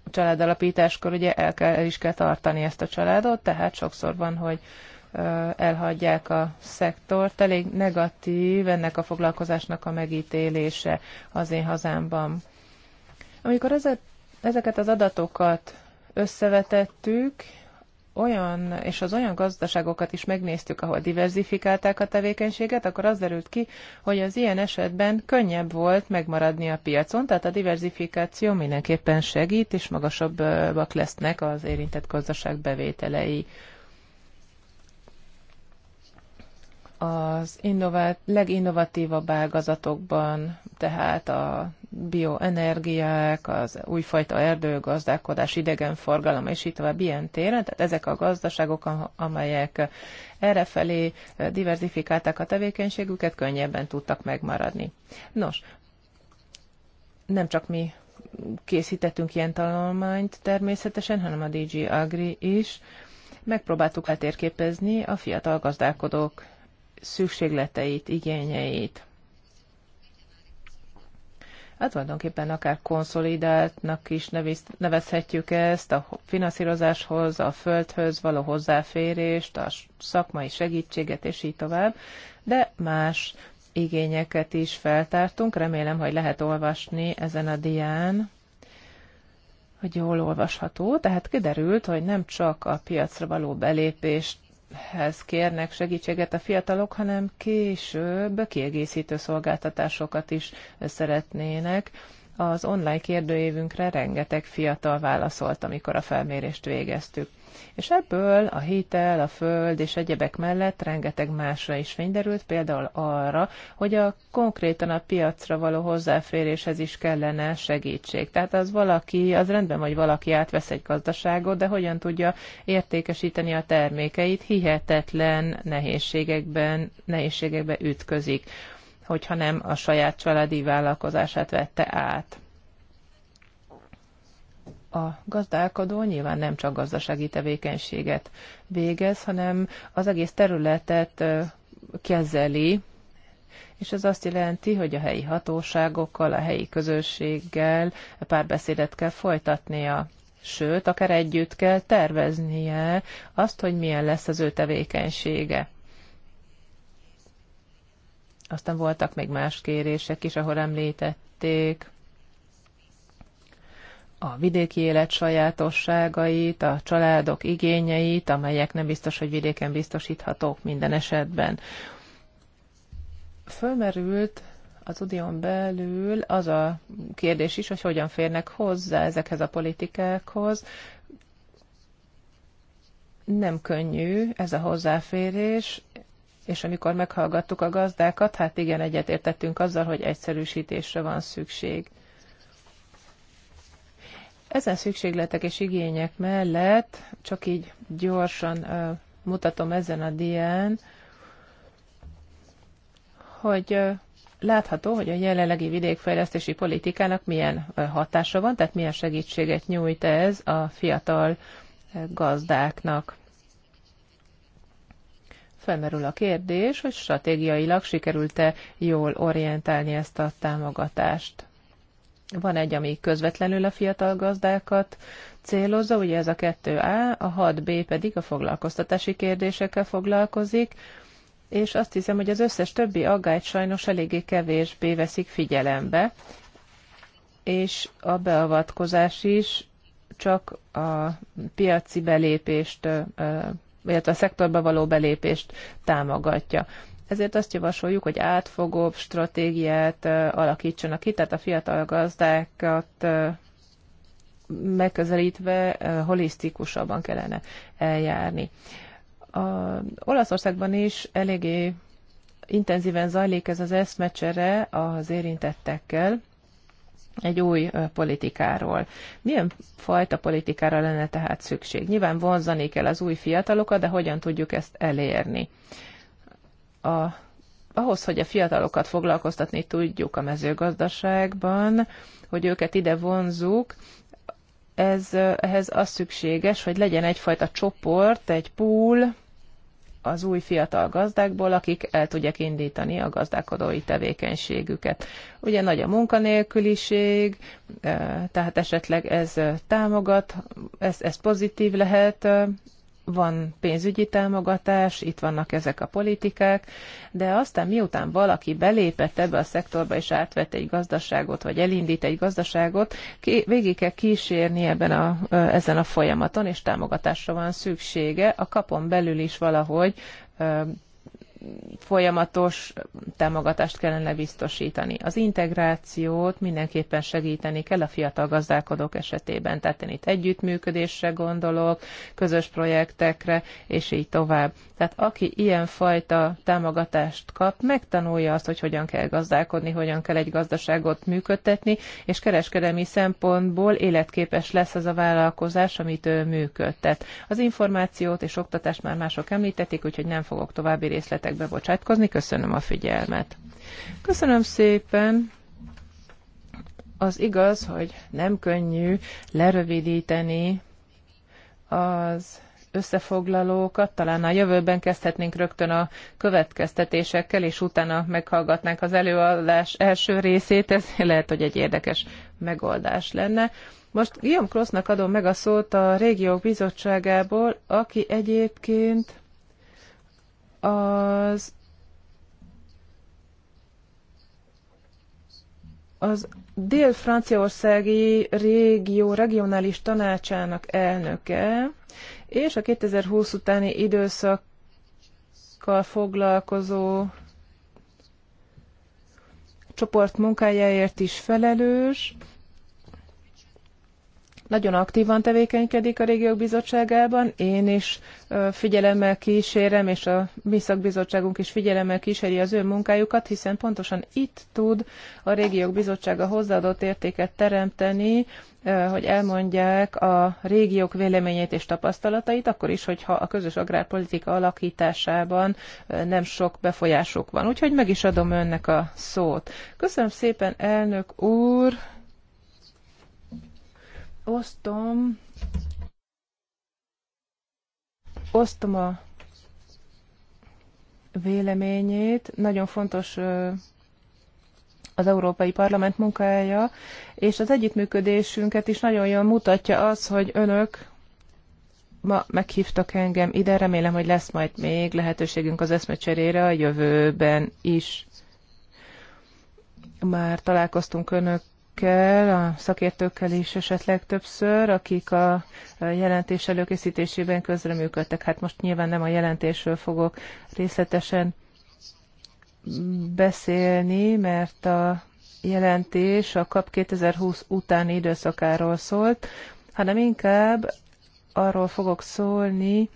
A családalapításkor ugye el, kell, el is kell tartani ezt a családot, tehát sokszor van, hogy elhagyják a szektort. Elég negatív ennek a foglalkozásnak a megítélése az én hazámban. Amikor ezeket az adatokat összevetettük, olyan, és az olyan gazdaságokat is megnéztük, ahol diversifikálták a tevékenységet, akkor az derült ki, hogy az ilyen esetben könnyebb volt megmaradni a piacon, tehát a diversifikáció mindenképpen segít, és magasabbak lesznek az érintett gazdaság bevételei. az innovat, leginnovatívabb ágazatokban, tehát a bioenergiák, az újfajta erdőgazdálkodás, idegenforgalom, és így tovább ilyen téren, tehát ezek a gazdaságok, amelyek errefelé diversifikálták a tevékenységüket, könnyebben tudtak megmaradni. Nos, nem csak mi készítettünk ilyen tanulmányt természetesen, hanem a DG Agri is. Megpróbáltuk eltérképezni a fiatal gazdálkodók szükségleteit, igényeit. Hát tulajdonképpen akár konszolidáltnak is nevezhetjük ezt, a finanszírozáshoz, a földhöz való hozzáférést, a szakmai segítséget, és így tovább, de más igényeket is feltártunk. Remélem, hogy lehet olvasni ezen a dián, hogy jól olvasható. Tehát kiderült, hogy nem csak a piacra való belépést hez kérnek segítséget a fiatalok, hanem később kiegészítő szolgáltatásokat is szeretnének. Az online kérdőévünkre rengeteg fiatal válaszolt, amikor a felmérést végeztük. És ebből a hitel, a föld és egyebek mellett rengeteg másra is fényderült, például arra, hogy a konkrétan a piacra való hozzáféréshez is kellene segítség. Tehát az valaki, az rendben, hogy valaki átvesz egy gazdaságot, de hogyan tudja értékesíteni a termékeit, hihetetlen nehézségekben, nehézségekbe ütközik hogyha nem a saját családi vállalkozását vette át a gazdálkodó nyilván nem csak gazdasági tevékenységet végez, hanem az egész területet kezeli, és ez azt jelenti, hogy a helyi hatóságokkal, a helyi közösséggel párbeszédet kell folytatnia. Sőt, akár együtt kell terveznie azt, hogy milyen lesz az ő tevékenysége. Aztán voltak még más kérések is, ahol említették a vidéki élet sajátosságait, a családok igényeit, amelyek nem biztos, hogy vidéken biztosíthatók minden esetben. Fölmerült az Udion belül az a kérdés is, hogy hogyan férnek hozzá ezekhez a politikákhoz. Nem könnyű ez a hozzáférés, és amikor meghallgattuk a gazdákat, hát igen, egyetértettünk azzal, hogy egyszerűsítésre van szükség. Ezen szükségletek és igények mellett, csak így gyorsan mutatom ezen a dián, hogy látható, hogy a jelenlegi vidékfejlesztési politikának milyen hatása van, tehát milyen segítséget nyújt ez a fiatal gazdáknak. Felmerül a kérdés, hogy stratégiailag sikerült-e jól orientálni ezt a támogatást. Van egy, ami közvetlenül a fiatal gazdákat célozza, ugye ez a 2A, a 6B pedig a foglalkoztatási kérdésekkel foglalkozik, és azt hiszem, hogy az összes többi aggályt sajnos eléggé kevésbé veszik figyelembe, és a beavatkozás is csak a piaci belépést, illetve a szektorba való belépést támogatja. Ezért azt javasoljuk, hogy átfogóbb stratégiát eh, alakítsanak ki, tehát a fiatal gazdákat eh, megközelítve eh, holisztikusabban kellene eljárni. A Olaszországban is eléggé intenzíven zajlik ez az eszmecsere az érintettekkel, egy új politikáról. Milyen fajta politikára lenne tehát szükség? Nyilván vonzani kell az új fiatalokat, de hogyan tudjuk ezt elérni? a, ahhoz, hogy a fiatalokat foglalkoztatni tudjuk a mezőgazdaságban, hogy őket ide vonzuk, ez, ehhez az szükséges, hogy legyen egyfajta csoport, egy pool az új fiatal gazdákból, akik el tudják indítani a gazdálkodói tevékenységüket. Ugye nagy a munkanélküliség, eh, tehát esetleg ez eh, támogat, ez, ez pozitív lehet eh, van pénzügyi támogatás, itt vannak ezek a politikák, de aztán miután valaki belépett ebbe a szektorba és átvette egy gazdaságot, vagy elindít egy gazdaságot, végig kell kísérni ebben a, ezen a folyamaton, és támogatásra van szüksége, a kapon belül is valahogy folyamatos támogatást kellene biztosítani. Az integrációt mindenképpen segíteni kell a fiatal gazdálkodók esetében, tehát én itt együttműködésre gondolok, közös projektekre, és így tovább. Tehát aki ilyenfajta támogatást kap, megtanulja azt, hogy hogyan kell gazdálkodni, hogyan kell egy gazdaságot működtetni, és kereskedelmi szempontból életképes lesz az a vállalkozás, amit ő működtet. Az információt és oktatást már mások említették, úgyhogy nem fogok további részletek ezekbe bebocsátkozni, Köszönöm a figyelmet. Köszönöm szépen. Az igaz, hogy nem könnyű lerövidíteni az összefoglalókat, talán a jövőben kezdhetnénk rögtön a következtetésekkel, és utána meghallgatnánk az előadás első részét, ez lehet, hogy egy érdekes megoldás lenne. Most Guillaume Crossnak adom meg a szót a régiók bizottságából, aki egyébként az az dél-franciaországi régió regionális tanácsának elnöke, és a 2020 utáni időszakkal foglalkozó csoport munkájáért is felelős, nagyon aktívan tevékenykedik a régiók bizottságában, én is figyelemmel kísérem, és a mi szakbizottságunk is figyelemmel kíséri az ő munkájukat, hiszen pontosan itt tud a régiók bizottsága hozzáadott értéket teremteni, hogy elmondják a régiók véleményét és tapasztalatait, akkor is, hogyha a közös agrárpolitika alakításában nem sok befolyásuk van. Úgyhogy meg is adom önnek a szót. Köszönöm szépen, elnök úr! osztom, osztom a véleményét. Nagyon fontos az Európai Parlament munkája, és az együttműködésünket is nagyon jól mutatja az, hogy önök ma meghívtak engem ide, remélem, hogy lesz majd még lehetőségünk az eszmecserére a jövőben is. Már találkoztunk önök szakértőkkel, a szakértőkkel is esetleg többször, akik a jelentés előkészítésében közreműködtek. Hát most nyilván nem a jelentésről fogok részletesen beszélni, mert a jelentés a KAP 2020 utáni időszakáról szólt, hanem inkább arról fogok szólni,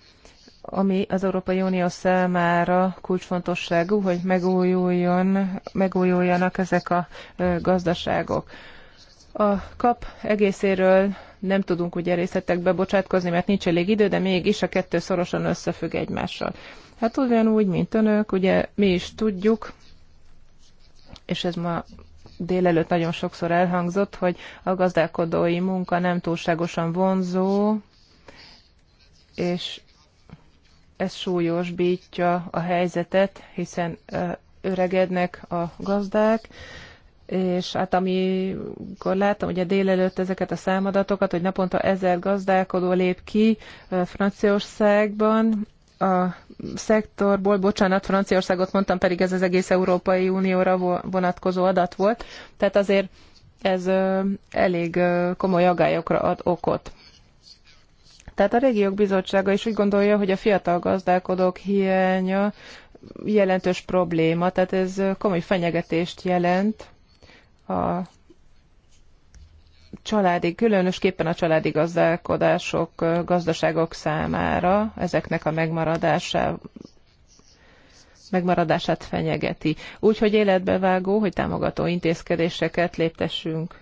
ami az Európai Unió számára kulcsfontosságú, hogy megújuljon, megújuljanak ezek a gazdaságok. A kap egészéről nem tudunk ugye részletekbe bocsátkozni, mert nincs elég idő, de mégis a kettő szorosan összefügg egymással. Hát ugyanúgy, mint önök, ugye mi is tudjuk, és ez ma délelőtt nagyon sokszor elhangzott, hogy a gazdálkodói munka nem túlságosan vonzó, és ez súlyosbítja a helyzetet, hiszen öregednek a gazdák, és hát amikor láttam ugye délelőtt ezeket a számadatokat, hogy naponta ezer gazdálkodó lép ki Franciaországban, a szektorból, bocsánat, Franciaországot mondtam, pedig ez az egész Európai Unióra vonatkozó adat volt, tehát azért ez elég komoly agályokra ad okot. Tehát a régiók bizottsága is úgy gondolja, hogy a fiatal gazdálkodók hiánya jelentős probléma, tehát ez komoly fenyegetést jelent a családi, különösképpen a családi gazdálkodások, gazdaságok számára ezeknek a megmaradása megmaradását fenyegeti. Úgyhogy életbevágó, hogy támogató intézkedéseket léptessünk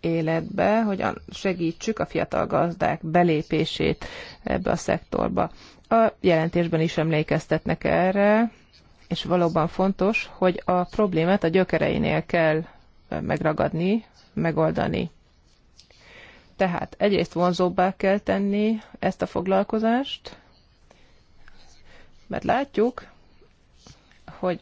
életbe, hogy segítsük a fiatal gazdák belépését ebbe a szektorba. A jelentésben is emlékeztetnek erre, és valóban fontos, hogy a problémát a gyökereinél kell megragadni, megoldani. Tehát egyrészt vonzóbbá kell tenni ezt a foglalkozást, mert látjuk, hogy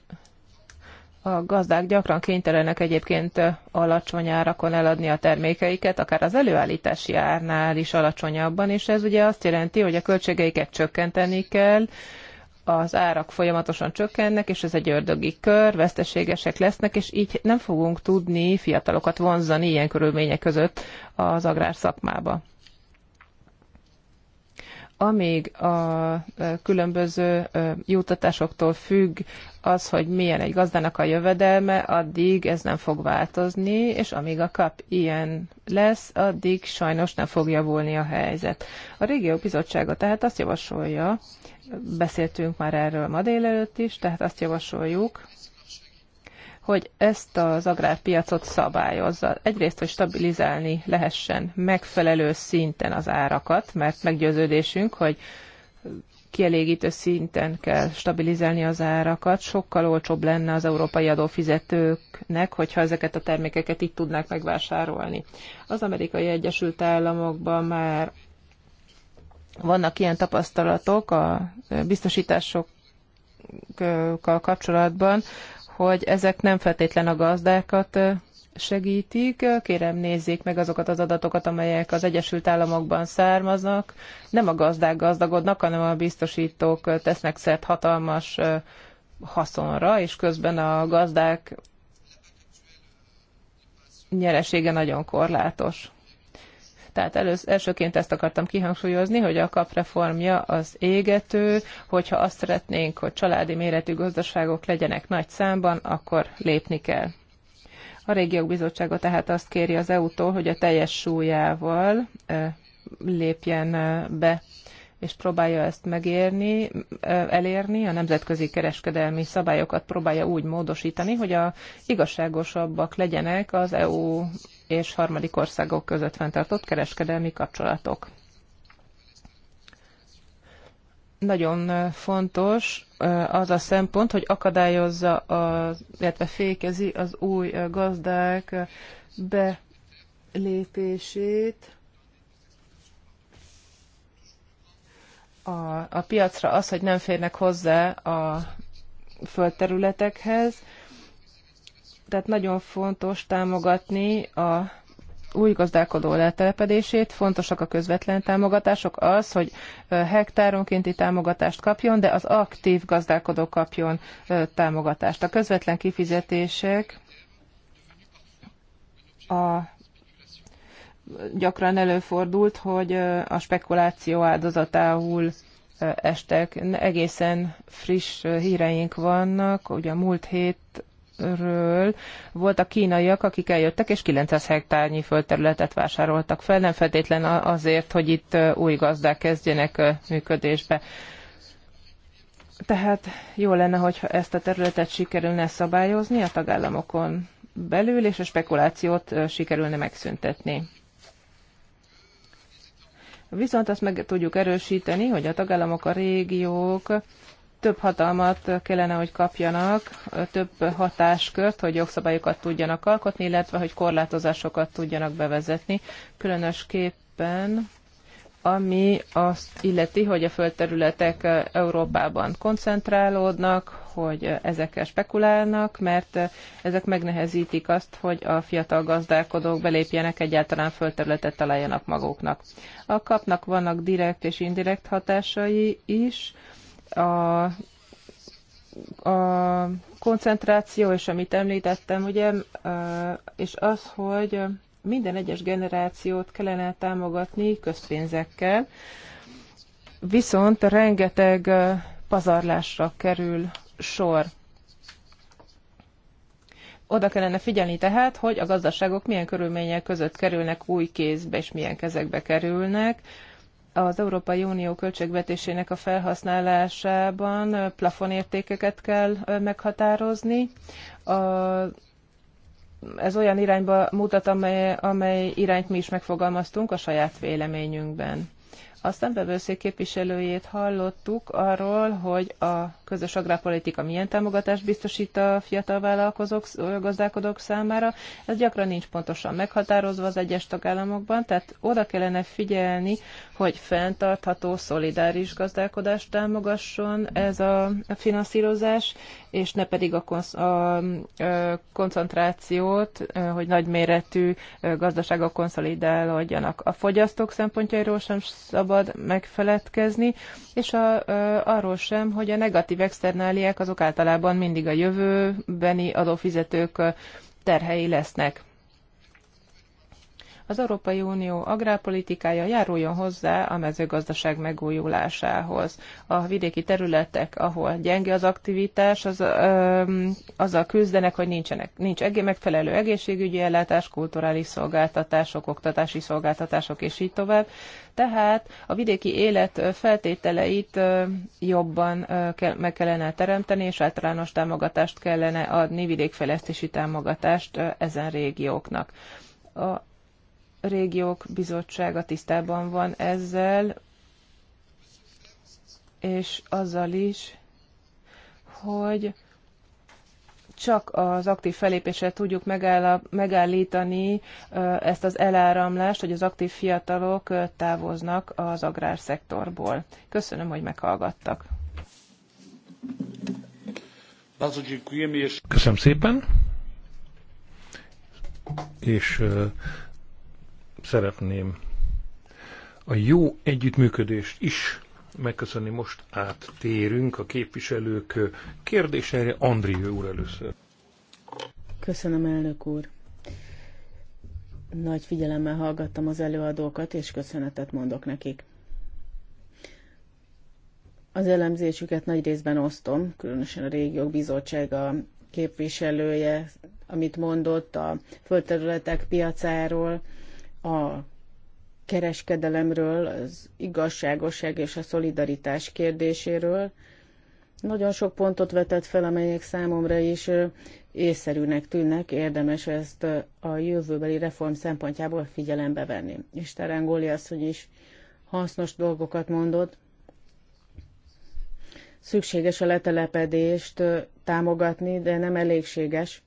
a gazdák gyakran kénytelenek egyébként alacsony árakon eladni a termékeiket, akár az előállítási árnál is alacsonyabban, és ez ugye azt jelenti, hogy a költségeiket csökkenteni kell, az árak folyamatosan csökkennek, és ez egy ördögi kör, veszteségesek lesznek, és így nem fogunk tudni fiatalokat vonzani ilyen körülmények között az agrárszakmába amíg a különböző jutatásoktól függ az, hogy milyen egy gazdának a jövedelme, addig ez nem fog változni, és amíg a kap ilyen lesz, addig sajnos nem fog javulni a helyzet. A régió bizottsága tehát azt javasolja, beszéltünk már erről ma délelőtt is, tehát azt javasoljuk, hogy ezt az agrárpiacot szabályozza. Egyrészt, hogy stabilizálni lehessen megfelelő szinten az árakat, mert meggyőződésünk, hogy kielégítő szinten kell stabilizálni az árakat. Sokkal olcsóbb lenne az európai adófizetőknek, hogyha ezeket a termékeket itt tudnák megvásárolni. Az amerikai Egyesült Államokban már vannak ilyen tapasztalatok a biztosításokkal kapcsolatban, hogy ezek nem feltétlen a gazdákat segítik. Kérem nézzék meg azokat az adatokat, amelyek az Egyesült Államokban származnak. Nem a gazdák gazdagodnak, hanem a biztosítók tesznek szert hatalmas haszonra, és közben a gazdák nyeresége nagyon korlátos. Tehát elősz, elsőként ezt akartam kihangsúlyozni, hogy a kap reformja az égető, hogyha azt szeretnénk, hogy családi méretű gazdaságok legyenek nagy számban, akkor lépni kell. A régiók bizottsága tehát azt kéri az EU-tól, hogy a teljes súlyával lépjen be és próbálja ezt megérni, elérni, a nemzetközi kereskedelmi szabályokat próbálja úgy módosítani, hogy a igazságosabbak legyenek az EU és harmadik országok között fenntartott kereskedelmi kapcsolatok. Nagyon fontos az a szempont, hogy akadályozza, a illetve fékezi az új gazdák belépését a, a piacra az, hogy nem férnek hozzá a földterületekhez, tehát nagyon fontos támogatni a új gazdálkodó letelepedését, fontosak a közvetlen támogatások, az, hogy hektáronkénti támogatást kapjon, de az aktív gazdálkodó kapjon támogatást. A közvetlen kifizetések a gyakran előfordult, hogy a spekuláció áldozatául estek. Egészen friss híreink vannak, ugye a múlt hét ről voltak kínaiak, akik eljöttek, és 900 hektárnyi földterületet vásároltak fel, nem feltétlen azért, hogy itt új gazdák kezdjenek működésbe. Tehát jó lenne, hogyha ezt a területet sikerülne szabályozni a tagállamokon belül, és a spekulációt sikerülne megszüntetni. Viszont azt meg tudjuk erősíteni, hogy a tagállamok, a régiók több hatalmat kellene, hogy kapjanak, több hatáskört, hogy jogszabályokat tudjanak alkotni, illetve hogy korlátozásokat tudjanak bevezetni. Különösképpen ami azt illeti, hogy a földterületek Európában koncentrálódnak, hogy ezekkel spekulálnak, mert ezek megnehezítik azt, hogy a fiatal gazdálkodók belépjenek, egyáltalán földterületet találjanak maguknak. A kapnak vannak direkt és indirekt hatásai is, a, a koncentráció, és amit említettem, ugye, és az, hogy minden egyes generációt kellene támogatni közpénzekkel, viszont rengeteg pazarlásra kerül sor. Oda kellene figyelni tehát, hogy a gazdaságok milyen körülmények között kerülnek új kézbe, és milyen kezekbe kerülnek, az Európai Unió költségvetésének a felhasználásában plafonértékeket kell meghatározni. A, ez olyan irányba mutat, amely, amely irányt mi is megfogalmaztunk a saját véleményünkben. A szembevőszék képviselőjét hallottuk arról, hogy a közös agrárpolitika milyen támogatást biztosít a fiatal vállalkozók, gazdálkodók számára. Ez gyakran nincs pontosan meghatározva az egyes tagállamokban, tehát oda kellene figyelni, hogy fenntartható, szolidáris gazdálkodást támogasson ez a finanszírozás, és ne pedig a, konsz- a, a koncentrációt, hogy nagyméretű gazdaságok konszolidálódjanak. A fogyasztók szempontjairól sem szabad megfeledkezni, és a, a, arról sem, hogy a negatív externáliák azok általában mindig a jövőbeni adófizetők terhei lesznek az Európai Unió agrárpolitikája járuljon hozzá a mezőgazdaság megújulásához. A vidéki területek, ahol gyenge az aktivitás, az, ö, azzal küzdenek, hogy nincsenek, nincs egé- megfelelő egészségügyi ellátás, kulturális szolgáltatások, oktatási szolgáltatások, és így tovább. Tehát a vidéki élet feltételeit jobban meg kellene teremteni, és általános támogatást kellene adni, vidékfejlesztési támogatást ezen régióknak régiók bizottsága tisztában van ezzel, és azzal is, hogy csak az aktív felépéssel tudjuk megállítani ezt az eláramlást, hogy az aktív fiatalok távoznak az agrárszektorból. Köszönöm, hogy meghallgattak. Köszönöm szépen. És szeretném a jó együttműködést is megköszönni. Most áttérünk a képviselők kérdésére. Andri úr először. Köszönöm, elnök úr. Nagy figyelemmel hallgattam az előadókat, és köszönetet mondok nekik. Az elemzésüket nagy részben osztom, különösen a régiók bizottsága képviselője, amit mondott a földterületek piacáról, a kereskedelemről, az igazságosság és a szolidaritás kérdéséről. Nagyon sok pontot vetett fel, amelyek számomra is észszerűnek tűnnek, érdemes ezt a jövőbeli reform szempontjából figyelembe venni. És Terán Góli asszony is hasznos dolgokat mondott. Szükséges a letelepedést támogatni, de nem elégséges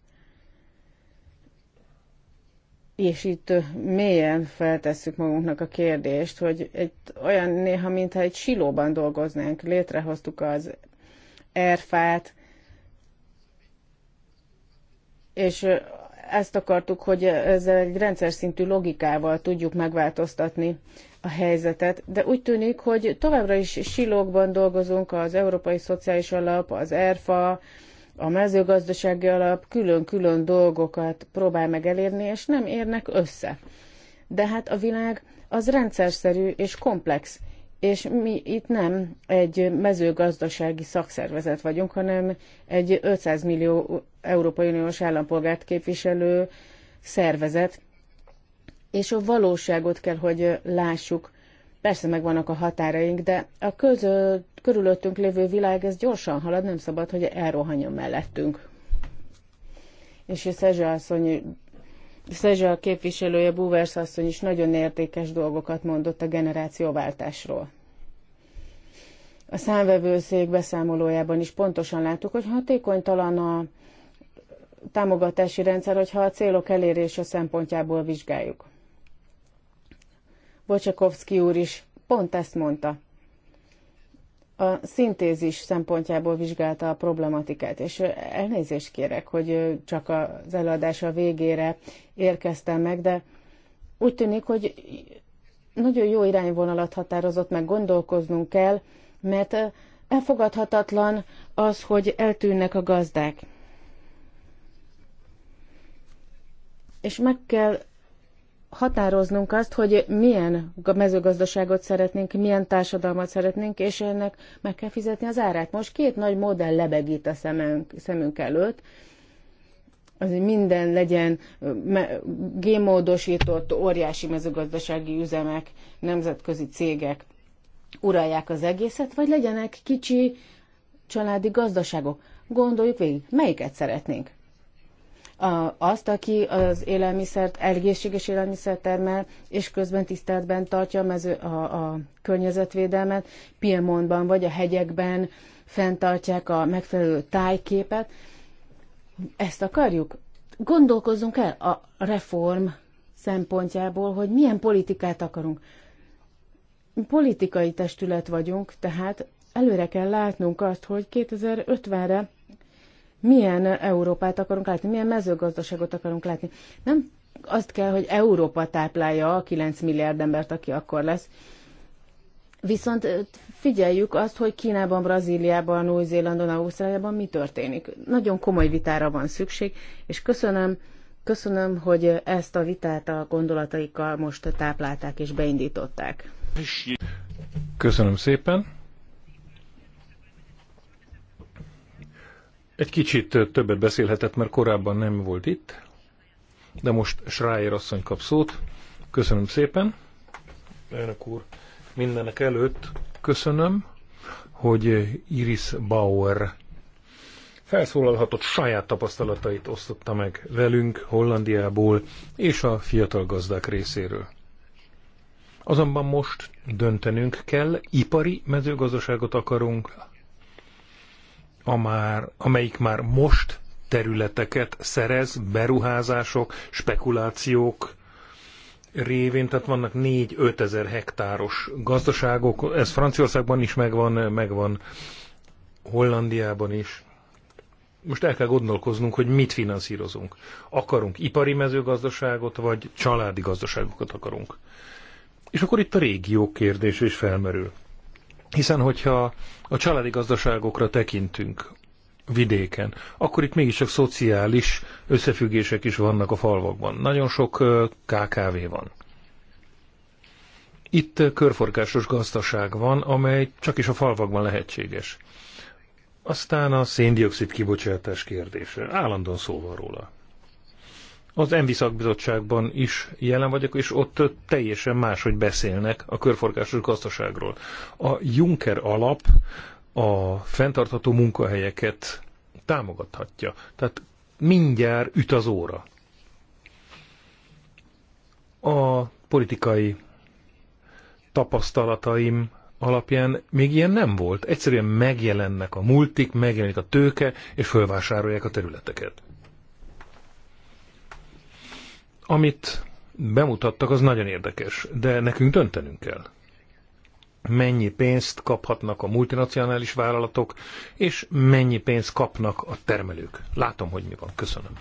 és itt mélyen feltesszük magunknak a kérdést, hogy egy, olyan néha, mintha egy silóban dolgoznánk, létrehoztuk az erfát, és ezt akartuk, hogy ezzel egy rendszer szintű logikával tudjuk megváltoztatni a helyzetet, de úgy tűnik, hogy továbbra is silókban dolgozunk az Európai Szociális Alap, az ERFA, a mezőgazdasági alap külön-külön dolgokat próbál meg elérni, és nem érnek össze. De hát a világ az rendszerszerű és komplex, és mi itt nem egy mezőgazdasági szakszervezet vagyunk, hanem egy 500 millió Európai Uniós állampolgárt képviselő szervezet, és a valóságot kell, hogy lássuk. Persze megvannak a határaink, de a közö, körülöttünk lévő világ, ez gyorsan halad, nem szabad, hogy elrohanjon mellettünk. És a Szezsa asszony, Szezsa képviselője, Búvers asszony is nagyon értékes dolgokat mondott a generációváltásról. A számvevőszék beszámolójában is pontosan láttuk, hogy hatékonytalan a támogatási rendszer, hogyha a célok elérése szempontjából vizsgáljuk. Bocsakovszki úr is pont ezt mondta a szintézis szempontjából vizsgálta a problematikát, és elnézést kérek, hogy csak az előadása végére érkeztem meg, de úgy tűnik, hogy nagyon jó irányvonalat határozott meg, gondolkoznunk kell, mert elfogadhatatlan az, hogy eltűnnek a gazdák. És meg kell határoznunk azt, hogy milyen mezőgazdaságot szeretnénk, milyen társadalmat szeretnénk, és ennek meg kell fizetni az árát. Most két nagy modell lebegít a szemünk, szemünk előtt, az, hogy minden legyen gémódosított, óriási mezőgazdasági üzemek, nemzetközi cégek uralják az egészet, vagy legyenek kicsi családi gazdaságok. Gondoljuk végig, melyiket szeretnénk a, azt, aki az élelmiszert, egészséges élelmiszert termel, és közben tiszteletben tartja a, mező, a, a környezetvédelmet, Piemontban vagy a hegyekben fenntartják a megfelelő tájképet. Ezt akarjuk? Gondolkozzunk el a reform szempontjából, hogy milyen politikát akarunk. Politikai testület vagyunk, tehát előre kell látnunk azt, hogy 2050-re milyen Európát akarunk látni, milyen mezőgazdaságot akarunk látni. Nem azt kell, hogy Európa táplálja a 9 milliárd embert, aki akkor lesz. Viszont figyeljük azt, hogy Kínában, Brazíliában, Új-Zélandon, Ausztráliában mi történik. Nagyon komoly vitára van szükség, és köszönöm, köszönöm, hogy ezt a vitát a gondolataikkal most táplálták és beindították. Köszönöm szépen. Egy kicsit többet beszélhetett, mert korábban nem volt itt, de most Schreier asszony kap szót. Köszönöm szépen. Önök úr, mindenek előtt köszönöm, hogy Iris Bauer felszólalhatott saját tapasztalatait osztotta meg velünk Hollandiából és a fiatal gazdák részéről. Azonban most döntenünk kell, ipari mezőgazdaságot akarunk, amár, amelyik már most területeket szerez, beruházások, spekulációk révén, tehát vannak 4-5 ezer hektáros gazdaságok, ez Franciaországban is megvan, megvan Hollandiában is. Most el kell gondolkoznunk, hogy mit finanszírozunk. Akarunk ipari mezőgazdaságot, vagy családi gazdaságokat akarunk. És akkor itt a régió kérdése is felmerül. Hiszen, hogyha a családi gazdaságokra tekintünk vidéken, akkor itt mégiscsak szociális összefüggések is vannak a falvakban. Nagyon sok KKV van. Itt körforgásos gazdaság van, amely csak is a falvakban lehetséges. Aztán a széndiokszid kibocsátás kérdése. Állandóan szó van róla az ENVI szakbizottságban is jelen vagyok, és ott teljesen máshogy beszélnek a körforgásos gazdaságról. A Juncker alap a fenntartható munkahelyeket támogathatja. Tehát mindjárt üt az óra. A politikai tapasztalataim alapján még ilyen nem volt. Egyszerűen megjelennek a multik, megjelenik a tőke, és fölvásárolják a területeket. Amit bemutattak, az nagyon érdekes, de nekünk döntenünk kell. Mennyi pénzt kaphatnak a multinacionális vállalatok, és mennyi pénzt kapnak a termelők. Látom, hogy mi van. Köszönöm.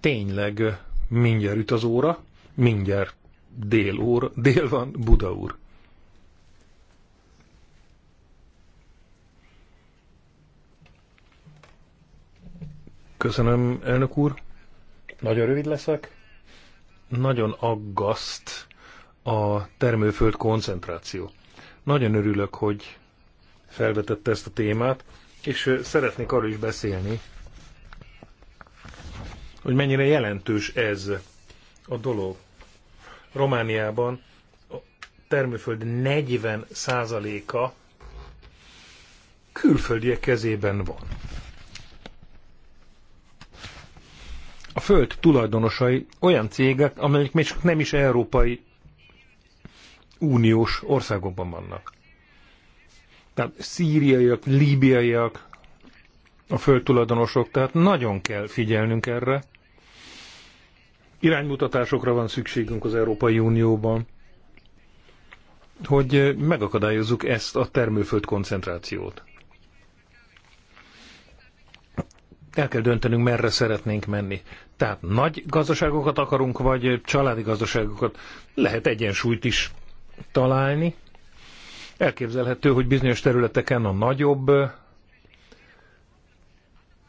Tényleg mindjárt üt az óra, mindjárt dél, óra, dél van, Buda úr. Köszönöm, elnök úr. Nagyon rövid leszek. Nagyon aggaszt a termőföld koncentráció. Nagyon örülök, hogy felvetette ezt a témát, és szeretnék arról is beszélni, hogy mennyire jelentős ez a dolog. Romániában a termőföld 40%-a külföldiek kezében van. A föld tulajdonosai olyan cégek, amelyek még csak nem is európai uniós országokban vannak. Tehát szíriaiak, líbiaiak, a föld tulajdonosok, tehát nagyon kell figyelnünk erre, iránymutatásokra van szükségünk az Európai Unióban, hogy megakadályozzuk ezt a termőföld koncentrációt. El kell döntenünk, merre szeretnénk menni. Tehát nagy gazdaságokat akarunk, vagy családi gazdaságokat. Lehet egyensúlyt is találni. Elképzelhető, hogy bizonyos területeken a nagyobb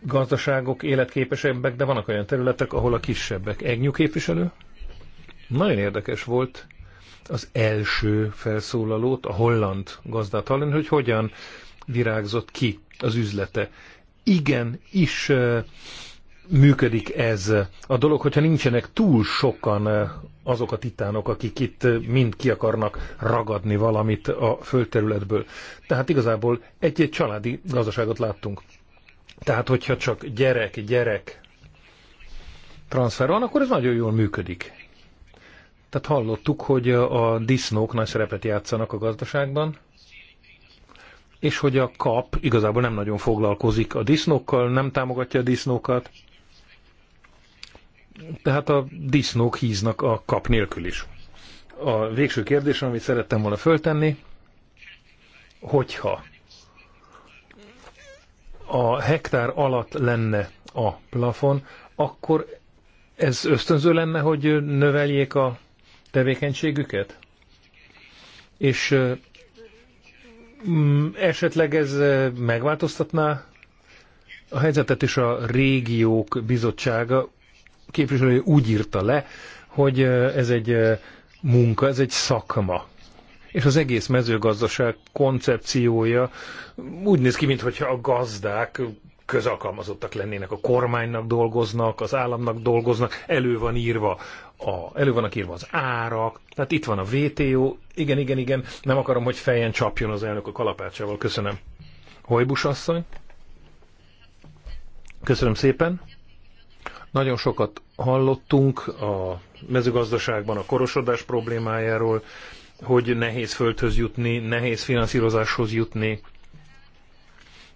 gazdaságok életképesebbek, de vannak olyan területek, ahol a kisebbek. Egnyú képviselő? Nagyon érdekes volt az első felszólalót, a holland gazdát hallani, hogy hogyan virágzott ki az üzlete. Igen, is működik ez a dolog, hogyha nincsenek túl sokan azok a titánok, akik itt mind ki akarnak ragadni valamit a földterületből. Tehát igazából egy-egy családi gazdaságot láttunk. Tehát, hogyha csak gyerek-gyerek transfer van, akkor ez nagyon jól működik. Tehát hallottuk, hogy a disznók nagy szerepet játszanak a gazdaságban, és hogy a kap igazából nem nagyon foglalkozik a disznókkal, nem támogatja a disznókat. Tehát a disznók híznak a kap nélkül is. A végső kérdés, amit szerettem volna föltenni, hogyha a hektár alatt lenne a plafon, akkor ez ösztönző lenne, hogy növeljék a tevékenységüket? És mm, esetleg ez megváltoztatná a helyzetet, és a régiók bizottsága képviselője úgy írta le, hogy ez egy munka, ez egy szakma és az egész mezőgazdaság koncepciója úgy néz ki, mintha a gazdák közalkalmazottak lennének, a kormánynak dolgoznak, az államnak dolgoznak, elő van írva a, elő vannak írva az árak, tehát itt van a VTO, igen, igen, igen, nem akarom, hogy fejen csapjon az elnök a kalapácsával, köszönöm. Hojbus asszony? Köszönöm szépen. Nagyon sokat hallottunk a mezőgazdaságban a korosodás problémájáról, hogy nehéz földhöz jutni, nehéz finanszírozáshoz jutni,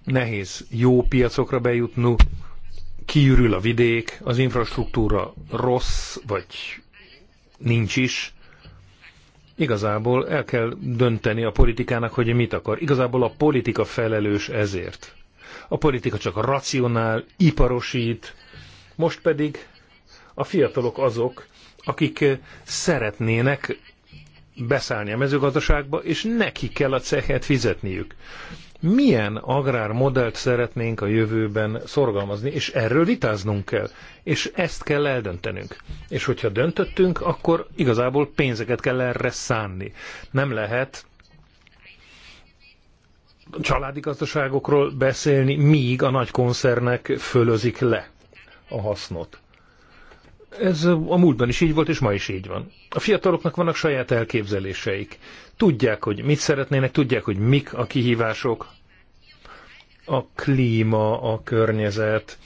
nehéz jó piacokra bejutni, kiürül a vidék, az infrastruktúra rossz, vagy nincs is. Igazából el kell dönteni a politikának, hogy mit akar. Igazából a politika felelős ezért. A politika csak racionál, iparosít, most pedig a fiatalok azok, akik szeretnének beszállni a mezőgazdaságba, és neki kell a cehet fizetniük. Milyen agrármodellt szeretnénk a jövőben szorgalmazni, és erről vitáznunk kell, és ezt kell eldöntenünk. És hogyha döntöttünk, akkor igazából pénzeket kell erre szánni. Nem lehet családi gazdaságokról beszélni, míg a nagy koncernek fölözik le a hasznot. Ez a múltban is így volt, és ma is így van. A fiataloknak vannak saját elképzeléseik. Tudják, hogy mit szeretnének, tudják, hogy mik a kihívások. A klíma, a környezet.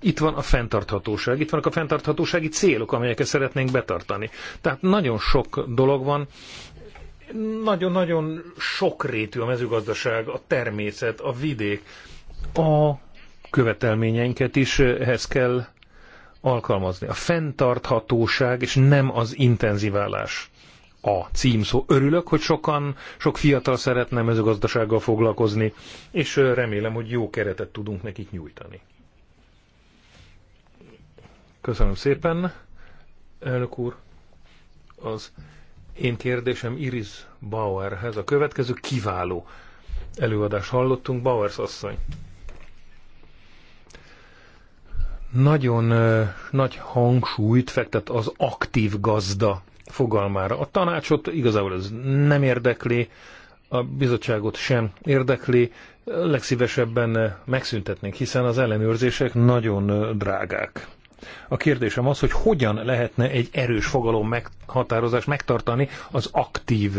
Itt van a fenntarthatóság, itt vannak a fenntarthatósági célok, amelyeket szeretnénk betartani. Tehát nagyon sok dolog van, nagyon-nagyon sokrétű a mezőgazdaság, a természet, a vidék. A követelményeinket is ehhez kell alkalmazni. A fenntarthatóság és nem az intenziválás a címszó. Örülök, hogy sokan, sok fiatal szeretne mezőgazdasággal foglalkozni, és remélem, hogy jó keretet tudunk nekik nyújtani. Köszönöm szépen, elnök úr. Az én kérdésem Iris Bauerhez. A következő kiváló előadást hallottunk. Bauer asszony nagyon ö, nagy hangsúlyt fektet az aktív gazda fogalmára. A tanácsot igazából ez nem érdekli, a bizottságot sem érdekli, legszívesebben megszüntetnénk, hiszen az ellenőrzések nagyon drágák. A kérdésem az, hogy hogyan lehetne egy erős fogalom meghatározást megtartani az aktív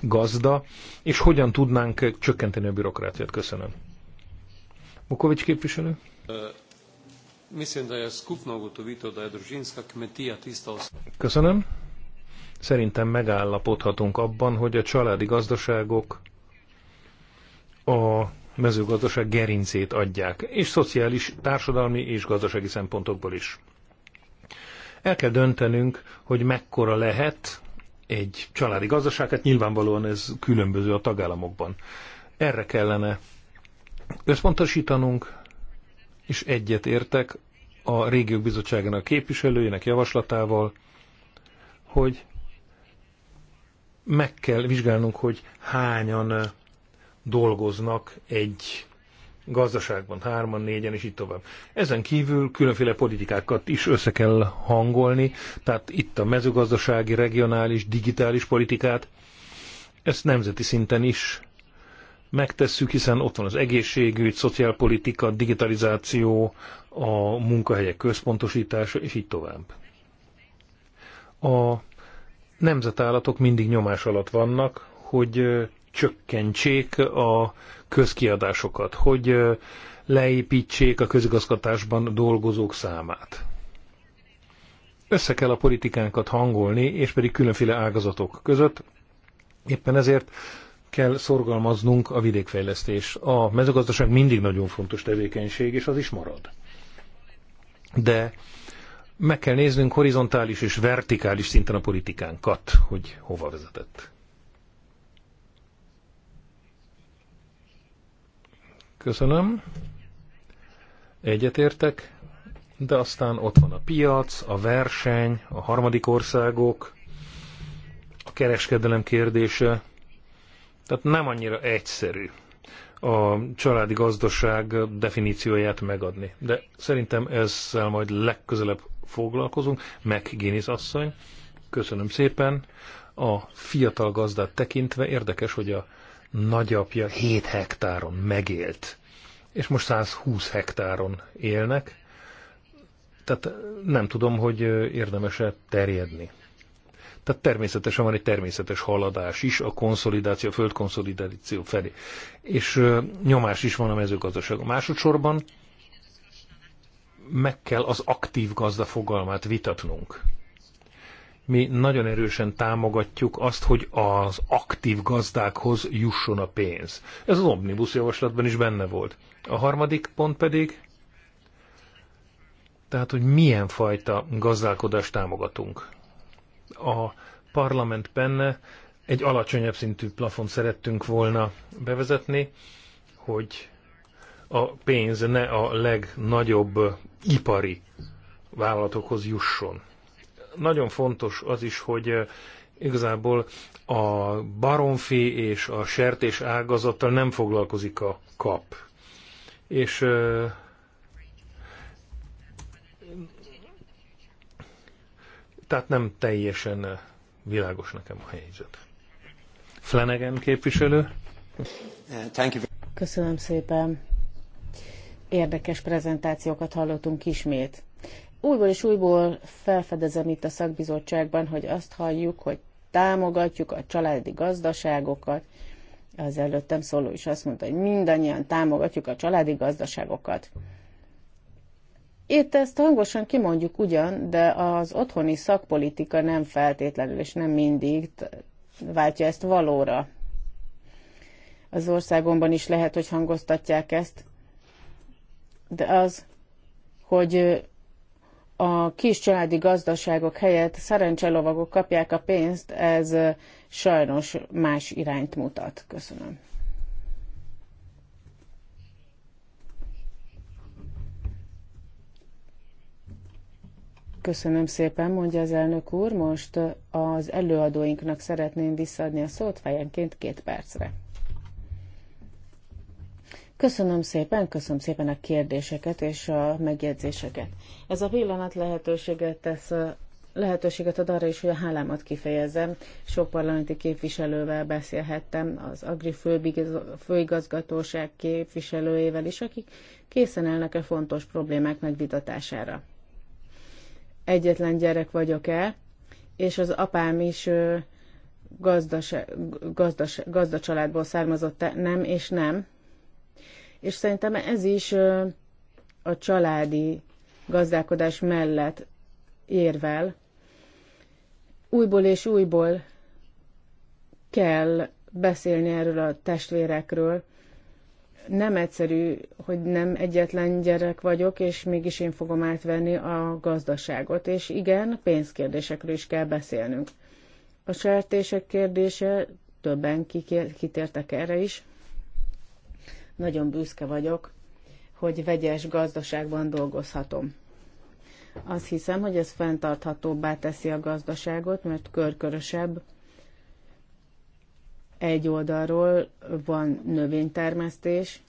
gazda, és hogyan tudnánk csökkenteni a bürokráciát. Köszönöm. Bukovics képviselő? Köszönöm. Szerintem megállapodhatunk abban, hogy a családi gazdaságok a mezőgazdaság gerincét adják, és szociális, társadalmi és gazdasági szempontokból is. El kell döntenünk, hogy mekkora lehet egy családi gazdaság, hát nyilvánvalóan ez különböző a tagállamokban. Erre kellene összpontosítanunk, és egyet értek a régiók bizottságának képviselőjének javaslatával, hogy meg kell vizsgálnunk, hogy hányan dolgoznak egy gazdaságban, hárman, négyen, és így tovább. Ezen kívül különféle politikákat is össze kell hangolni, tehát itt a mezőgazdasági, regionális, digitális politikát, ezt nemzeti szinten is megtesszük, hiszen ott van az egészségügy, szociálpolitika, digitalizáció, a munkahelyek központosítása, és így tovább. A nemzetállatok mindig nyomás alatt vannak, hogy csökkentsék a közkiadásokat, hogy leépítsék a közigazgatásban dolgozók számát. Össze kell a politikánkat hangolni, és pedig különféle ágazatok között. Éppen ezért kell szorgalmaznunk a vidékfejlesztés. A mezőgazdaság mindig nagyon fontos tevékenység, és az is marad. De meg kell néznünk horizontális és vertikális szinten a politikánkat, hogy hova vezetett. Köszönöm. Egyetértek. De aztán ott van a piac, a verseny, a harmadik országok, a kereskedelem kérdése. Tehát nem annyira egyszerű a családi gazdaság definícióját megadni. De szerintem ezzel majd legközelebb foglalkozunk. Megginis asszony, köszönöm szépen. A fiatal gazdát tekintve érdekes, hogy a nagyapja 7 hektáron megélt, és most 120 hektáron élnek. Tehát nem tudom, hogy érdemes-e terjedni tehát természetesen van egy természetes haladás is a konszolidáció, a földkonszolidáció felé. És nyomás is van a mezőgazdaság. Másodszorban meg kell az aktív gazda fogalmát vitatnunk. Mi nagyon erősen támogatjuk azt, hogy az aktív gazdákhoz jusson a pénz. Ez az omnibus javaslatban is benne volt. A harmadik pont pedig, tehát, hogy milyen fajta gazdálkodást támogatunk a parlamentben egy alacsonyabb szintű plafont szerettünk volna bevezetni, hogy a pénz ne a legnagyobb ipari vállalatokhoz jusson. Nagyon fontos az is, hogy eh, igazából a baromfi és a sertés ágazattal nem foglalkozik a kap. És eh, Tehát nem teljesen világos nekem a helyzet. Flanagan képviselő. Köszönöm szépen. Érdekes prezentációkat hallottunk ismét. Újból és újból felfedezem itt a szakbizottságban, hogy azt halljuk, hogy támogatjuk a családi gazdaságokat. Az előttem szóló is azt mondta, hogy mindannyian támogatjuk a családi gazdaságokat. Itt ezt hangosan kimondjuk ugyan, de az otthoni szakpolitika nem feltétlenül és nem mindig váltja ezt valóra. Az országomban is lehet, hogy hangoztatják ezt, de az, hogy a kis családi gazdaságok helyett szerencselovagok kapják a pénzt, ez sajnos más irányt mutat. Köszönöm. Köszönöm szépen, mondja az elnök úr. Most az előadóinknak szeretném visszaadni a szót fejenként két percre. Köszönöm szépen, köszönöm szépen a kérdéseket és a megjegyzéseket. Ez a pillanat lehetőséget tesz lehetőséget ad arra is, hogy a hálámat kifejezem. Sok parlamenti képviselővel beszélhettem, az Agri főigazgatóság képviselőjével is, akik készen állnak a fontos problémák megvitatására egyetlen gyerek vagyok-e, és az apám is gazdas, gazdas, gazda családból származott -e? nem és nem. És szerintem ez is a családi gazdálkodás mellett érvel. Újból és újból kell beszélni erről a testvérekről, nem egyszerű, hogy nem egyetlen gyerek vagyok, és mégis én fogom átvenni a gazdaságot. És igen, pénzkérdésekről is kell beszélnünk. A sertések kérdése, többen kitértek erre is. Nagyon büszke vagyok, hogy vegyes gazdaságban dolgozhatom. Azt hiszem, hogy ez fenntarthatóbbá teszi a gazdaságot, mert körkörösebb, egy oldalról van növénytermesztés,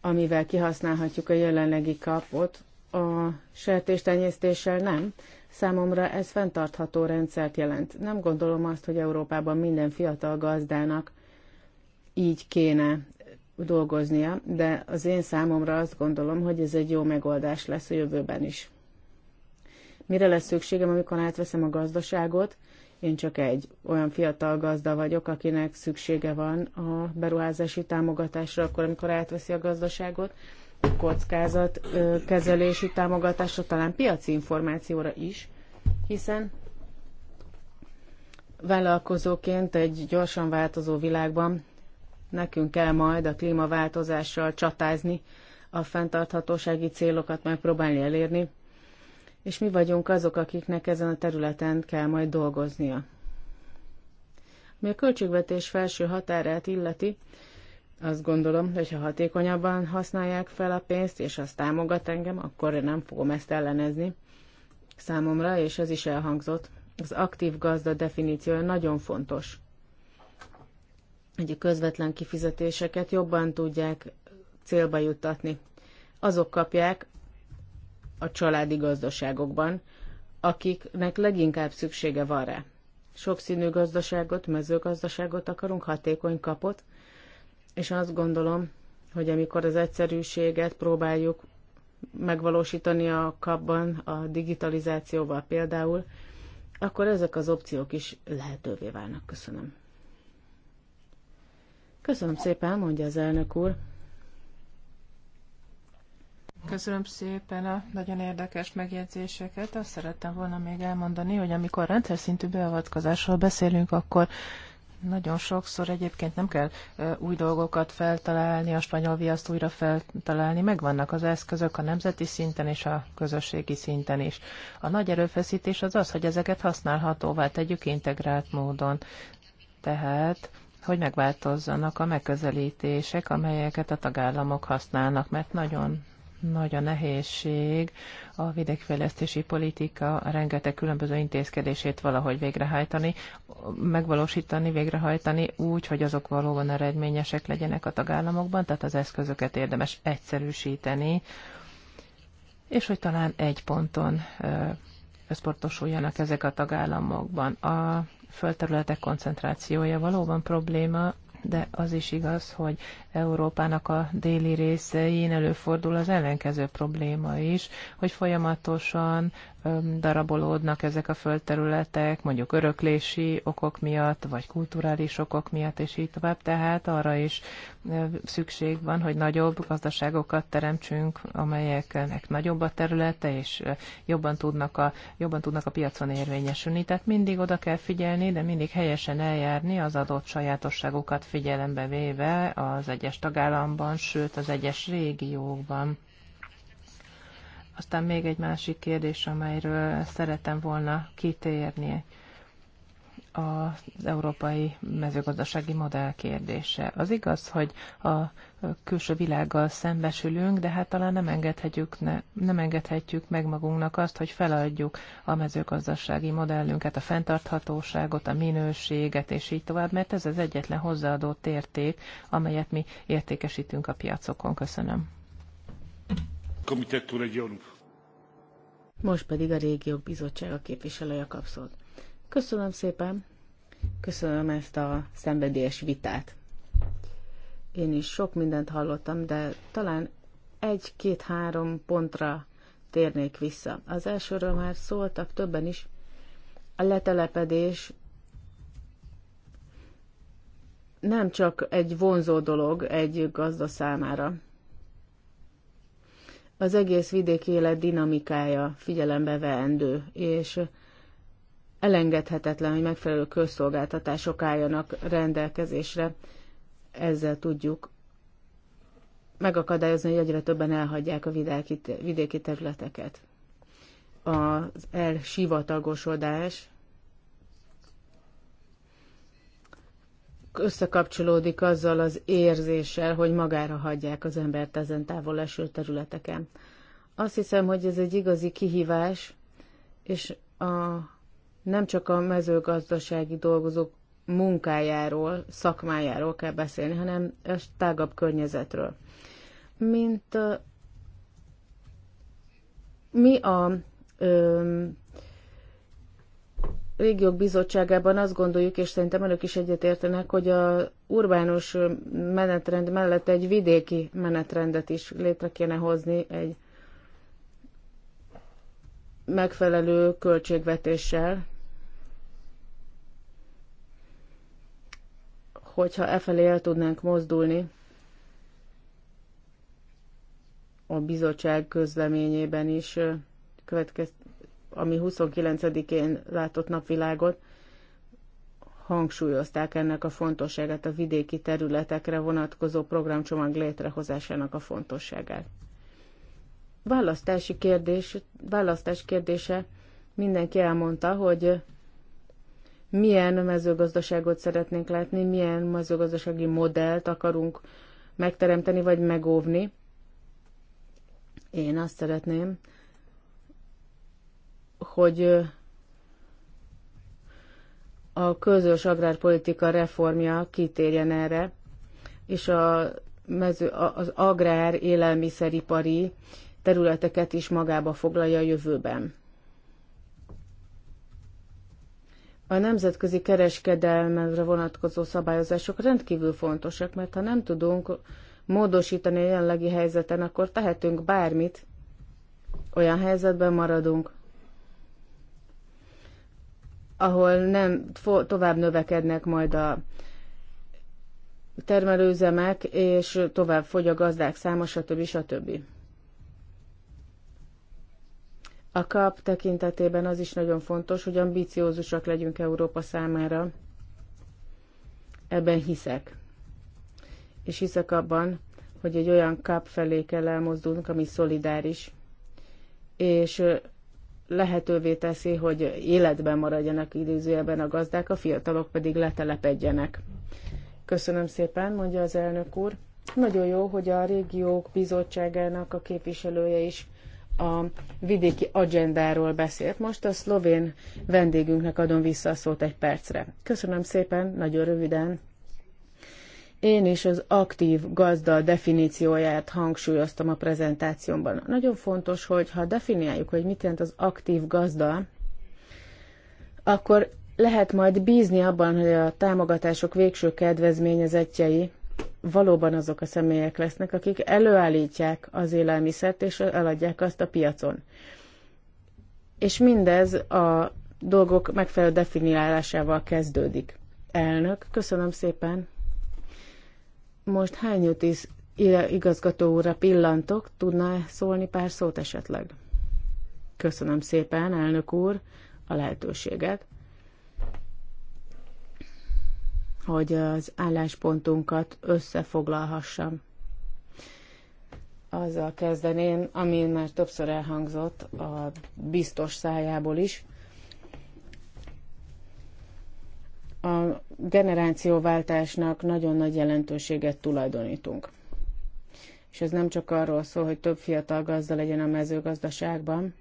amivel kihasználhatjuk a jelenlegi kapot, a sertéstenyésztéssel nem. Számomra ez fenntartható rendszert jelent. Nem gondolom azt, hogy Európában minden fiatal gazdának így kéne dolgoznia, de az én számomra azt gondolom, hogy ez egy jó megoldás lesz a jövőben is. Mire lesz szükségem, amikor átveszem a gazdaságot? Én csak egy olyan fiatal gazda vagyok, akinek szüksége van a beruházási támogatásra, akkor, amikor átveszi a gazdaságot, kockázat kezelési támogatásra, talán piaci információra is, hiszen vállalkozóként egy gyorsan változó világban nekünk kell majd a klímaváltozással csatázni, a fenntarthatósági célokat megpróbálni elérni, és mi vagyunk azok, akiknek ezen a területen kell majd dolgoznia. Mi a költségvetés felső határát illeti, azt gondolom, hogy ha hatékonyabban használják fel a pénzt, és azt támogat engem, akkor én nem fogom ezt ellenezni. Számomra, és ez is elhangzott, az aktív gazda definíciója nagyon fontos. Hogy a közvetlen kifizetéseket jobban tudják célba juttatni. Azok kapják, a családi gazdaságokban, akiknek leginkább szüksége van rá. Sokszínű gazdaságot, mezőgazdaságot akarunk, hatékony kapot, és azt gondolom, hogy amikor az egyszerűséget próbáljuk megvalósítani a kapban, a digitalizációval például, akkor ezek az opciók is lehetővé válnak. Köszönöm. Köszönöm szépen, mondja az elnök úr. Köszönöm szépen a nagyon érdekes megjegyzéseket. Azt szerettem volna még elmondani, hogy amikor rendszer szintű beavatkozásról beszélünk, akkor nagyon sokszor egyébként nem kell új dolgokat feltalálni, a spanyol viaszt újra feltalálni, megvannak az eszközök a nemzeti szinten és a közösségi szinten is. A nagy erőfeszítés az az, hogy ezeket használhatóvá tegyük integrált módon. Tehát hogy megváltozzanak a megközelítések, amelyeket a tagállamok használnak, mert nagyon nagy a nehézség a vidékfejlesztési politika rengeteg különböző intézkedését valahogy végrehajtani, megvalósítani, végrehajtani úgy, hogy azok valóban eredményesek legyenek a tagállamokban, tehát az eszközöket érdemes egyszerűsíteni, és hogy talán egy ponton összportosuljanak ezek a tagállamokban. A földterületek koncentrációja valóban probléma, de az is igaz, hogy Európának a déli részein előfordul az ellenkező probléma is, hogy folyamatosan darabolódnak ezek a földterületek, mondjuk öröklési okok miatt, vagy kulturális okok miatt, és így tovább. Tehát arra is szükség van, hogy nagyobb gazdaságokat teremtsünk, amelyeknek nagyobb a területe, és jobban tudnak a, jobban tudnak a piacon érvényesülni. Tehát mindig oda kell figyelni, de mindig helyesen eljárni az adott sajátosságokat figyelembe véve az egyes tagállamban, sőt az egyes régiókban. Aztán még egy másik kérdés, amelyről szeretem volna kitérni az európai mezőgazdasági modell kérdése. Az igaz, hogy a külső világgal szembesülünk, de hát talán nem engedhetjük, ne, nem engedhetjük meg magunknak azt, hogy feladjuk a mezőgazdasági modellünket, a fenntarthatóságot, a minőséget, és így tovább, mert ez az egyetlen hozzáadott érték, amelyet mi értékesítünk a piacokon. Köszönöm. egy regionów. Most pedig a Régiók Bizottsága képviselője kap szót. Köszönöm szépen, köszönöm ezt a szenvedélyes vitát. Én is sok mindent hallottam, de talán egy-két-három pontra térnék vissza. Az elsőről már szóltak többen is. A letelepedés nem csak egy vonzó dolog egy gazda számára, az egész vidéki élet dinamikája figyelembe veendő, és elengedhetetlen, hogy megfelelő közszolgáltatások álljanak rendelkezésre. Ezzel tudjuk megakadályozni, hogy egyre többen elhagyják a vidéki területeket. Az elsivatagosodás összekapcsolódik azzal az érzéssel, hogy magára hagyják az embert ezen távol eső területeken. Azt hiszem, hogy ez egy igazi kihívás, és a, nem csak a mezőgazdasági dolgozók munkájáról, szakmájáról kell beszélni, hanem a tágabb környezetről. Mint mi a ö, régiók bizottságában azt gondoljuk, és szerintem önök is egyetértenek, hogy a urbánus menetrend mellett egy vidéki menetrendet is létre kéne hozni egy megfelelő költségvetéssel, hogyha e felé el tudnánk mozdulni a bizottság közleményében is következő ami 29-én látott napvilágot, hangsúlyozták ennek a fontosságát, a vidéki területekre vonatkozó programcsomag létrehozásának a fontosságát. Választási kérdés, választás kérdése mindenki elmondta, hogy milyen mezőgazdaságot szeretnénk látni, milyen mezőgazdasági modellt akarunk megteremteni vagy megóvni. Én azt szeretném, hogy a közös agrárpolitika reformja kitérjen erre, és a mező, az agrár élelmiszeripari területeket is magába foglalja a jövőben. A nemzetközi kereskedelmezre vonatkozó szabályozások rendkívül fontosak, mert ha nem tudunk módosítani a jelenlegi helyzeten, akkor tehetünk bármit, olyan helyzetben maradunk, ahol nem tovább növekednek majd a termelőzemek, és tovább fogy a gazdák száma, stb. stb. A kap tekintetében az is nagyon fontos, hogy ambiciózusak legyünk Európa számára. Ebben hiszek. És hiszek abban, hogy egy olyan kap felé kell elmozdulnunk, ami szolidáris, és lehetővé teszi, hogy életben maradjanak idézőjelben a gazdák, a fiatalok pedig letelepedjenek. Köszönöm szépen, mondja az elnök úr. Nagyon jó, hogy a régiók bizottságának a képviselője is a vidéki agendáról beszélt. Most a szlovén vendégünknek adom vissza a szót egy percre. Köszönöm szépen, nagyon röviden. Én is az aktív gazda definícióját hangsúlyoztam a prezentációmban. Nagyon fontos, hogy ha definiáljuk, hogy mit jelent az aktív gazda, akkor lehet majd bízni abban, hogy a támogatások végső kedvezményezetjei valóban azok a személyek lesznek, akik előállítják az élelmiszert és eladják azt a piacon. És mindez a dolgok megfelelő definiálásával kezdődik. Elnök, köszönöm szépen! Most is igazgató úrra pillantok, tudná -e szólni pár szót esetleg? Köszönöm szépen, elnök úr, a lehetőséget, hogy az álláspontunkat összefoglalhassam. Azzal kezdeném, amin már többször elhangzott a biztos szájából is – a generációváltásnak nagyon nagy jelentőséget tulajdonítunk. És ez nem csak arról szól, hogy több fiatal gazda legyen a mezőgazdaságban,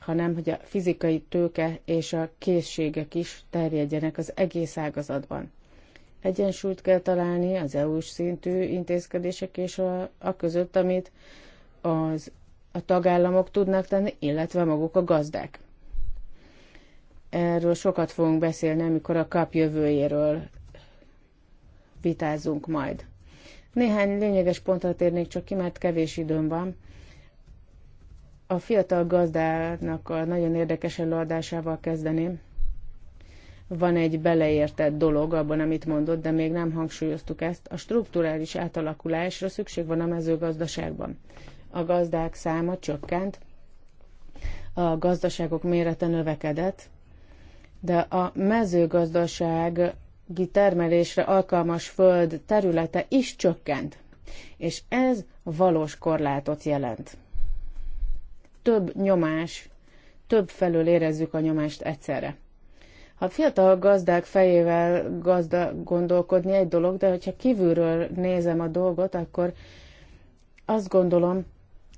hanem hogy a fizikai tőke és a készségek is terjedjenek az egész ágazatban. Egyensúlyt kell találni az EU-s szintű intézkedések és a, a között, amit az, a tagállamok tudnak tenni, illetve maguk a gazdák. Erről sokat fogunk beszélni, amikor a kap jövőjéről vitázunk majd. Néhány lényeges pontra térnék csak ki, mert kevés időm van. A fiatal gazdának a nagyon érdekes előadásával kezdeném. Van egy beleértett dolog abban, amit mondott, de még nem hangsúlyoztuk ezt. A strukturális átalakulásra szükség van a mezőgazdaságban. A gazdák száma csökkent, a gazdaságok mérete növekedett, de a mezőgazdasági termelésre alkalmas föld területe is csökkent, és ez valós korlátot jelent. Több nyomás, több felől érezzük a nyomást egyszerre. Ha fiatal gazdák fejével gazda gondolkodni egy dolog, de hogyha kívülről nézem a dolgot, akkor azt gondolom,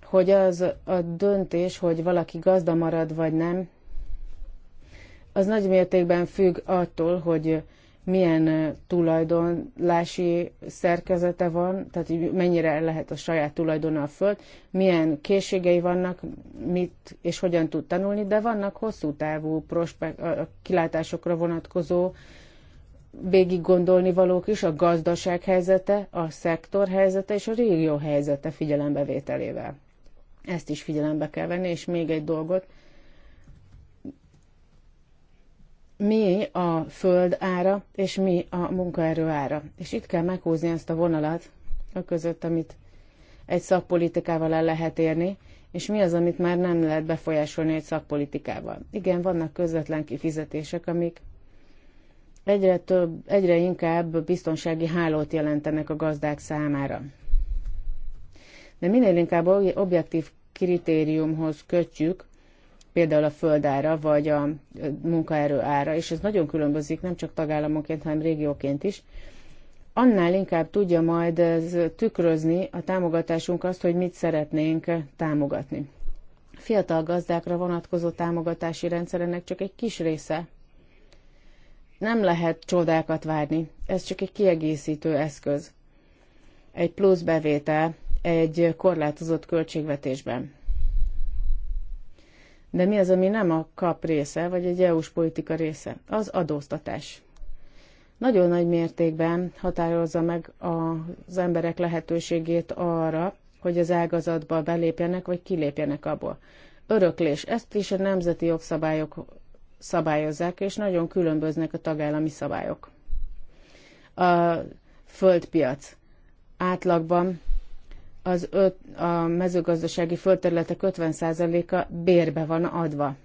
hogy az a döntés, hogy valaki gazda marad vagy nem, az nagy mértékben függ attól, hogy milyen tulajdonlási szerkezete van, tehát hogy mennyire lehet a saját tulajdona a föld, milyen készségei vannak, mit és hogyan tud tanulni, de vannak hosszú távú prospekt, kilátásokra vonatkozó végig gondolni valók is, a gazdaság helyzete, a szektor helyzete és a régió helyzete figyelembevételével. Ezt is figyelembe kell venni, és még egy dolgot – mi a föld ára, és mi a munkaerő ára. És itt kell meghúzni ezt a vonalat, a között, amit egy szakpolitikával el lehet érni, és mi az, amit már nem lehet befolyásolni egy szakpolitikával. Igen, vannak közvetlen kifizetések, amik egyre, több, egyre inkább biztonsági hálót jelentenek a gazdák számára. De minél inkább objektív kritériumhoz kötjük például a földára, vagy a munkaerő ára, és ez nagyon különbözik, nem csak tagállamoként, hanem régióként is, annál inkább tudja majd ez tükrözni a támogatásunk azt, hogy mit szeretnénk támogatni. A fiatal gazdákra vonatkozó támogatási ennek csak egy kis része. Nem lehet csodákat várni, ez csak egy kiegészítő eszköz. Egy plusz bevétel egy korlátozott költségvetésben. De mi az, ami nem a kap része, vagy egy EU-s politika része? Az adóztatás. Nagyon nagy mértékben határozza meg az emberek lehetőségét arra, hogy az ágazatba belépjenek, vagy kilépjenek abból. Öröklés. Ezt is a nemzeti jogszabályok szabályozzák, és nagyon különböznek a tagállami szabályok. A földpiac. Átlagban az öt, a mezőgazdasági földterületek 50%-a bérbe van adva.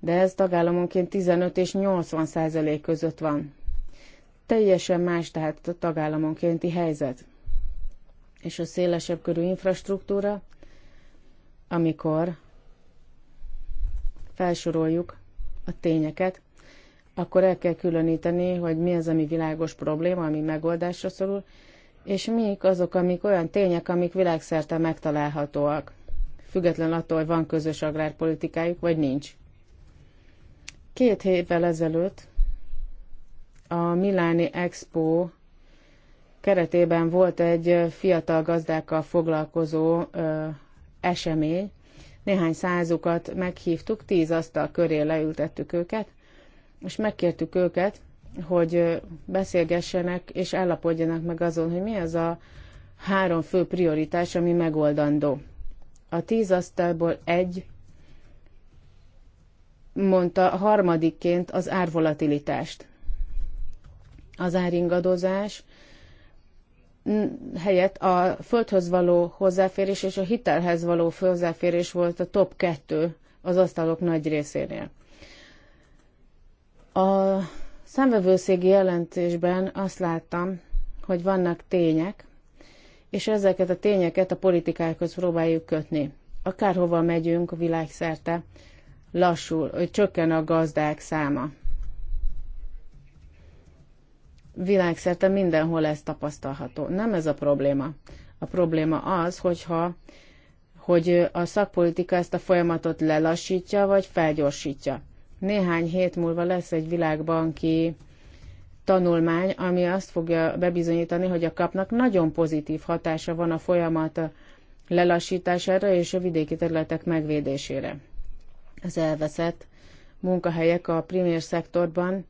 De ez tagállamonként 15 és 80% között van. Teljesen más tehát a tagállamonkénti helyzet. És a szélesebb körű infrastruktúra, amikor felsoroljuk a tényeket, akkor el kell különíteni, hogy mi az, ami világos probléma, ami megoldásra szorul, és mik azok, amik olyan tények, amik világszerte megtalálhatóak, független attól, hogy van közös agrárpolitikájuk, vagy nincs. Két héttel ezelőtt a Miláni Expo keretében volt egy fiatal gazdákkal foglalkozó ö, esemény. Néhány százukat meghívtuk, tíz asztal köré leültettük őket, és megkértük őket, hogy beszélgessenek és állapodjanak meg azon, hogy mi az a három fő prioritás, ami megoldandó. A tíz asztalból egy mondta harmadikként az árvolatilitást. Az áringadozás helyett a földhöz való hozzáférés és a hitelhez való hozzáférés volt a top kettő az asztalok nagy részénél. A számvevőszégi jelentésben azt láttam, hogy vannak tények, és ezeket a tényeket a politikákhoz próbáljuk kötni. Akárhova megyünk a világszerte, lassul, hogy csökken a gazdák száma. Világszerte mindenhol ez tapasztalható. Nem ez a probléma. A probléma az, hogyha hogy a szakpolitika ezt a folyamatot lelassítja, vagy felgyorsítja. Néhány hét múlva lesz egy világbanki tanulmány, ami azt fogja bebizonyítani, hogy a kapnak nagyon pozitív hatása van a folyamat lelassítására és a vidéki területek megvédésére. Az elveszett munkahelyek a primér szektorban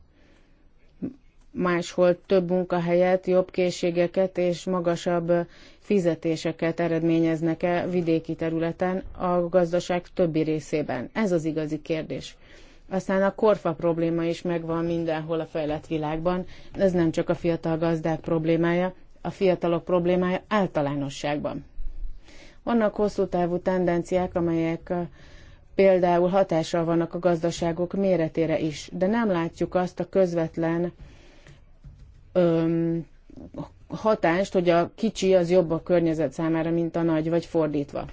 máshol több munkahelyet, jobb készségeket és magasabb fizetéseket eredményeznek-e vidéki területen a gazdaság többi részében? Ez az igazi kérdés. Aztán a korfa probléma is megvan mindenhol a fejlett világban. Ez nem csak a fiatal gazdák problémája, a fiatalok problémája általánosságban. Vannak hosszú távú tendenciák, amelyek például hatással vannak a gazdaságok méretére is, de nem látjuk azt a közvetlen öm, hatást, hogy a kicsi az jobb a környezet számára, mint a nagy, vagy fordítva.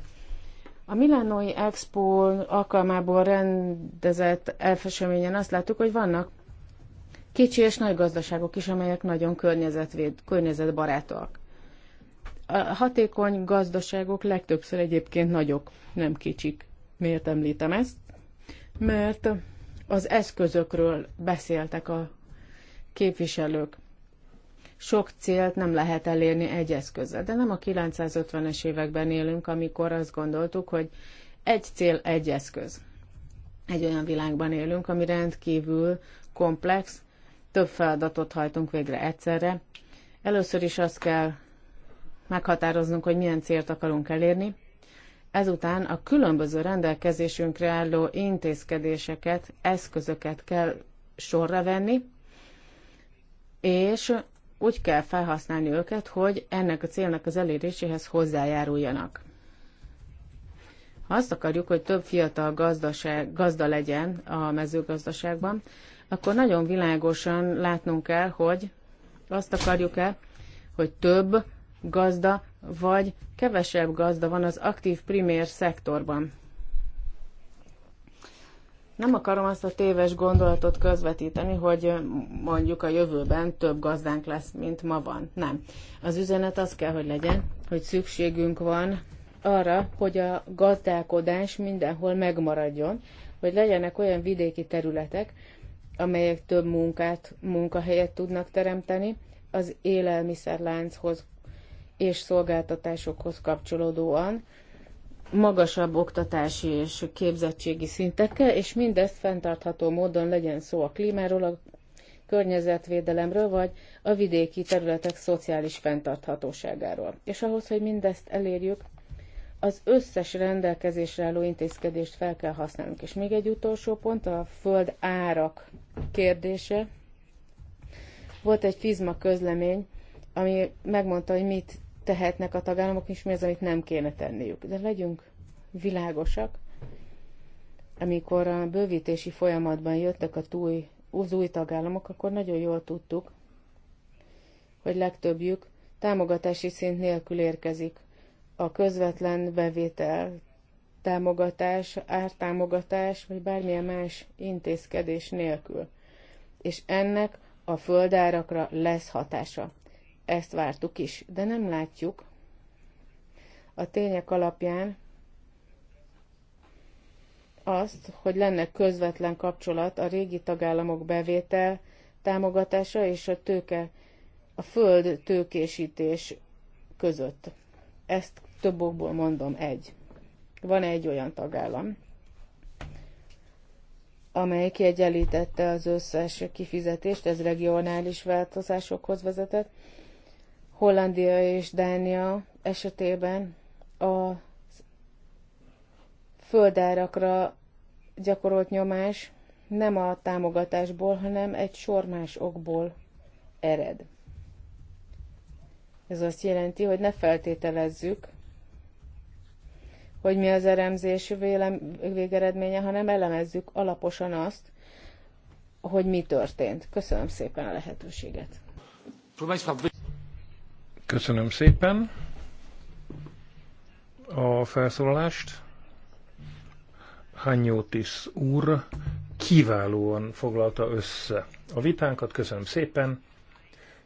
A Milánói Expo alkalmából rendezett elfeseményen azt láttuk, hogy vannak kicsi és nagy gazdaságok is, amelyek nagyon környezetvéd, környezetbarátok. A hatékony gazdaságok legtöbbször egyébként nagyok, nem kicsik. Miért említem ezt? Mert az eszközökről beszéltek a képviselők sok célt nem lehet elérni egy eszközzel. De nem a 950-es években élünk, amikor azt gondoltuk, hogy egy cél, egy eszköz. Egy olyan világban élünk, ami rendkívül komplex, több feladatot hajtunk végre egyszerre. Először is azt kell meghatároznunk, hogy milyen célt akarunk elérni, Ezután a különböző rendelkezésünkre álló intézkedéseket, eszközöket kell sorra venni, és úgy kell felhasználni őket, hogy ennek a célnak az eléréséhez hozzájáruljanak. Ha azt akarjuk, hogy több fiatal gazdaság, gazda legyen a mezőgazdaságban, akkor nagyon világosan látnunk kell, hogy azt akarjuk-e, hogy több gazda vagy kevesebb gazda van az aktív primér szektorban. Nem akarom azt a téves gondolatot közvetíteni, hogy mondjuk a jövőben több gazdánk lesz, mint ma van. Nem. Az üzenet az kell, hogy legyen, hogy szükségünk van arra, hogy a gazdálkodás mindenhol megmaradjon, hogy legyenek olyan vidéki területek, amelyek több munkát, munkahelyet tudnak teremteni, az élelmiszerlánchoz és szolgáltatásokhoz kapcsolódóan, magasabb oktatási és képzettségi szintekkel, és mindezt fenntartható módon legyen szó a klímáról, a környezetvédelemről, vagy a vidéki területek szociális fenntarthatóságáról. És ahhoz, hogy mindezt elérjük, az összes rendelkezésre álló intézkedést fel kell használnunk. És még egy utolsó pont, a föld árak kérdése. Volt egy FIZMA közlemény, ami megmondta, hogy mit tehetnek a tagállamok, és mi az, amit nem kéne tenniük. De legyünk világosak, amikor a bővítési folyamatban jöttek a túj, az új tagállamok, akkor nagyon jól tudtuk, hogy legtöbbjük támogatási szint nélkül érkezik. A közvetlen bevétel támogatás, ártámogatás, vagy bármilyen más intézkedés nélkül. És ennek a földárakra lesz hatása ezt vártuk is, de nem látjuk a tények alapján azt, hogy lenne közvetlen kapcsolat a régi tagállamok bevétel támogatása és a tőke, a föld tőkésítés között. Ezt több okból mondom egy. Van egy olyan tagállam, amely kiegyenlítette az összes kifizetést, ez regionális változásokhoz vezetett, Hollandia és Dánia esetében a földárakra gyakorolt nyomás nem a támogatásból, hanem egy sor más okból ered. Ez azt jelenti, hogy ne feltételezzük, hogy mi az eremzés vélem, végeredménye, hanem elemezzük alaposan azt, hogy mi történt. Köszönöm szépen a lehetőséget. Köszönöm szépen a felszólalást. Hanyótis úr kiválóan foglalta össze a vitánkat. Köszönöm szépen,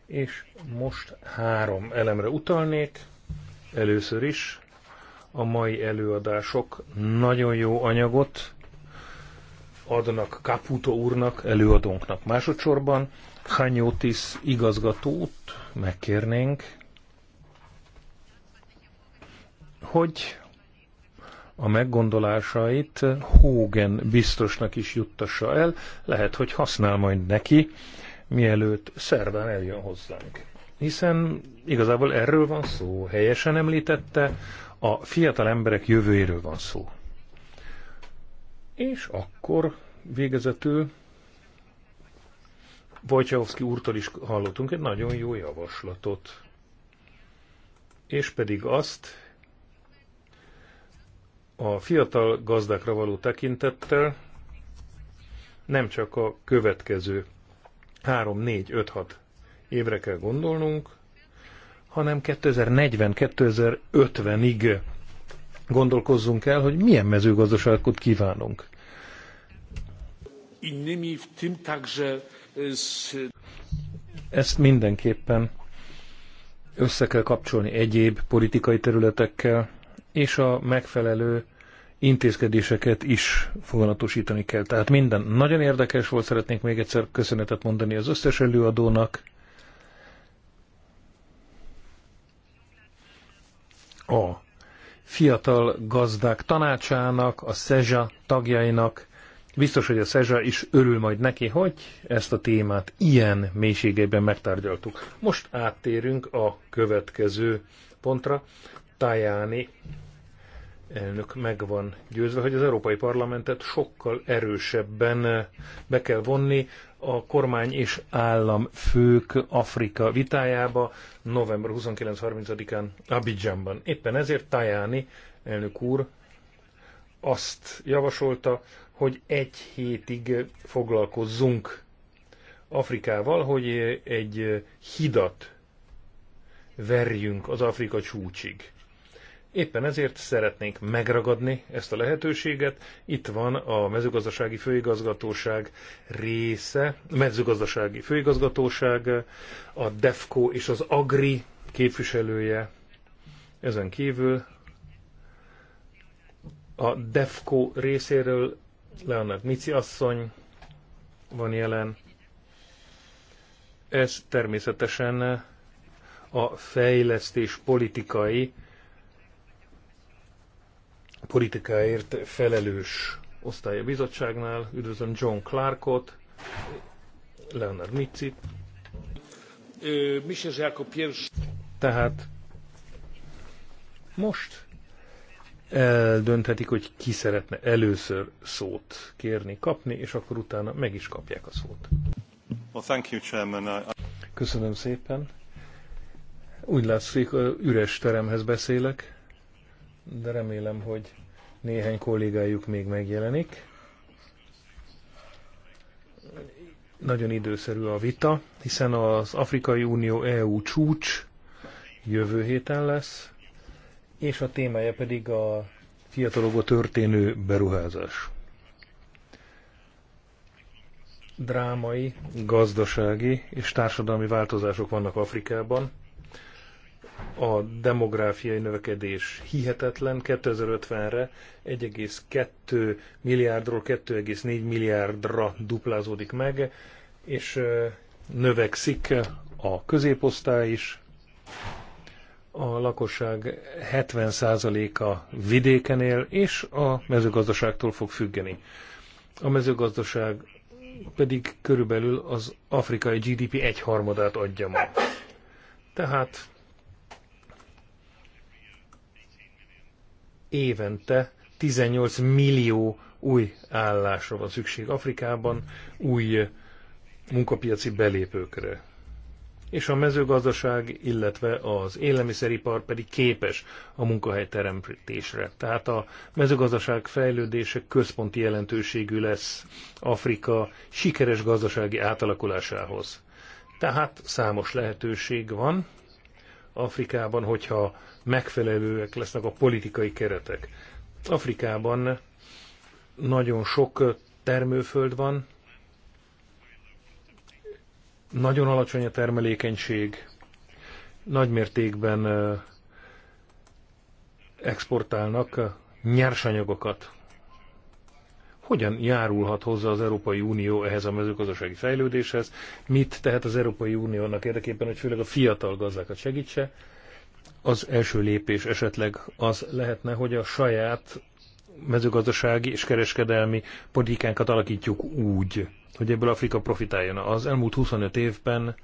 és most három elemre utalnék. Először is a mai előadások nagyon jó anyagot adnak Kaputo úrnak, előadónknak. Másodszorban Hanyótis igazgatót megkérnénk, hogy a meggondolásait Hogan biztosnak is juttassa el, lehet, hogy használ majd neki, mielőtt szerdán eljön hozzánk. Hiszen igazából erről van szó, helyesen említette, a fiatal emberek jövőjéről van szó. És akkor végezetül Wojciechowski úrtól is hallottunk egy nagyon jó javaslatot. És pedig azt, a fiatal gazdákra való tekintettel nem csak a következő 3, 4, 5, 6 évre kell gondolnunk, hanem 2040-2050-ig gondolkozzunk el, hogy milyen mezőgazdaságot kívánunk. E, Ezt mindenképpen össze kell kapcsolni egyéb politikai területekkel, és a megfelelő intézkedéseket is foganatosítani kell. Tehát minden nagyon érdekes volt, szeretnék még egyszer köszönetet mondani az összes előadónak. A fiatal gazdák tanácsának, a SZEZSA tagjainak, biztos, hogy a SZEZSA is örül majd neki, hogy ezt a témát ilyen mélységében megtárgyaltuk. Most áttérünk a következő pontra, Tajáni elnök meg van győzve, hogy az Európai Parlamentet sokkal erősebben be kell vonni a kormány és állam fők Afrika vitájába november 29-30-án Abidjanban. Éppen ezért Tajani elnök úr azt javasolta, hogy egy hétig foglalkozzunk Afrikával, hogy egy hidat verjünk az Afrika csúcsig. Éppen ezért szeretnénk megragadni ezt a lehetőséget. Itt van a mezőgazdasági főigazgatóság része, a mezőgazdasági főigazgatóság, a DEFCO és az AGRI képviselője. Ezen kívül a DEFCO részéről Leonard Mici asszony van jelen. Ez természetesen a fejlesztés politikai politikáért felelős osztálya bizottságnál. Üdvözlöm John Clarkot, Leonard Micit. Tehát most eldönthetik, hogy ki szeretne először szót kérni, kapni, és akkor utána meg is kapják a szót. Well, thank you, Chairman. Köszönöm szépen. Úgy látszik, üres teremhez beszélek de remélem, hogy néhány kollégájuk még megjelenik. Nagyon időszerű a vita, hiszen az Afrikai Unió EU csúcs jövő héten lesz, és a témája pedig a fiatalokba történő beruházás. Drámai, gazdasági és társadalmi változások vannak Afrikában, a demográfiai növekedés hihetetlen, 2050-re 1,2 milliárdról 2,4 milliárdra duplázódik meg, és növekszik a középosztály is, a lakosság 70%-a vidéken él, és a mezőgazdaságtól fog függeni. A mezőgazdaság pedig körülbelül az afrikai GDP egyharmadát adja ma. Tehát évente 18 millió új állásra van szükség Afrikában, új munkapiaci belépőkre. És a mezőgazdaság, illetve az élelmiszeripar pedig képes a munkahelyteremtésre. Tehát a mezőgazdaság fejlődése központi jelentőségű lesz Afrika sikeres gazdasági átalakulásához. Tehát számos lehetőség van, Afrikában, hogyha megfelelőek lesznek a politikai keretek. Afrikában nagyon sok termőföld van, nagyon alacsony a termelékenység, nagy mértékben exportálnak nyersanyagokat hogyan járulhat hozzá az Európai Unió ehhez a mezőgazdasági fejlődéshez, mit tehet az Európai Unió annak érdekében, hogy főleg a fiatal gazdákat segítse. Az első lépés esetleg az lehetne, hogy a saját mezőgazdasági és kereskedelmi politikánkat alakítjuk úgy, hogy ebből Afrika profitáljon. Az elmúlt 25 évben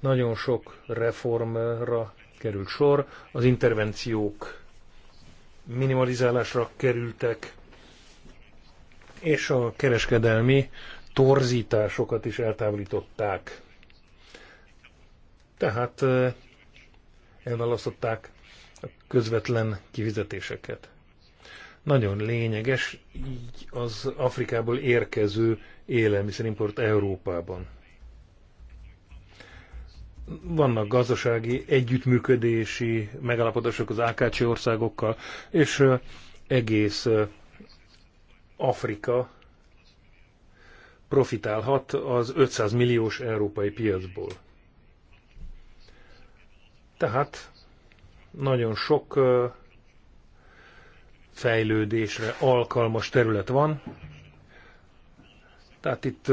nagyon sok reformra került sor, az intervenciók minimalizálásra kerültek, és a kereskedelmi torzításokat is eltávolították. Tehát elválasztották a közvetlen kifizetéseket. Nagyon lényeges így az Afrikából érkező élelmiszerimport Európában. Vannak gazdasági együttműködési megállapodások az AKC országokkal, és egész Afrika profitálhat az 500 milliós európai piacból. Tehát nagyon sok fejlődésre alkalmas terület van. Tehát itt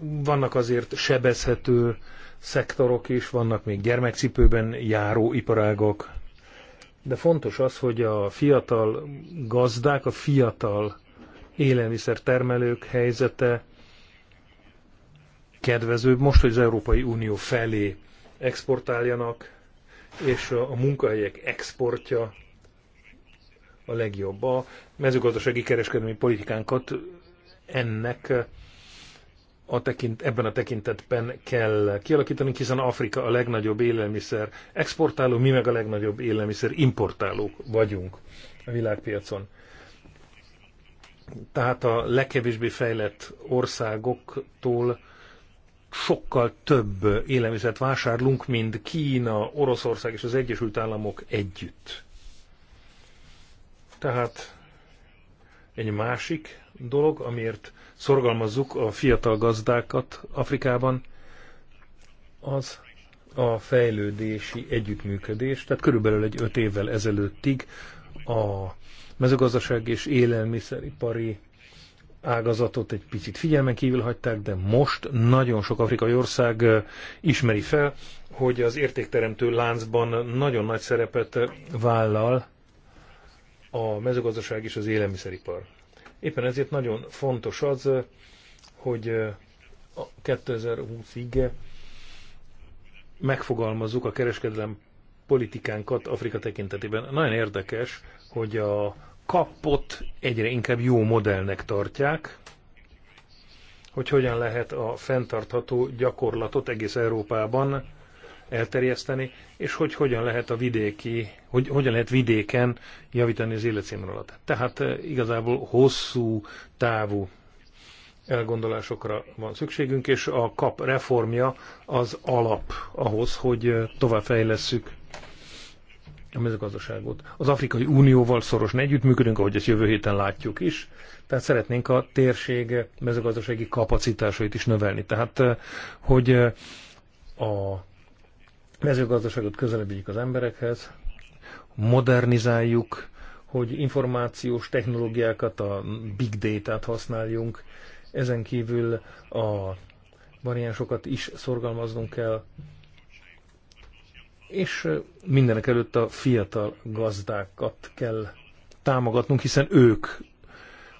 vannak azért sebezhető szektorok is, vannak még gyermekcipőben járó iparágok, de fontos az, hogy a fiatal gazdák, a fiatal élelmiszertermelők helyzete kedvezőbb most, hogy az Európai Unió felé exportáljanak, és a munkahelyek exportja a legjobb. A mezőgazdasági kereskedelmi politikánkat ennek a tekint, ebben a tekintetben kell kialakítani, hiszen Afrika a legnagyobb élelmiszer exportáló, mi meg a legnagyobb élelmiszer importálók vagyunk a világpiacon tehát a legkevésbé fejlett országoktól sokkal több élelmiszert vásárlunk, mint Kína, Oroszország és az Egyesült Államok együtt. Tehát egy másik dolog, amiért szorgalmazzuk a fiatal gazdákat Afrikában, az a fejlődési együttműködés. Tehát körülbelül egy öt évvel ezelőttig a mezőgazdaság és élelmiszeripari ágazatot egy picit figyelmen kívül hagyták, de most nagyon sok afrikai ország ismeri fel, hogy az értékteremtő láncban nagyon nagy szerepet vállal a mezőgazdaság és az élelmiszeripar. Éppen ezért nagyon fontos az, hogy a 2020-ig megfogalmazzuk a kereskedelem politikánkat Afrika tekintetében. Nagyon érdekes, hogy a kapot egyre inkább jó modellnek tartják, hogy hogyan lehet a fenntartható gyakorlatot egész Európában elterjeszteni, és hogy hogyan lehet a vidéki, hogy hogyan lehet vidéken javítani az életszínvonalat. Tehát eh, igazából hosszú távú elgondolásokra van szükségünk, és a kap reformja az alap ahhoz, hogy eh, továbbfejlesszük a mezőgazdaságot. Az Afrikai Unióval szorosan együttműködünk, ahogy ezt jövő héten látjuk is. Tehát szeretnénk a térség mezőgazdasági kapacitásait is növelni. Tehát, eh, hogy eh, a mezőgazdaságot közelebb vigyük az emberekhez, modernizáljuk, hogy információs technológiákat, a big data-t használjunk, ezen kívül a variánsokat is szorgalmaznunk kell, és mindenek előtt a fiatal gazdákat kell támogatnunk, hiszen ők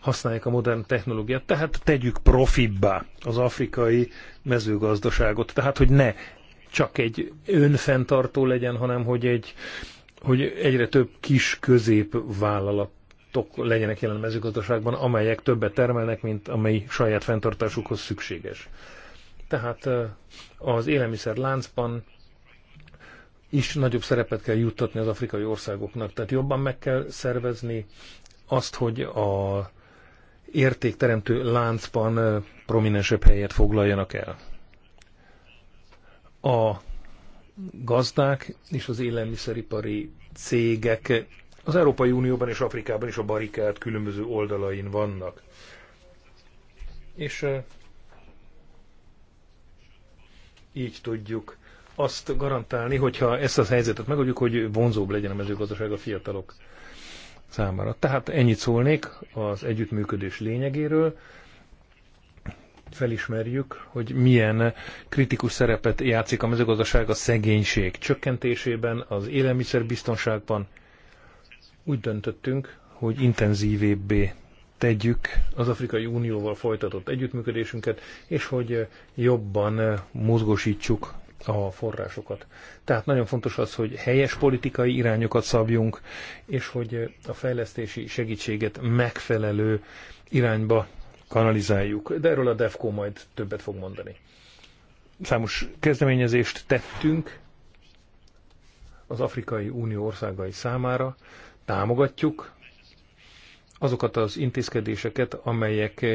használják a modern technológiát, tehát tegyük profibbá az afrikai mezőgazdaságot, tehát hogy ne csak egy önfenntartó legyen, hanem hogy, egy, hogy egyre több kis közép vállalat legyenek jelen mezőgazdaságban, amelyek többet termelnek, mint amely saját fenntartásukhoz szükséges. Tehát az élelmiszer láncban is nagyobb szerepet kell juttatni az afrikai országoknak. Tehát jobban meg kell szervezni azt, hogy a értékteremtő láncban prominensebb helyet foglaljanak el. A gazdák és az élelmiszeripari cégek az Európai Unióban és Afrikában is a barikát különböző oldalain vannak. És így tudjuk azt garantálni, hogyha ezt az helyzetet megoldjuk, hogy vonzóbb legyen a mezőgazdaság a fiatalok számára. Tehát ennyit szólnék az együttműködés lényegéről. Felismerjük, hogy milyen kritikus szerepet játszik a mezőgazdaság a szegénység csökkentésében, az élelmiszerbiztonságban. Úgy döntöttünk, hogy intenzívébbé tegyük az Afrikai Unióval folytatott együttműködésünket, és hogy jobban mozgosítsuk a forrásokat. Tehát nagyon fontos az, hogy helyes politikai irányokat szabjunk, és hogy a fejlesztési segítséget megfelelő irányba kanalizáljuk. De erről a DEFCO majd többet fog mondani. Számos kezdeményezést tettünk az Afrikai Unió országai számára, támogatjuk azokat az intézkedéseket, amelyek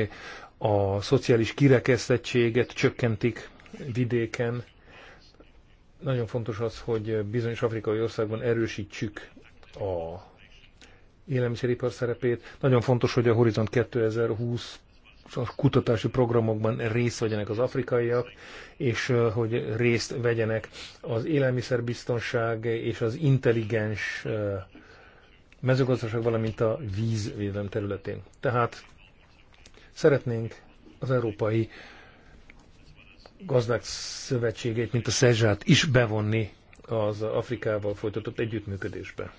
a szociális kirekesztettséget csökkentik vidéken, nagyon fontos az, hogy bizonyos afrikai országban erősítsük a élelmiszeripar szerepét. Nagyon fontos, hogy a Horizont 2020 a kutatási programokban részt vegyenek az afrikaiak, és hogy részt vegyenek az élelmiszerbiztonság és az intelligens mezőgazdaság, valamint a vízvédelem területén. Tehát szeretnénk az európai gazdák szövetségét, mint a Szerzsát is bevonni az Afrikával folytatott együttműködésbe.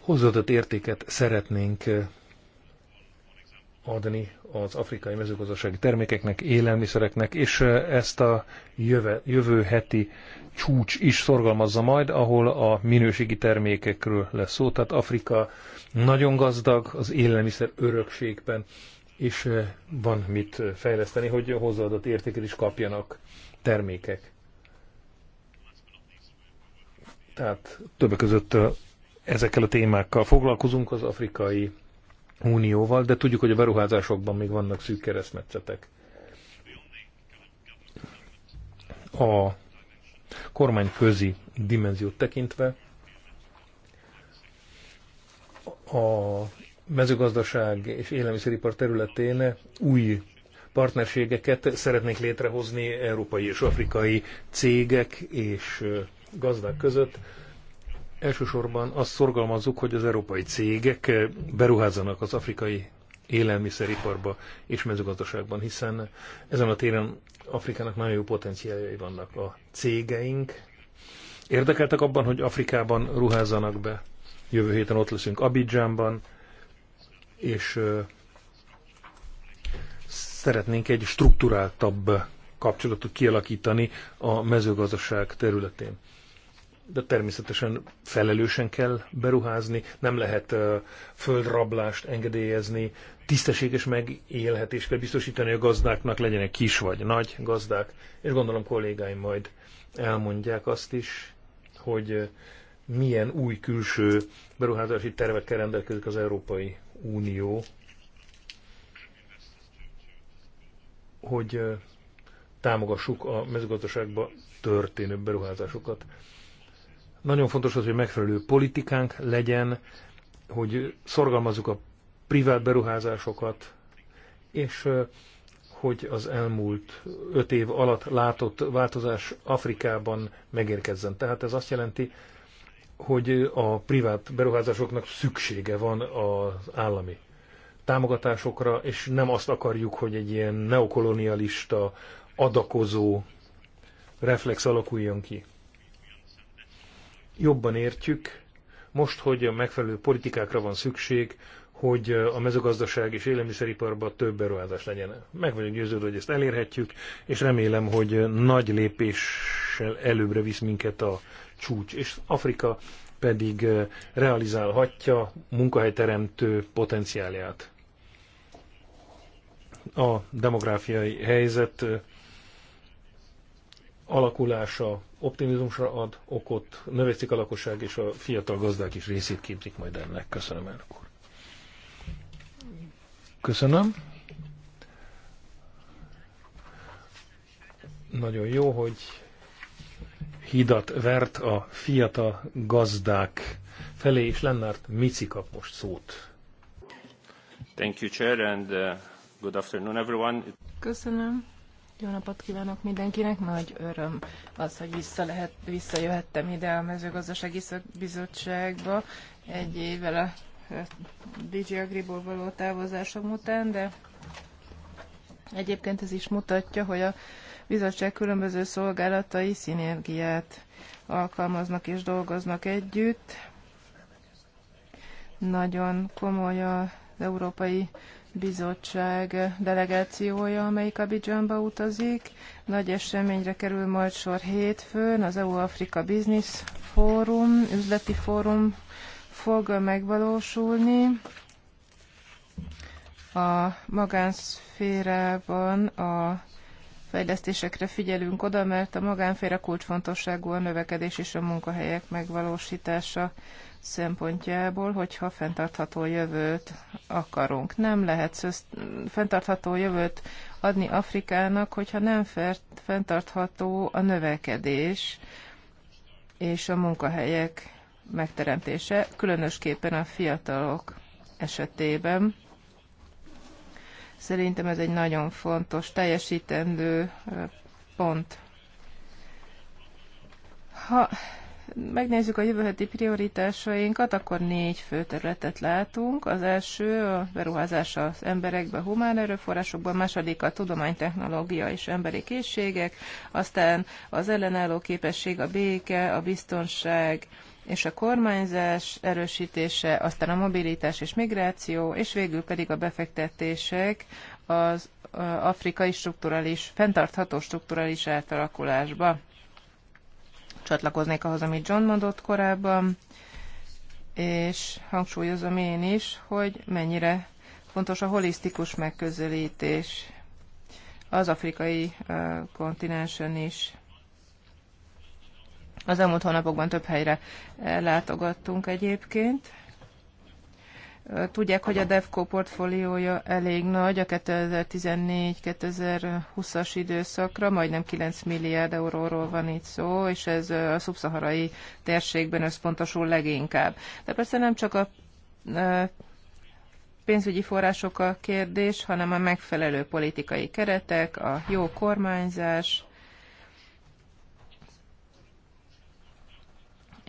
Hozzáadott értéket szeretnénk eh, adni az afrikai mezőgazdasági termékeknek, élelmiszereknek, és eh, ezt a jöve, jövő heti csúcs is szorgalmazza majd, ahol a minőségi termékekről lesz szó. Tehát Afrika nagyon gazdag az élelmiszer örökségben, és van mit fejleszteni, hogy hozzáadott értéket is kapjanak termékek. Tehát többek között ezekkel a témákkal foglalkozunk az Afrikai Unióval, de tudjuk, hogy a beruházásokban még vannak szűk keresztmetszetek. A kormányközi dimenziót tekintve a mezőgazdaság és élelmiszeripar területén új partnerségeket szeretnék létrehozni európai és afrikai cégek és gazdák között. Elsősorban azt szorgalmazzuk, hogy az európai cégek beruházzanak az afrikai élelmiszeriparba és mezőgazdaságban, hiszen ezen a téren Afrikának nagyon jó potenciáljai vannak a cégeink. Érdekeltek abban, hogy Afrikában ruházzanak be. Jövő héten ott leszünk Abidjánban, és szeretnénk egy strukturáltabb kapcsolatot kialakítani a mezőgazdaság területén. De természetesen felelősen kell beruházni, nem lehet földrablást engedélyezni, tisztességes megélhetést kell biztosítani a gazdáknak, legyenek kis vagy nagy gazdák, és gondolom kollégáim majd elmondják azt is, hogy milyen új külső beruházási tervekkel rendelkezik az Európai Unió, hogy támogassuk a mezőgazdaságba történő beruházásokat. Nagyon fontos az, hogy megfelelő politikánk legyen, hogy szorgalmazzuk a privát beruházásokat, és hogy az elmúlt öt év alatt látott változás Afrikában megérkezzen. Tehát ez azt jelenti, hogy a privát beruházásoknak szüksége van az állami támogatásokra, és nem azt akarjuk, hogy egy ilyen neokolonialista, adakozó reflex alakuljon ki. Jobban értjük most, hogy a megfelelő politikákra van szükség, hogy a mezőgazdaság és élelmiszeriparban több beruházás legyen. Meg vagyok győződve, hogy ezt elérhetjük, és remélem, hogy nagy lépéssel előbbre visz minket a csúcs, és Afrika pedig realizálhatja munkahelyteremtő potenciálját. A demográfiai helyzet alakulása optimizmusra ad okot, növekszik a lakosság, és a fiatal gazdák is részét képzik majd ennek. Köszönöm, elnök úr. Köszönöm. Nagyon jó, hogy hidat vert a fiatal gazdák felé, és Lennart Mici kap most szót. Thank you, Chair, and uh, good afternoon, everyone. Köszönöm. Jó napot kívánok mindenkinek, nagy öröm az, hogy vissza lehet, visszajöhettem ide a mezőgazdasági bizottságba egy évvel a DJ Agriból való távozásom után, de egyébként ez is mutatja, hogy a bizottság különböző szolgálatai szinergiát alkalmaznak és dolgoznak együtt. Nagyon komoly az Európai Bizottság delegációja, amelyik Abidjanba utazik. Nagy eseményre kerül majd sor hétfőn, az EU-Afrika Business Forum, üzleti fórum fog megvalósulni. A magánszférában a fejlesztésekre figyelünk oda, mert a magánféra kulcsfontosságú a növekedés és a munkahelyek megvalósítása szempontjából, hogyha fenntartható jövőt akarunk. Nem lehet fenntartható jövőt adni Afrikának, hogyha nem fenntartható a növekedés és a munkahelyek megteremtése, különösképpen a fiatalok esetében Szerintem ez egy nagyon fontos, teljesítendő pont. Ha megnézzük a jövő heti prioritásainkat, akkor négy fő területet látunk. Az első a beruházás az emberekbe, humán erőforrásokban, második a tudománytechnológia és emberi készségek, aztán az ellenálló képesség, a béke, a biztonság, és a kormányzás erősítése, aztán a mobilitás és migráció, és végül pedig a befektetések az afrikai strukturális, fenntartható strukturális átalakulásba. Csatlakoznék ahhoz, amit John mondott korábban, és hangsúlyozom én is, hogy mennyire fontos a holisztikus megközelítés az afrikai kontinensen is. Az elmúlt hónapokban több helyre eh, látogattunk egyébként. Tudják, hogy a DEFCO portfóliója elég nagy a 2014-2020-as időszakra, majdnem 9 milliárd euróról van itt szó, és ez a szubszaharai térségben összpontosul leginkább. De persze nem csak a pénzügyi források a kérdés, hanem a megfelelő politikai keretek, a jó kormányzás,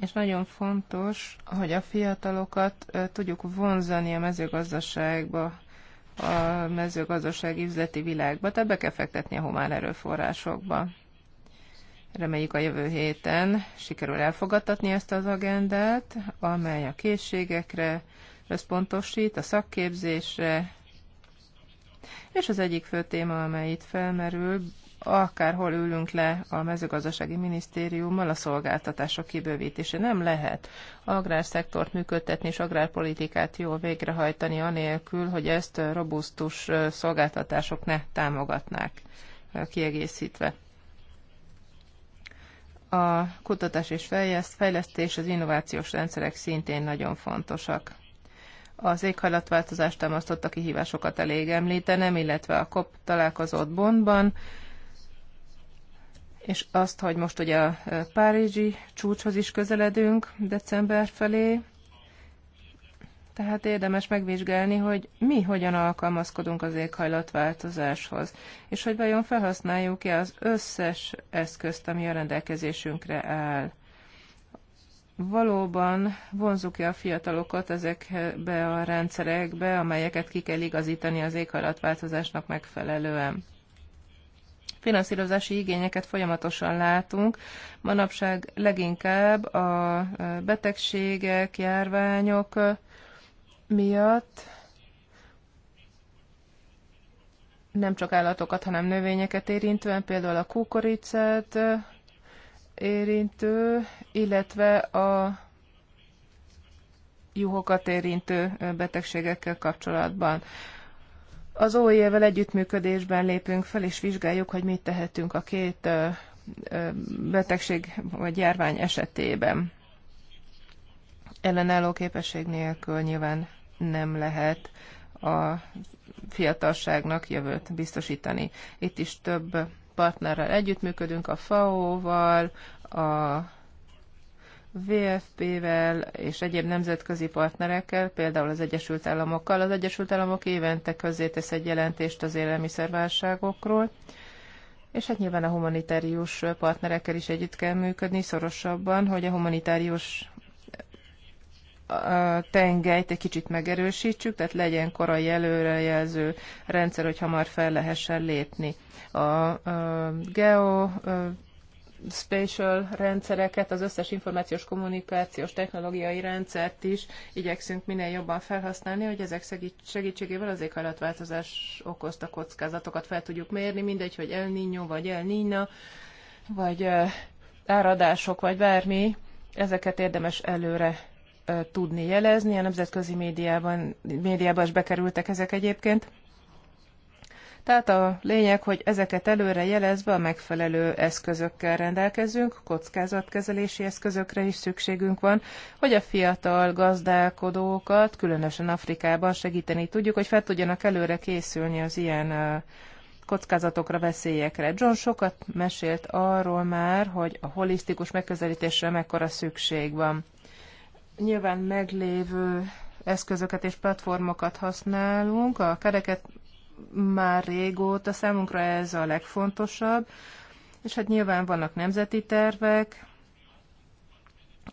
és nagyon fontos, hogy a fiatalokat tudjuk vonzani a mezőgazdaságba, a mezőgazdaság üzleti világba, tehát be kell fektetni a humán erőforrásokba. Reméljük a jövő héten sikerül elfogadtatni ezt az agendát, amely a készségekre összpontosít, a szakképzésre, és az egyik fő téma, amely itt felmerül, akárhol ülünk le a mezőgazdasági minisztériummal, a szolgáltatások kibővítése nem lehet agrárszektort működtetni és agrárpolitikát jól végrehajtani anélkül, hogy ezt robusztus szolgáltatások ne támogatnák kiegészítve. A kutatás és fejlesztés, az innovációs rendszerek szintén nagyon fontosak. Az éghajlatváltozást támasztotta kihívásokat elég említenem, illetve a COP találkozott Bondban és azt, hogy most ugye a e, Párizsi csúcshoz is közeledünk december felé, tehát érdemes megvizsgálni, hogy mi hogyan alkalmazkodunk az éghajlatváltozáshoz, és hogy vajon felhasználjuk-e az összes eszközt, ami a rendelkezésünkre áll. Valóban vonzuk-e a fiatalokat ezekbe a rendszerekbe, amelyeket ki kell igazítani az éghajlatváltozásnak megfelelően finanszírozási igényeket folyamatosan látunk. Manapság leginkább a betegségek, járványok miatt nem csak állatokat, hanem növényeket érintően, például a kukoricát érintő, illetve a juhokat érintő betegségekkel kapcsolatban. Az OIE-vel együttműködésben lépünk fel, és vizsgáljuk, hogy mit tehetünk a két betegség vagy járvány esetében. Ellenálló képesség nélkül nyilván nem lehet a fiatalságnak jövőt biztosítani. Itt is több partnerrel együttműködünk, a FAO-val, a VFP-vel és egyéb nemzetközi partnerekkel, például az Egyesült Államokkal. Az Egyesült Államok évente közzétesz egy jelentést az élelmiszerválságokról, és hát nyilván a humanitárius partnerekkel is együtt kell működni szorosabban, hogy a humanitárius tengelyt egy kicsit megerősítsük, tehát legyen korai előrejelző rendszer, hogy hamar fel lehessen lépni. A, a geo spatial rendszereket, az összes információs kommunikációs technológiai rendszert is igyekszünk minél jobban felhasználni, hogy ezek segítségével az éghajlatváltozás okozta kockázatokat fel tudjuk mérni, mindegy, hogy El Niño, vagy El Nina, vagy áradások, vagy bármi, ezeket érdemes előre tudni jelezni. A nemzetközi médiában, médiában is bekerültek ezek egyébként. Tehát a lényeg, hogy ezeket előre jelezve a megfelelő eszközökkel rendelkezünk, kockázatkezelési eszközökre is szükségünk van, hogy a fiatal gazdálkodókat, különösen Afrikában segíteni tudjuk, hogy fel tudjanak előre készülni az ilyen kockázatokra, veszélyekre. John sokat mesélt arról már, hogy a holisztikus megközelítésre mekkora szükség van. Nyilván meglévő eszközöket és platformokat használunk, a kereket már régóta, számunkra ez a legfontosabb, és hát nyilván vannak nemzeti tervek,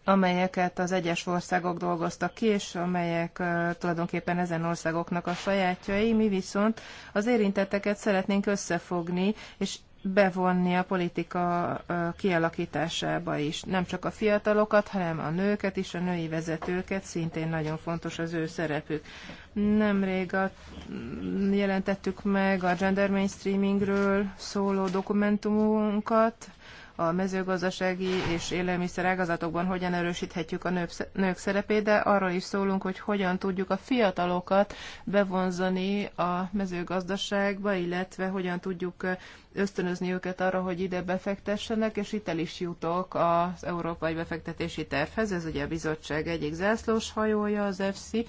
amelyeket az egyes országok dolgoztak ki, és amelyek uh, tulajdonképpen ezen országoknak a sajátjai. Mi viszont az érintetteket szeretnénk összefogni, és bevonni a politika kialakításába is. Nem csak a fiatalokat, hanem a nőket is, a női vezetőket, szintén nagyon fontos az ő szerepük. Nemrég a, jelentettük meg a gender mainstreamingről szóló dokumentumunkat, a mezőgazdasági és élelmiszer ágazatokban hogyan erősíthetjük a nők szerepét, de arról is szólunk, hogy hogyan tudjuk a fiatalokat bevonzani a mezőgazdaságba, illetve hogyan tudjuk ösztönözni őket arra, hogy ide befektessenek, és itt el is jutok az európai befektetési tervhez, ez ugye a bizottság egyik zászlós hajója, az EFSI,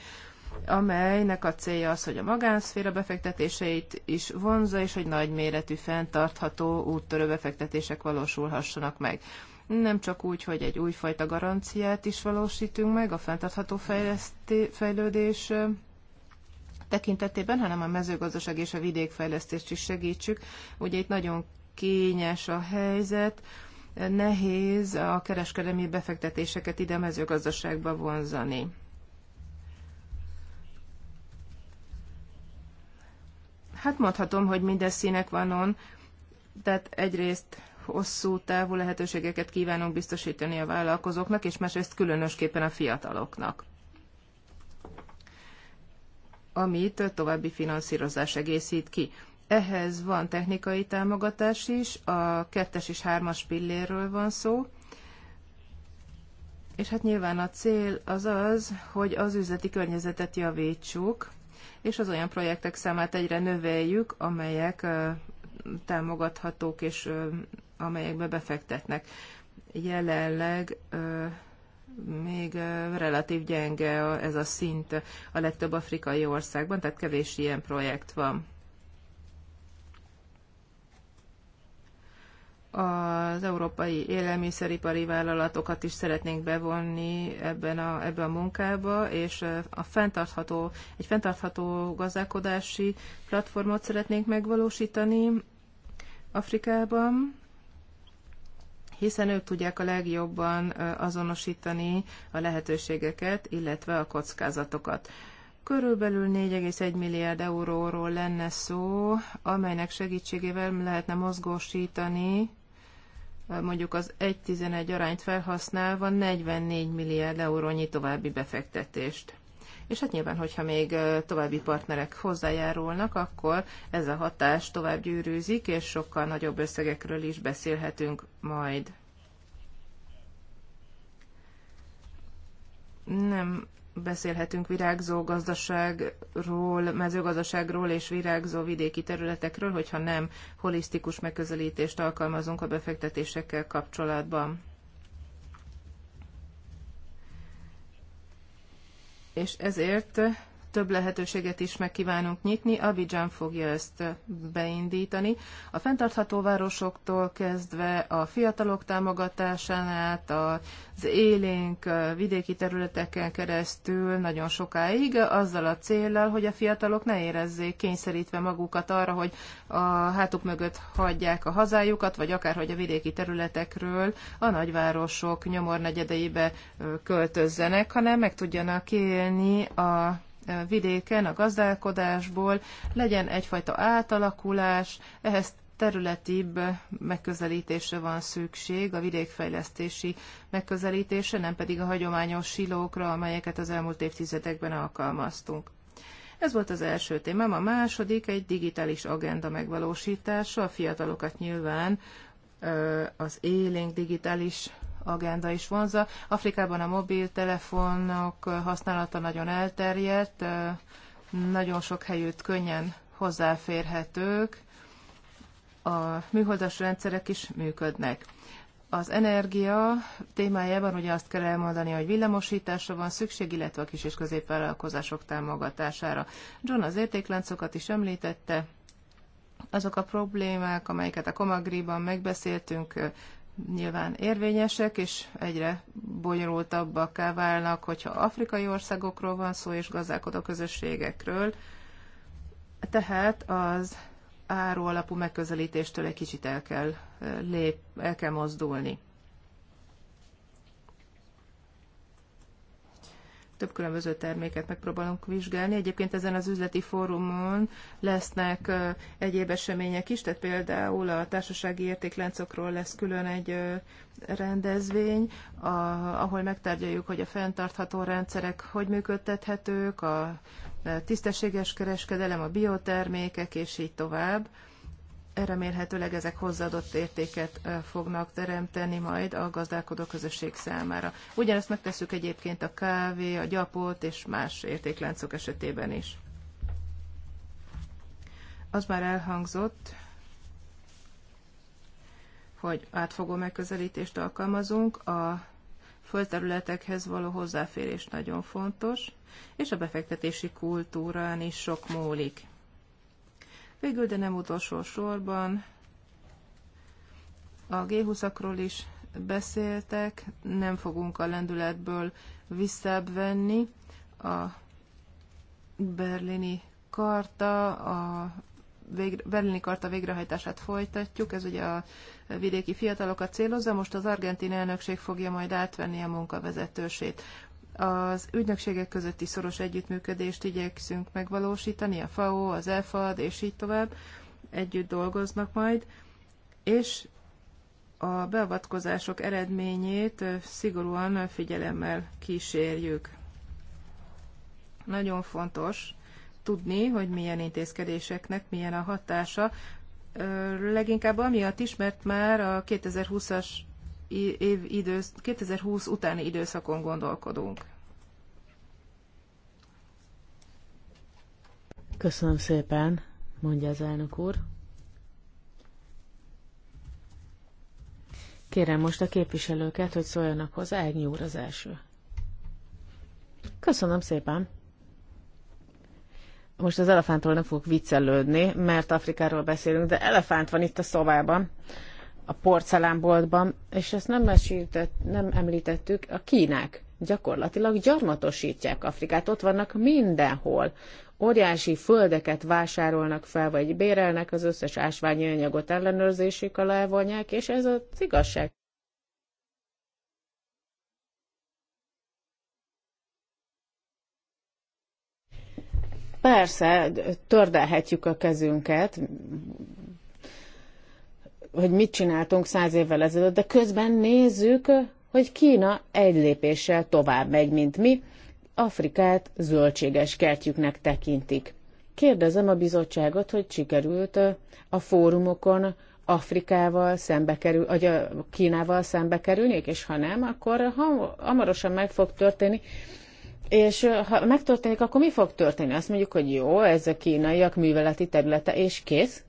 amelynek a célja az, hogy a magánszféra befektetéseit is vonza, és hogy nagyméretű, fenntartható úttörő befektetések valósulhassanak meg. Nem csak úgy, hogy egy újfajta garanciát is valósítunk meg a fenntartható fejlődés tekintetében, hanem a mezőgazdaság és a vidékfejlesztést is segítsük. Ugye itt nagyon kényes a helyzet, nehéz a kereskedelmi befektetéseket ide mezőgazdaságba vonzani Hát mondhatom, hogy minden színek on, tehát egyrészt hosszú távú lehetőségeket kívánunk biztosítani a vállalkozóknak, és másrészt különösképpen a fiataloknak amit további finanszírozás egészít ki. Ehhez van technikai támogatás is, a kettes és hármas pillérről van szó, és hát nyilván a cél az az, hogy az üzleti környezetet javítsuk, és az olyan projektek számát egyre növeljük, amelyek támogathatók és amelyekbe befektetnek. Jelenleg még relatív gyenge ez a szint a legtöbb afrikai országban, tehát kevés ilyen projekt van. az európai élelmiszeripari vállalatokat is szeretnénk bevonni ebben a, ebbe a munkába, és a fenntartható, egy fenntartható gazdálkodási platformot szeretnénk megvalósítani Afrikában, hiszen ők tudják a legjobban azonosítani a lehetőségeket, illetve a kockázatokat. Körülbelül 4,1 milliárd euróról lenne szó, amelynek segítségével lehetne mozgósítani mondjuk az 1-11 arányt felhasználva 44 milliárd eurónyi további befektetést. És hát nyilván, hogyha még további partnerek hozzájárulnak, akkor ez a hatás tovább gyűrűzik, és sokkal nagyobb összegekről is beszélhetünk majd. Nem beszélhetünk virágzó gazdaságról, mezőgazdaságról és virágzó vidéki területekről, hogyha nem holisztikus megközelítést alkalmazunk a befektetésekkel kapcsolatban. És ezért több lehetőséget is meg kívánunk nyitni. Abidjan fogja ezt beindítani. A fenntartható városoktól kezdve a fiatalok támogatásán át, az élénk vidéki területeken keresztül nagyon sokáig, azzal a céllal, hogy a fiatalok ne érezzék kényszerítve magukat arra, hogy a hátuk mögött hagyják a hazájukat, vagy akárhogy a vidéki területekről a nagyvárosok nyomornegyedeibe költözzenek, hanem meg tudjanak élni a vidéken, a gazdálkodásból, legyen egyfajta átalakulás, ehhez területibb megközelítésre van szükség, a vidékfejlesztési megközelítése, nem pedig a hagyományos silókra, amelyeket az elmúlt évtizedekben alkalmaztunk. Ez volt az első témám, a második egy digitális agenda megvalósítása, a fiatalokat nyilván az élénk digitális agenda is vonza. Afrikában a mobiltelefonok használata nagyon elterjedt, nagyon sok helyütt könnyen hozzáférhetők, a műholdas rendszerek is működnek. Az energia témájában ugye azt kell elmondani, hogy villamosításra van szükség, illetve a kis és középvállalkozások támogatására. John az értékláncokat is említette, azok a problémák, amelyeket a Komagriban megbeszéltünk, nyilván érvényesek, és egyre bonyolultabbakká válnak, hogyha afrikai országokról van szó, és gazdálkodó közösségekről. Tehát az áru alapú megközelítéstől egy kicsit el kell, lép, el kell mozdulni. több különböző terméket megpróbálunk vizsgálni. Egyébként ezen az üzleti fórumon lesznek egyéb események is, tehát például a társasági értékláncokról lesz külön egy rendezvény, ahol megtárgyaljuk, hogy a fenntartható rendszerek hogy működtethetők, a tisztességes kereskedelem, a biotermékek és így tovább remélhetőleg ezek hozzáadott értéket fognak teremteni majd a gazdálkodó közösség számára. Ugyanezt megtesszük egyébként a kávé, a gyapot és más értékláncok esetében is. Az már elhangzott, hogy átfogó megközelítést alkalmazunk, a földterületekhez való hozzáférés nagyon fontos, és a befektetési kultúrán is sok múlik Végül, de nem utolsó sorban a G20-akról is beszéltek, nem fogunk a lendületből visszább venni. A berlini karta, a végre, berlini karta végrehajtását folytatjuk, ez ugye a vidéki fiatalokat célozza, most az argentin elnökség fogja majd átvenni a munkavezetősét. Az ügynökségek közötti szoros együttműködést igyekszünk megvalósítani, a FAO, az EFAD és így tovább együtt dolgoznak majd, és a beavatkozások eredményét szigorúan figyelemmel kísérjük. Nagyon fontos tudni, hogy milyen intézkedéseknek milyen a hatása, leginkább amiatt is, mert már a 2020-as év idősz, 2020 utáni időszakon gondolkodunk. Köszönöm szépen, mondja az elnök úr. Kérem most a képviselőket, hogy szóljanak hozzá, Ágnyi úr az első. Köszönöm szépen. Most az elefántról nem fogok viccelődni, mert Afrikáról beszélünk, de elefánt van itt a szobában a porcelánboltban, és ezt nem, mesített, nem említettük, a kínák gyakorlatilag gyarmatosítják Afrikát, ott vannak mindenhol. Óriási földeket vásárolnak fel, vagy bérelnek, az összes ásványi anyagot ellenőrzésük alá vonják, és ez az igazság. Persze, tördelhetjük a kezünket, hogy mit csináltunk száz évvel ezelőtt, de közben nézzük, hogy Kína egy lépéssel tovább megy, mint mi, Afrikát zöldséges kertjüknek tekintik. Kérdezem a bizottságot, hogy sikerült uh, a fórumokon Afrikával szembe kerül, vagy a Kínával szembe kerülnék, és ha nem, akkor hamarosan meg fog történni. És uh, ha megtörténik, akkor mi fog történni? Azt mondjuk, hogy jó, ez a kínaiak műveleti területe, és kész.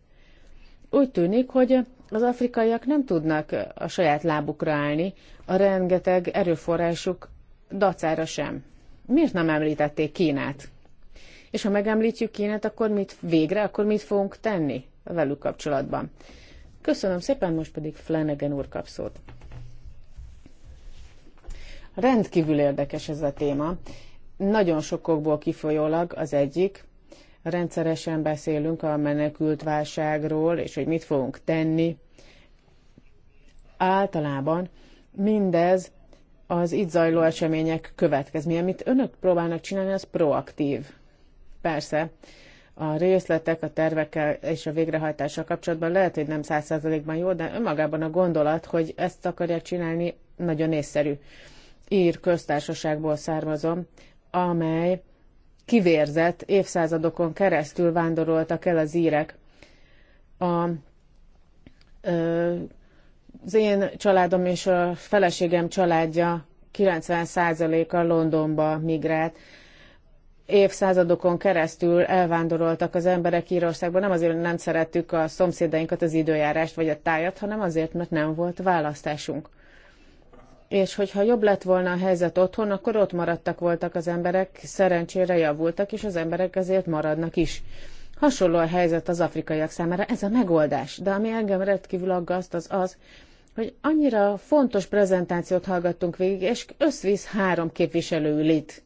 Úgy tűnik, hogy az afrikaiak nem tudnak a saját lábukra állni, a rengeteg erőforrásuk dacára sem. Miért nem említették Kínát? És ha megemlítjük Kínát, akkor mit végre, akkor mit fogunk tenni velük kapcsolatban? Köszönöm szépen, most pedig Flanagan úr kap szót. Rendkívül érdekes ez a téma. Nagyon sokokból kifolyólag az egyik, Rendszeresen beszélünk a menekült válságról, és hogy mit fogunk tenni. Általában mindez az itt zajló események következménye. Amit önök próbálnak csinálni, az proaktív. Persze, a részletek, a tervekkel és a végrehajtással kapcsolatban lehet, hogy nem száz százalékban jó, de önmagában a gondolat, hogy ezt akarják csinálni, nagyon észszerű. Ír köztársaságból származom, amely kivérzett, évszázadokon keresztül vándoroltak el az írek. A, ö, az én családom és a feleségem családja 90%-a Londonba migrált. Évszázadokon keresztül elvándoroltak az emberek Írországba, nem azért, hogy nem szerettük a szomszédainkat, az időjárást vagy a tájat, hanem azért, mert nem volt választásunk és hogyha jobb lett volna a helyzet otthon, akkor ott maradtak voltak az emberek, szerencsére javultak, és az emberek azért maradnak is. Hasonló a helyzet az afrikaiak számára, ez a megoldás. De ami engem rendkívül aggaszt, az az, hogy annyira fontos prezentációt hallgattunk végig, és összvisz három képviselő ül itt.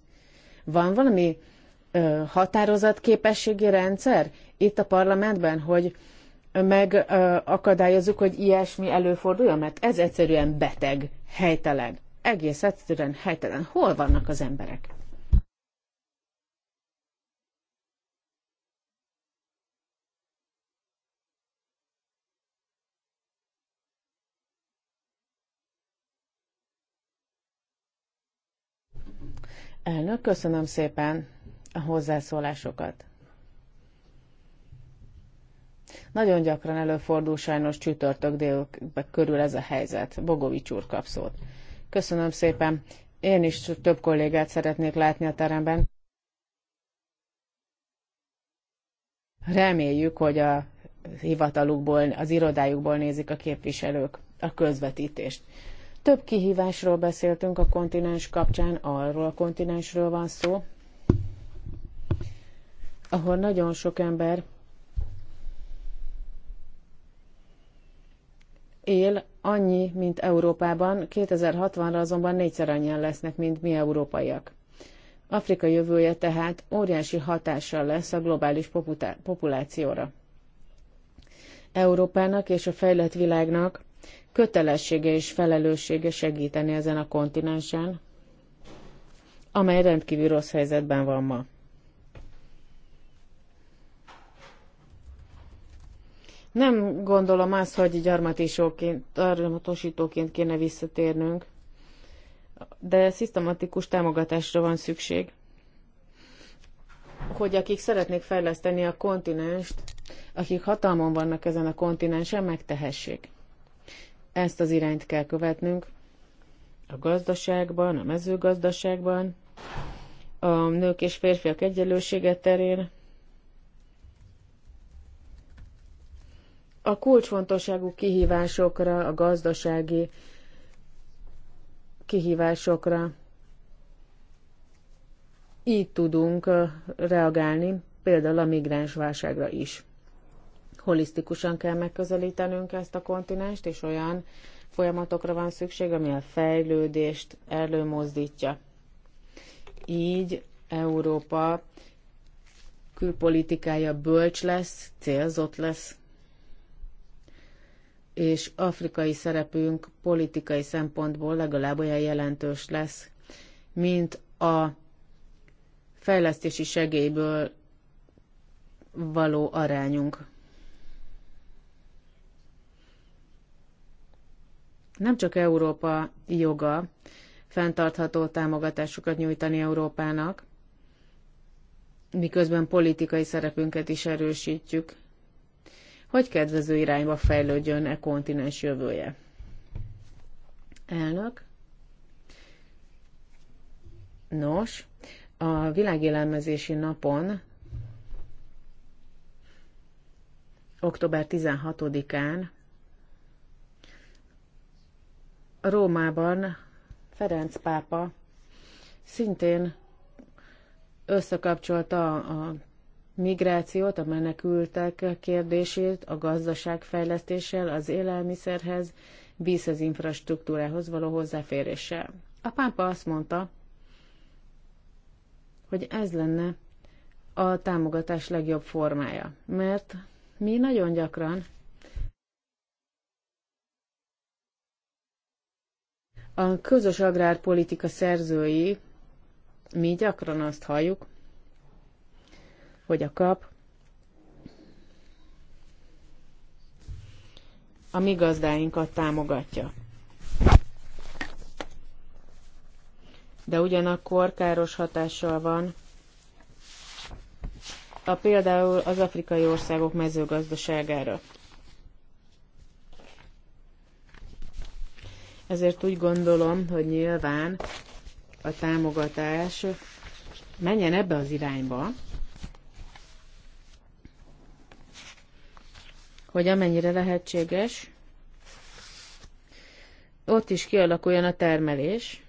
Van valami ö, határozatképességi rendszer itt a parlamentben, hogy megakadályozzuk, hogy ilyesmi előforduljon, mert ez egyszerűen beteg helytelen. Egész egyszerűen helytelen. Hol vannak az emberek? Elnök, köszönöm szépen a hozzászólásokat. Nagyon gyakran előfordul sajnos csütörtök délbe körül ez a helyzet. Bogovics úr kap szót. Köszönöm szépen. Én is több kollégát szeretnék látni a teremben. Reméljük, hogy a hivatalukból, az irodájukból nézik a képviselők a közvetítést. Több kihívásról beszéltünk a kontinens kapcsán, arról a kontinensről van szó, ahol nagyon sok ember él annyi, mint Európában, 2060-ra azonban négyszer annyian lesznek, mint mi európaiak. Afrika jövője tehát óriási hatással lesz a globális populációra. Európának és a fejlett világnak kötelessége és felelőssége segíteni ezen a kontinensen, amely rendkívül rossz helyzetben van ma. Nem gondolom azt, hogy gyarmatosítóként kéne visszatérnünk, de szisztematikus támogatásra van szükség, hogy akik szeretnék fejleszteni a kontinenst, akik hatalmon vannak ezen a kontinensen, megtehessék. Ezt az irányt kell követnünk a gazdaságban, a mezőgazdaságban, a nők és férfiak egyenlősége terén, a kulcsfontosságú kihívásokra, a gazdasági kihívásokra így tudunk reagálni, például a migráns válságra is. Holisztikusan kell megközelítenünk ezt a kontinenst, és olyan folyamatokra van szükség, ami a fejlődést előmozdítja. Így Európa külpolitikája bölcs lesz, célzott lesz és afrikai szerepünk politikai szempontból legalább olyan jelentős lesz, mint a fejlesztési segélyből való arányunk. Nem csak Európa joga fenntartható támogatásokat nyújtani Európának, miközben politikai szerepünket is erősítjük, hogy kedvező irányba fejlődjön e kontinens jövője. Elnök. Nos, a világélelmezési napon október 16-án Rómában Ferenc pápa szintén összekapcsolta a migrációt, a menekültek kérdését, a gazdaság fejlesztéssel, az élelmiszerhez, az infrastruktúrához való hozzáféréssel. A pápa azt mondta, hogy ez lenne a támogatás legjobb formája, mert mi nagyon gyakran a közös agrárpolitika szerzői, mi gyakran azt halljuk, hogy a kap a mi gazdáinkat támogatja. De ugyanakkor káros hatással van a például az afrikai országok mezőgazdaságára. Ezért úgy gondolom, hogy nyilván a támogatás menjen ebbe az irányba, hogy amennyire lehetséges, ott is kialakuljon a termelés,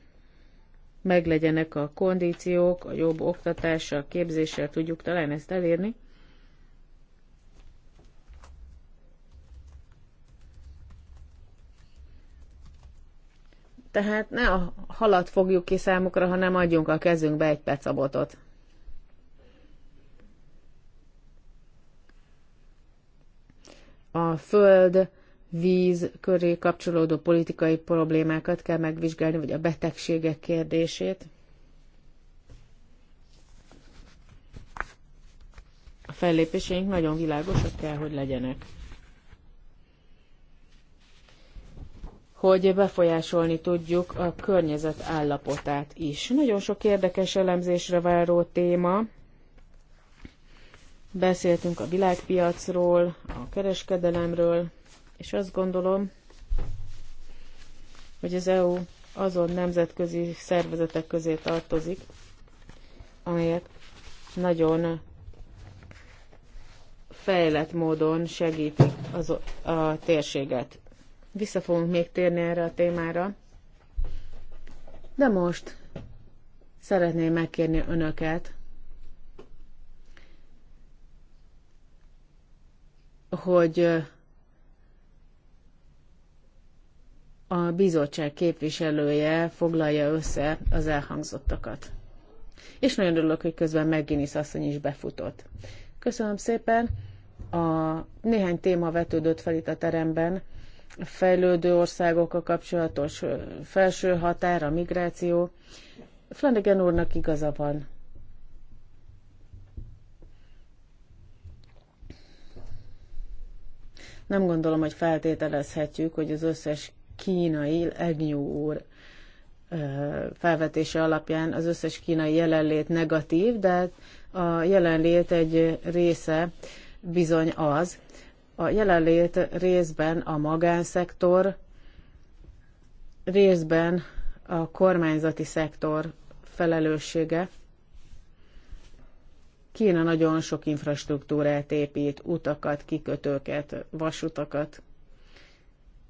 meglegyenek a kondíciók, a jobb oktatással, képzéssel tudjuk talán ezt elérni. Tehát ne a halat fogjuk ki számukra, hanem adjunk a kezünkbe egy pecabotot. a föld, víz köré kapcsolódó politikai problémákat kell megvizsgálni, vagy a betegségek kérdését. A fellépéseink nagyon világosak kell, hogy legyenek. hogy befolyásolni tudjuk a környezet állapotát is. Nagyon sok érdekes elemzésre váró téma, Beszéltünk a világpiacról, a kereskedelemről, és azt gondolom, hogy az EU azon nemzetközi szervezetek közé tartozik, amelyek nagyon fejlett módon segítik az, a térséget. Vissza fogunk még térni erre a témára, de most szeretném megkérni önöket, hogy a bizottság képviselője foglalja össze az elhangzottakat. És nagyon örülök, hogy közben McGinnis asszony is befutott. Köszönöm szépen! A néhány téma vetődött fel itt a teremben, a fejlődő országokkal kapcsolatos felső határ, a migráció. Flanagan úrnak igaza van. Nem gondolom, hogy feltételezhetjük, hogy az összes kínai Egnyú úr felvetése alapján az összes kínai jelenlét negatív, de a jelenlét egy része bizony az. A jelenlét részben a magánszektor, részben a kormányzati szektor felelőssége, Kína nagyon sok infrastruktúrát épít, utakat, kikötőket, vasutakat.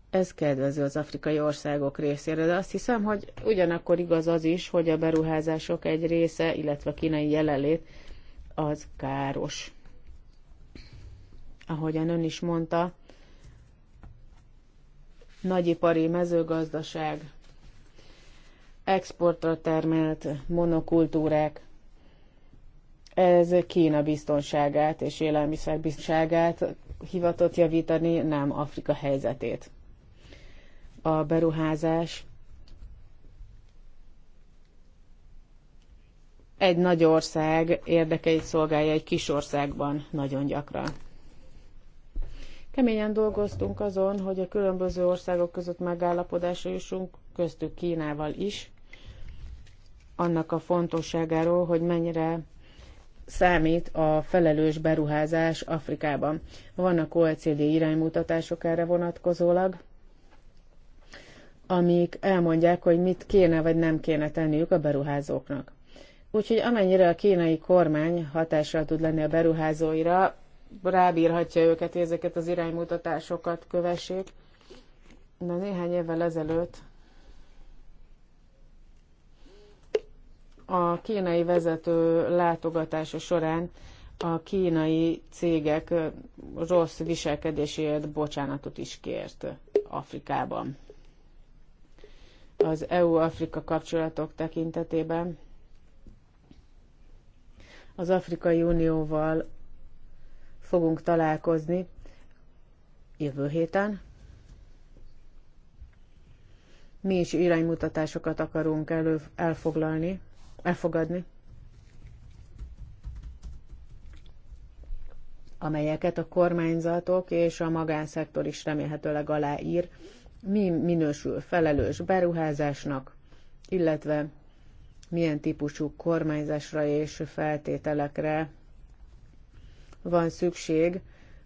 Ez kedvező az afrikai országok részére, de azt hiszem, hogy ugyanakkor igaz az is, hogy a beruházások egy része, illetve a kínai jelenlét az káros. Ahogyan ön is mondta, nagyipari mezőgazdaság, exportra termelt monokultúrák, ez Kína biztonságát és élelmiszer biztonságát hivatott javítani, nem Afrika helyzetét. A beruházás egy nagy ország érdekeit szolgálja egy kis országban nagyon gyakran. Keményen dolgoztunk azon, hogy a különböző országok között megállapodásra jussunk, köztük Kínával is, annak a fontosságáról, hogy mennyire számít a felelős beruházás Afrikában. Vannak OECD iránymutatások erre vonatkozólag, amik elmondják, hogy mit kéne vagy nem kéne tenniük a beruházóknak. Úgyhogy amennyire a kínai kormány hatással tud lenni a beruházóira, rábírhatja őket, hogy ezeket az iránymutatásokat kövessék. De néhány évvel ezelőtt A kínai vezető látogatása során a kínai cégek rossz viselkedéséért bocsánatot is kért Afrikában. Az EU-Afrika kapcsolatok tekintetében az Afrikai Unióval fogunk találkozni jövő héten. Mi is iránymutatásokat akarunk elő, elfoglalni elfogadni, amelyeket a kormányzatok és a magánszektor is remélhetőleg aláír, mi minősül felelős beruházásnak, illetve milyen típusú kormányzásra és feltételekre van szükség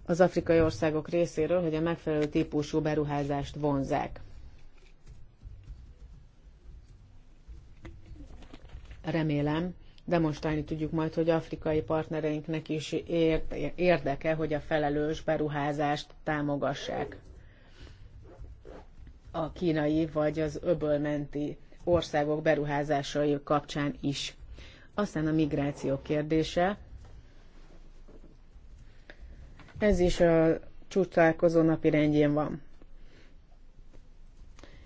az afrikai országok részéről, hogy a megfelelő típusú beruházást vonzák. Remélem, demonstrálni tudjuk majd, hogy afrikai partnereinknek is érdeke, hogy a felelős beruházást támogassák a kínai vagy az öbölmenti országok beruházásai kapcsán is. Aztán a migráció kérdése. Ez is a csúcsálkozó napi rendjén van.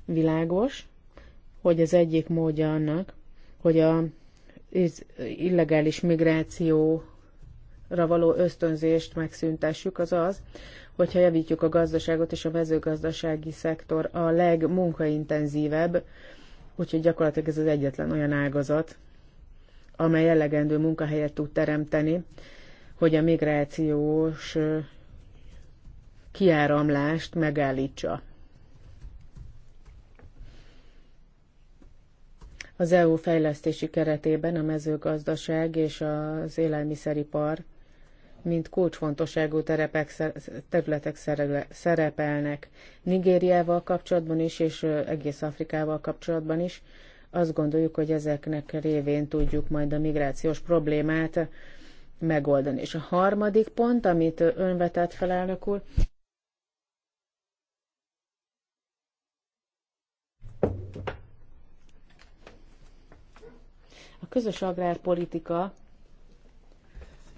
Világos, hogy az egyik módja annak, hogy a illegális migrációra való ösztönzést megszüntessük, az az, hogyha javítjuk a gazdaságot, és a mezőgazdasági szektor a legmunkaintenzívebb, úgyhogy gyakorlatilag ez az egyetlen olyan ágazat, amely elegendő munkahelyet tud teremteni, hogy a migrációs kiáramlást megállítsa. Az EU fejlesztési keretében a mezőgazdaság és az élelmiszeripar mint kulcsfontosságú terepek, területek szerepelnek. Nigériával kapcsolatban is, és egész Afrikával kapcsolatban is. Azt gondoljuk, hogy ezeknek révén tudjuk majd a migrációs problémát megoldani. És a harmadik pont, amit ön vetett fel, elnök úr, közös agrárpolitika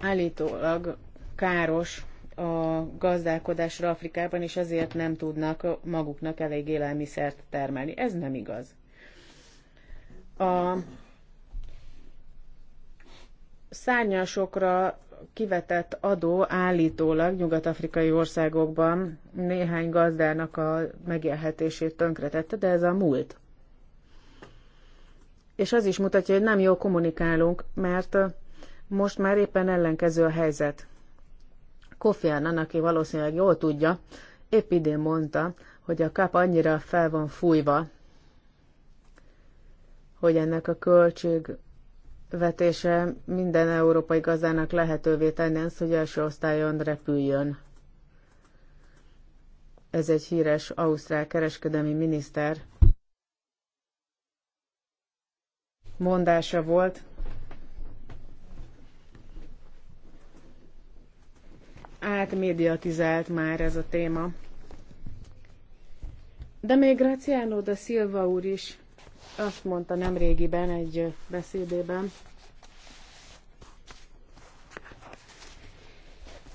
állítólag káros a gazdálkodásra Afrikában, és ezért nem tudnak maguknak elég élelmiszert termelni. Ez nem igaz. A szárnyasokra kivetett adó állítólag nyugat-afrikai országokban néhány gazdának a megélhetését tönkretette, de ez a múlt és az is mutatja, hogy nem jól kommunikálunk, mert most már éppen ellenkező a helyzet. Kofi Annan, aki valószínűleg jól tudja, épp idén mondta, hogy a kap annyira fel van fújva, hogy ennek a költségvetése minden európai gazdának lehetővé tenni az, hogy első osztályon repüljön. Ez egy híres ausztrál kereskedelmi miniszter mondása volt. átmediatizált már ez a téma. De még Graciano da Silva úr is azt mondta nemrégiben egy beszédében,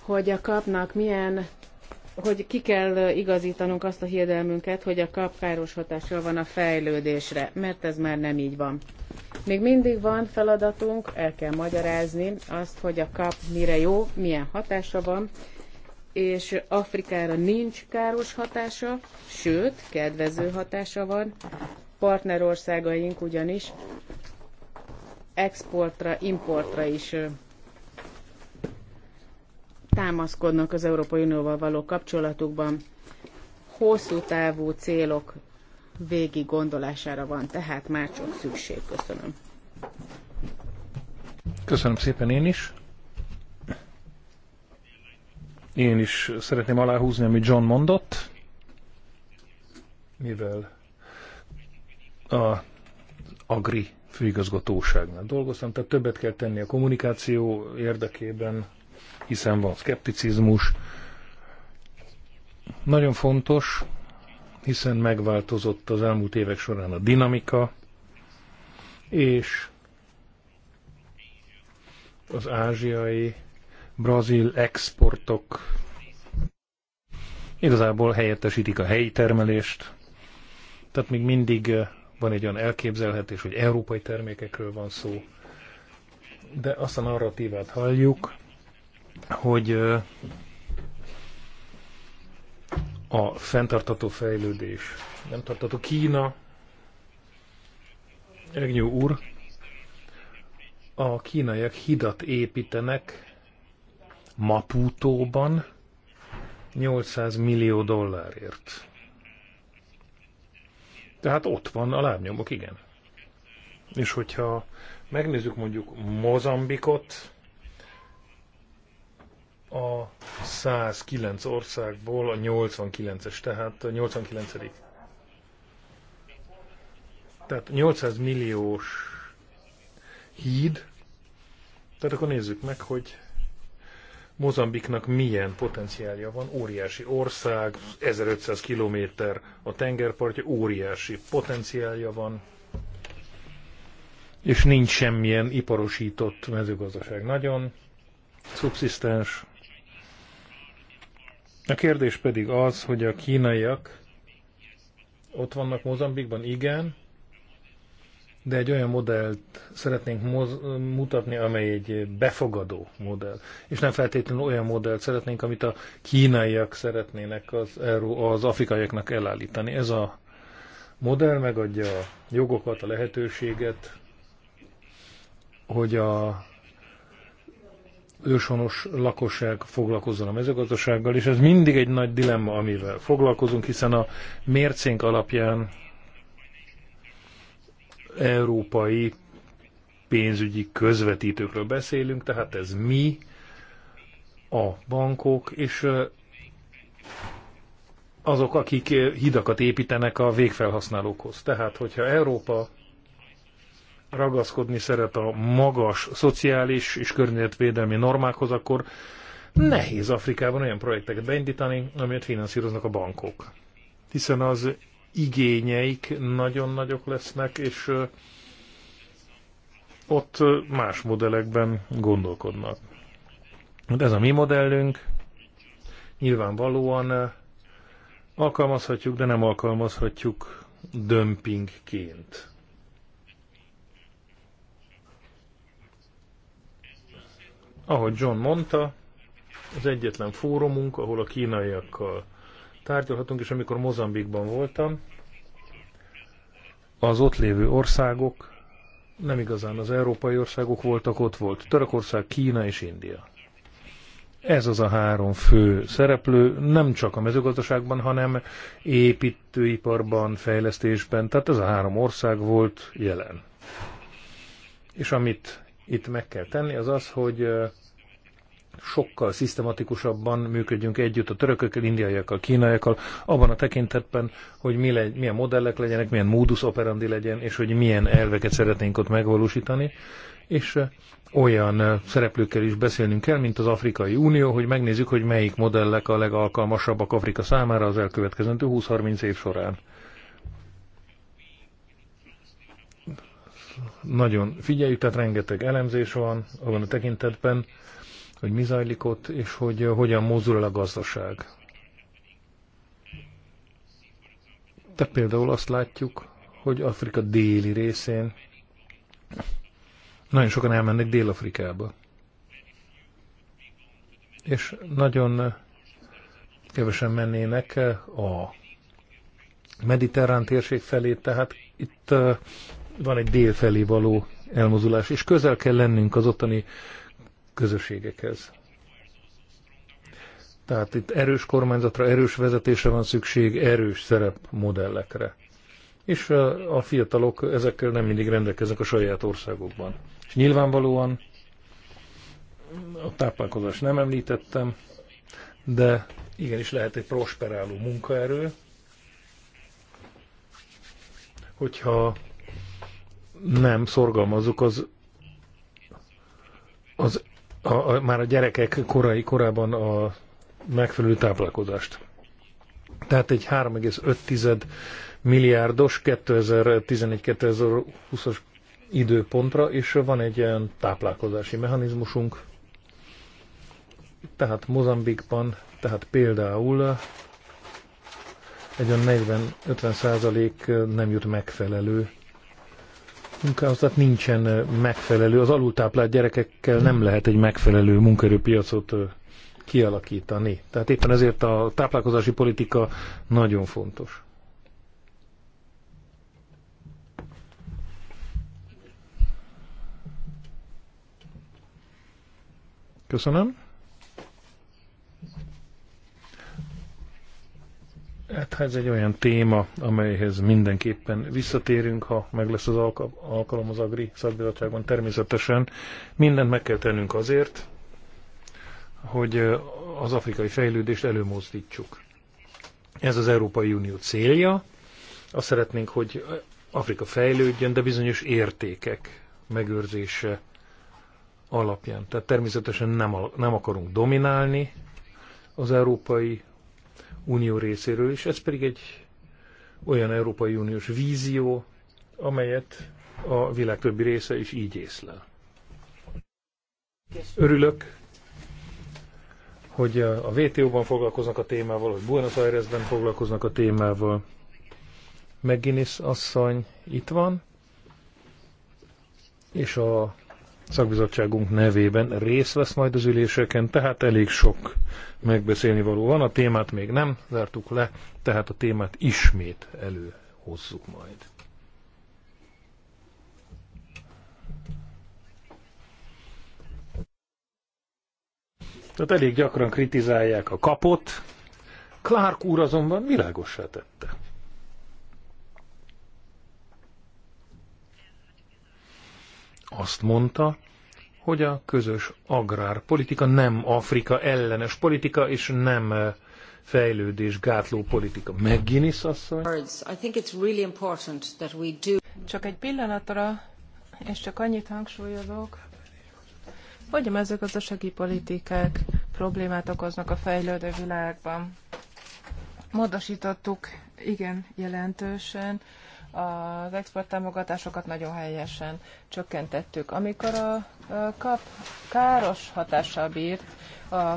hogy a kapnak milyen, hogy ki kell igazítanunk azt a hiedelmünket, hogy a kap káros hatással van a fejlődésre, mert ez már nem így van. Még mindig van feladatunk, el kell magyarázni azt, hogy a kap mire jó, milyen hatása van, és Afrikára nincs káros hatása, sőt, kedvező hatása van. Partnerországaink ugyanis exportra, importra is támaszkodnak az Európai Unióval való kapcsolatukban. Hosszú távú célok végi gondolására van tehát már csak szükség. Köszönöm. Köszönöm szépen én is. Én is szeretném aláhúzni, amit John mondott, mivel a Agri főigazgatóságnál dolgoztam, tehát többet kell tenni a kommunikáció érdekében, hiszen van szkepticizmus. Nagyon fontos, hiszen megváltozott az elmúlt évek során a dinamika, és az ázsiai, brazil exportok igazából helyettesítik a helyi termelést. Tehát még mindig eh, van egy olyan elképzelhetés, hogy európai termékekről van szó, de azt a narratívát halljuk, hogy eh, a fenntartató fejlődés. Nem tartató Kína. Egnyú úr, a kínaiak hidat építenek Maputóban 800 millió dollárért. Tehát ott van a lábnyomok, igen. És hogyha megnézzük mondjuk Mozambikot, a 109 országból a 89-es, tehát a 89 -dik. Tehát 800 milliós híd. Tehát akkor nézzük meg, hogy Mozambiknak milyen potenciálja van. Óriási ország, 1500 kilométer a tengerpartja, óriási potenciálja van és nincs semmilyen iparosított mezőgazdaság nagyon, szubszisztens, a kérdés pedig az, hogy a kínaiak ott vannak Mozambikban, igen, de egy olyan modellt szeretnénk moz- mutatni, amely egy befogadó modell. És nem feltétlenül olyan modellt szeretnénk, amit a kínaiak szeretnének az, az afrikaiaknak elállítani. Ez a modell megadja a jogokat, a lehetőséget, hogy a őshonos lakosság foglalkozzon a mezőgazdasággal, és ez mindig egy nagy dilemma, amivel foglalkozunk, hiszen a mércénk alapján európai pénzügyi közvetítőkről beszélünk, tehát ez mi, a bankok, és azok, akik hidakat építenek a végfelhasználókhoz. Tehát, hogyha Európa ragaszkodni szeret a magas szociális és környezetvédelmi normákhoz, akkor nehéz Afrikában olyan projekteket beindítani, amelyet finanszíroznak a bankok. Hiszen az igényeik nagyon nagyok lesznek, és ott más modellekben gondolkodnak. De hát ez a mi modellünk, nyilvánvalóan alkalmazhatjuk, de nem alkalmazhatjuk dömpingként. Ahogy John mondta, az egyetlen fórumunk, ahol a kínaiakkal tárgyalhatunk, és amikor Mozambikban voltam, az ott lévő országok, nem igazán az európai országok voltak, ott volt Törökország, Kína és India. Ez az a három fő szereplő, nem csak a mezőgazdaságban, hanem építőiparban, fejlesztésben, tehát ez a három ország volt jelen. És amit itt meg kell tenni, az az, hogy sokkal szisztematikusabban működjünk együtt a törökökkel, indiaiakkal, kínaiakkal, abban a tekintetben, hogy mi legy, milyen modellek legyenek, milyen módusz operandi legyen, és hogy milyen elveket szeretnénk ott megvalósítani. És olyan szereplőkkel is beszélnünk kell, mint az Afrikai Unió, hogy megnézzük, hogy melyik modellek a legalkalmasabbak Afrika számára az elkövetkezendő 20-30 év során. nagyon figyeljük, tehát rengeteg elemzés van abban a tekintetben, hogy mi zajlik ott, és hogy uh, hogyan mozdul el a gazdaság. De például azt látjuk, hogy Afrika déli részén nagyon sokan elmennek Dél-Afrikába. És nagyon uh, kevesen mennének uh, a mediterrán térség felé, tehát itt van egy délfelé való elmozulás, és közel kell lennünk az ottani közösségekhez. Tehát itt erős kormányzatra, erős vezetésre van szükség, erős szerepmodellekre. És a fiatalok ezekkel nem mindig rendelkeznek a saját országokban. És nyilvánvalóan a táplálkozást nem említettem, de igenis lehet egy prosperáló munkaerő, hogyha nem szorgalmazzuk az, az a, a, már a gyerekek korai korában a megfelelő táplálkozást. Tehát egy 3,5 milliárdos 2011-2020-as időpontra, és van egy ilyen táplálkozási mechanizmusunk. Tehát Mozambikban, tehát például egy olyan 40-50 százalék nem jut megfelelő munkahozat nincsen megfelelő, az alultáplált gyerekekkel nem lehet egy megfelelő munkaerőpiacot kialakítani. Tehát éppen ezért a táplálkozási politika nagyon fontos. Köszönöm. Hát ez egy olyan téma, amelyhez mindenképpen visszatérünk, ha meg lesz az alkalom az Agri szakbizottságban. Természetesen mindent meg kell tennünk azért, hogy az afrikai fejlődést előmozdítsuk. Ez az Európai Unió célja. Azt szeretnénk, hogy Afrika fejlődjön, de bizonyos értékek megőrzése alapján. Tehát természetesen nem, nem akarunk dominálni az Európai Unió részéről is. Ez pedig egy olyan Európai Uniós vízió, amelyet a világ többi része is így észlel. Örülök, hogy a WTO-ban foglalkoznak a témával, hogy Buenos Airesben foglalkoznak a témával. McGuinness asszony itt van, és a szakbizottságunk nevében részt vesz majd az üléseken, tehát elég sok megbeszélni való van. A témát még nem zártuk le, tehát a témát ismét előhozzuk majd. Tehát elég gyakran kritizálják a kapot. Clark úr azonban világossá tette. azt mondta, hogy a közös agrárpolitika nem Afrika ellenes politika, és nem eh, fejlődés gátló politika. McGuinness asszony? Csak egy pillanatra, és csak annyit hangsúlyozok, hogy a mezőgazdasági politikák problémát okoznak a fejlődő világban. Módosítottuk igen jelentősen az exporttámogatásokat nagyon helyesen csökkentettük. Amikor a kap káros hatással bírt a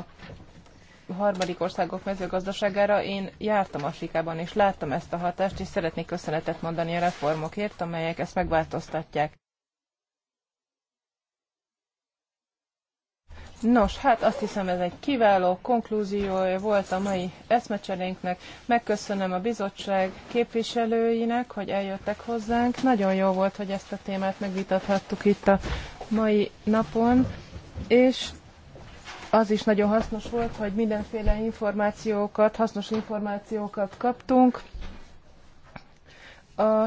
harmadik országok mezőgazdaságára, én jártam Afrikában, és láttam ezt a hatást, és szeretnék köszönetet mondani a reformokért, amelyek ezt megváltoztatják. Nos, hát azt hiszem ez egy kiváló konklúzió volt a mai eszmecserénknek. Megköszönöm a bizottság képviselőinek, hogy eljöttek hozzánk. Nagyon jó volt, hogy ezt a témát megvitathattuk itt a mai napon, és az is nagyon hasznos volt, hogy mindenféle információkat, hasznos információkat kaptunk. A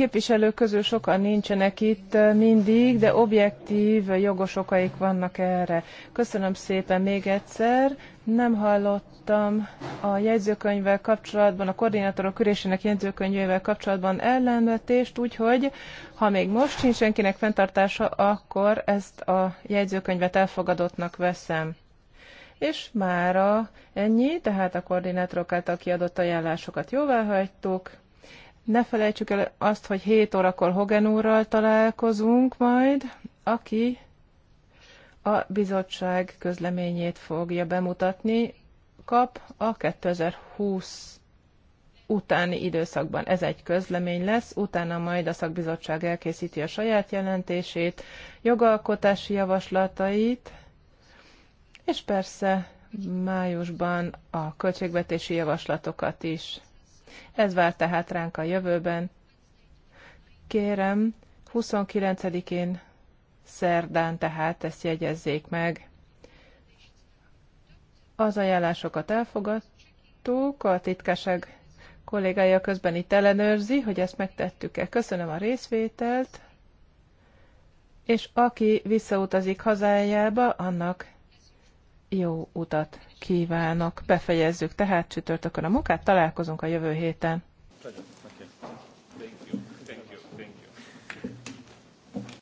képviselők közül sokan nincsenek itt eh, mindig, de objektív jogos okaik vannak erre. Köszönöm szépen még egyszer. Nem hallottam a jegyzőkönyvvel kapcsolatban, a koordinátorok ülésének jegyzőkönyvével kapcsolatban ellenvetést, úgyhogy ha még most sincs senkinek fenntartása, akkor ezt a jegyzőkönyvet elfogadottnak veszem és mára ennyi, tehát a koordinátorok által kiadott ajánlásokat jóvá hagytuk. Ne felejtsük el azt, hogy 7 órakor Hogan úrral találkozunk majd, aki a bizottság közleményét fogja bemutatni, kap a 2020 utáni időszakban. Ez egy közlemény lesz, utána majd a szakbizottság elkészíti a saját jelentését, jogalkotási javaslatait, és persze májusban a költségvetési javaslatokat is. Ez vár tehát ránk a jövőben. Kérem, 29-én szerdán tehát ezt jegyezzék meg. Az ajánlásokat elfogadtuk, a titkaság kollégája közben itt ellenőrzi, hogy ezt megtettük-e. Köszönöm a részvételt, és aki visszautazik hazájába, annak jó utat kívánok. Befejezzük tehát csütörtökön a munkát, találkozunk a jövő héten. Köszönöm.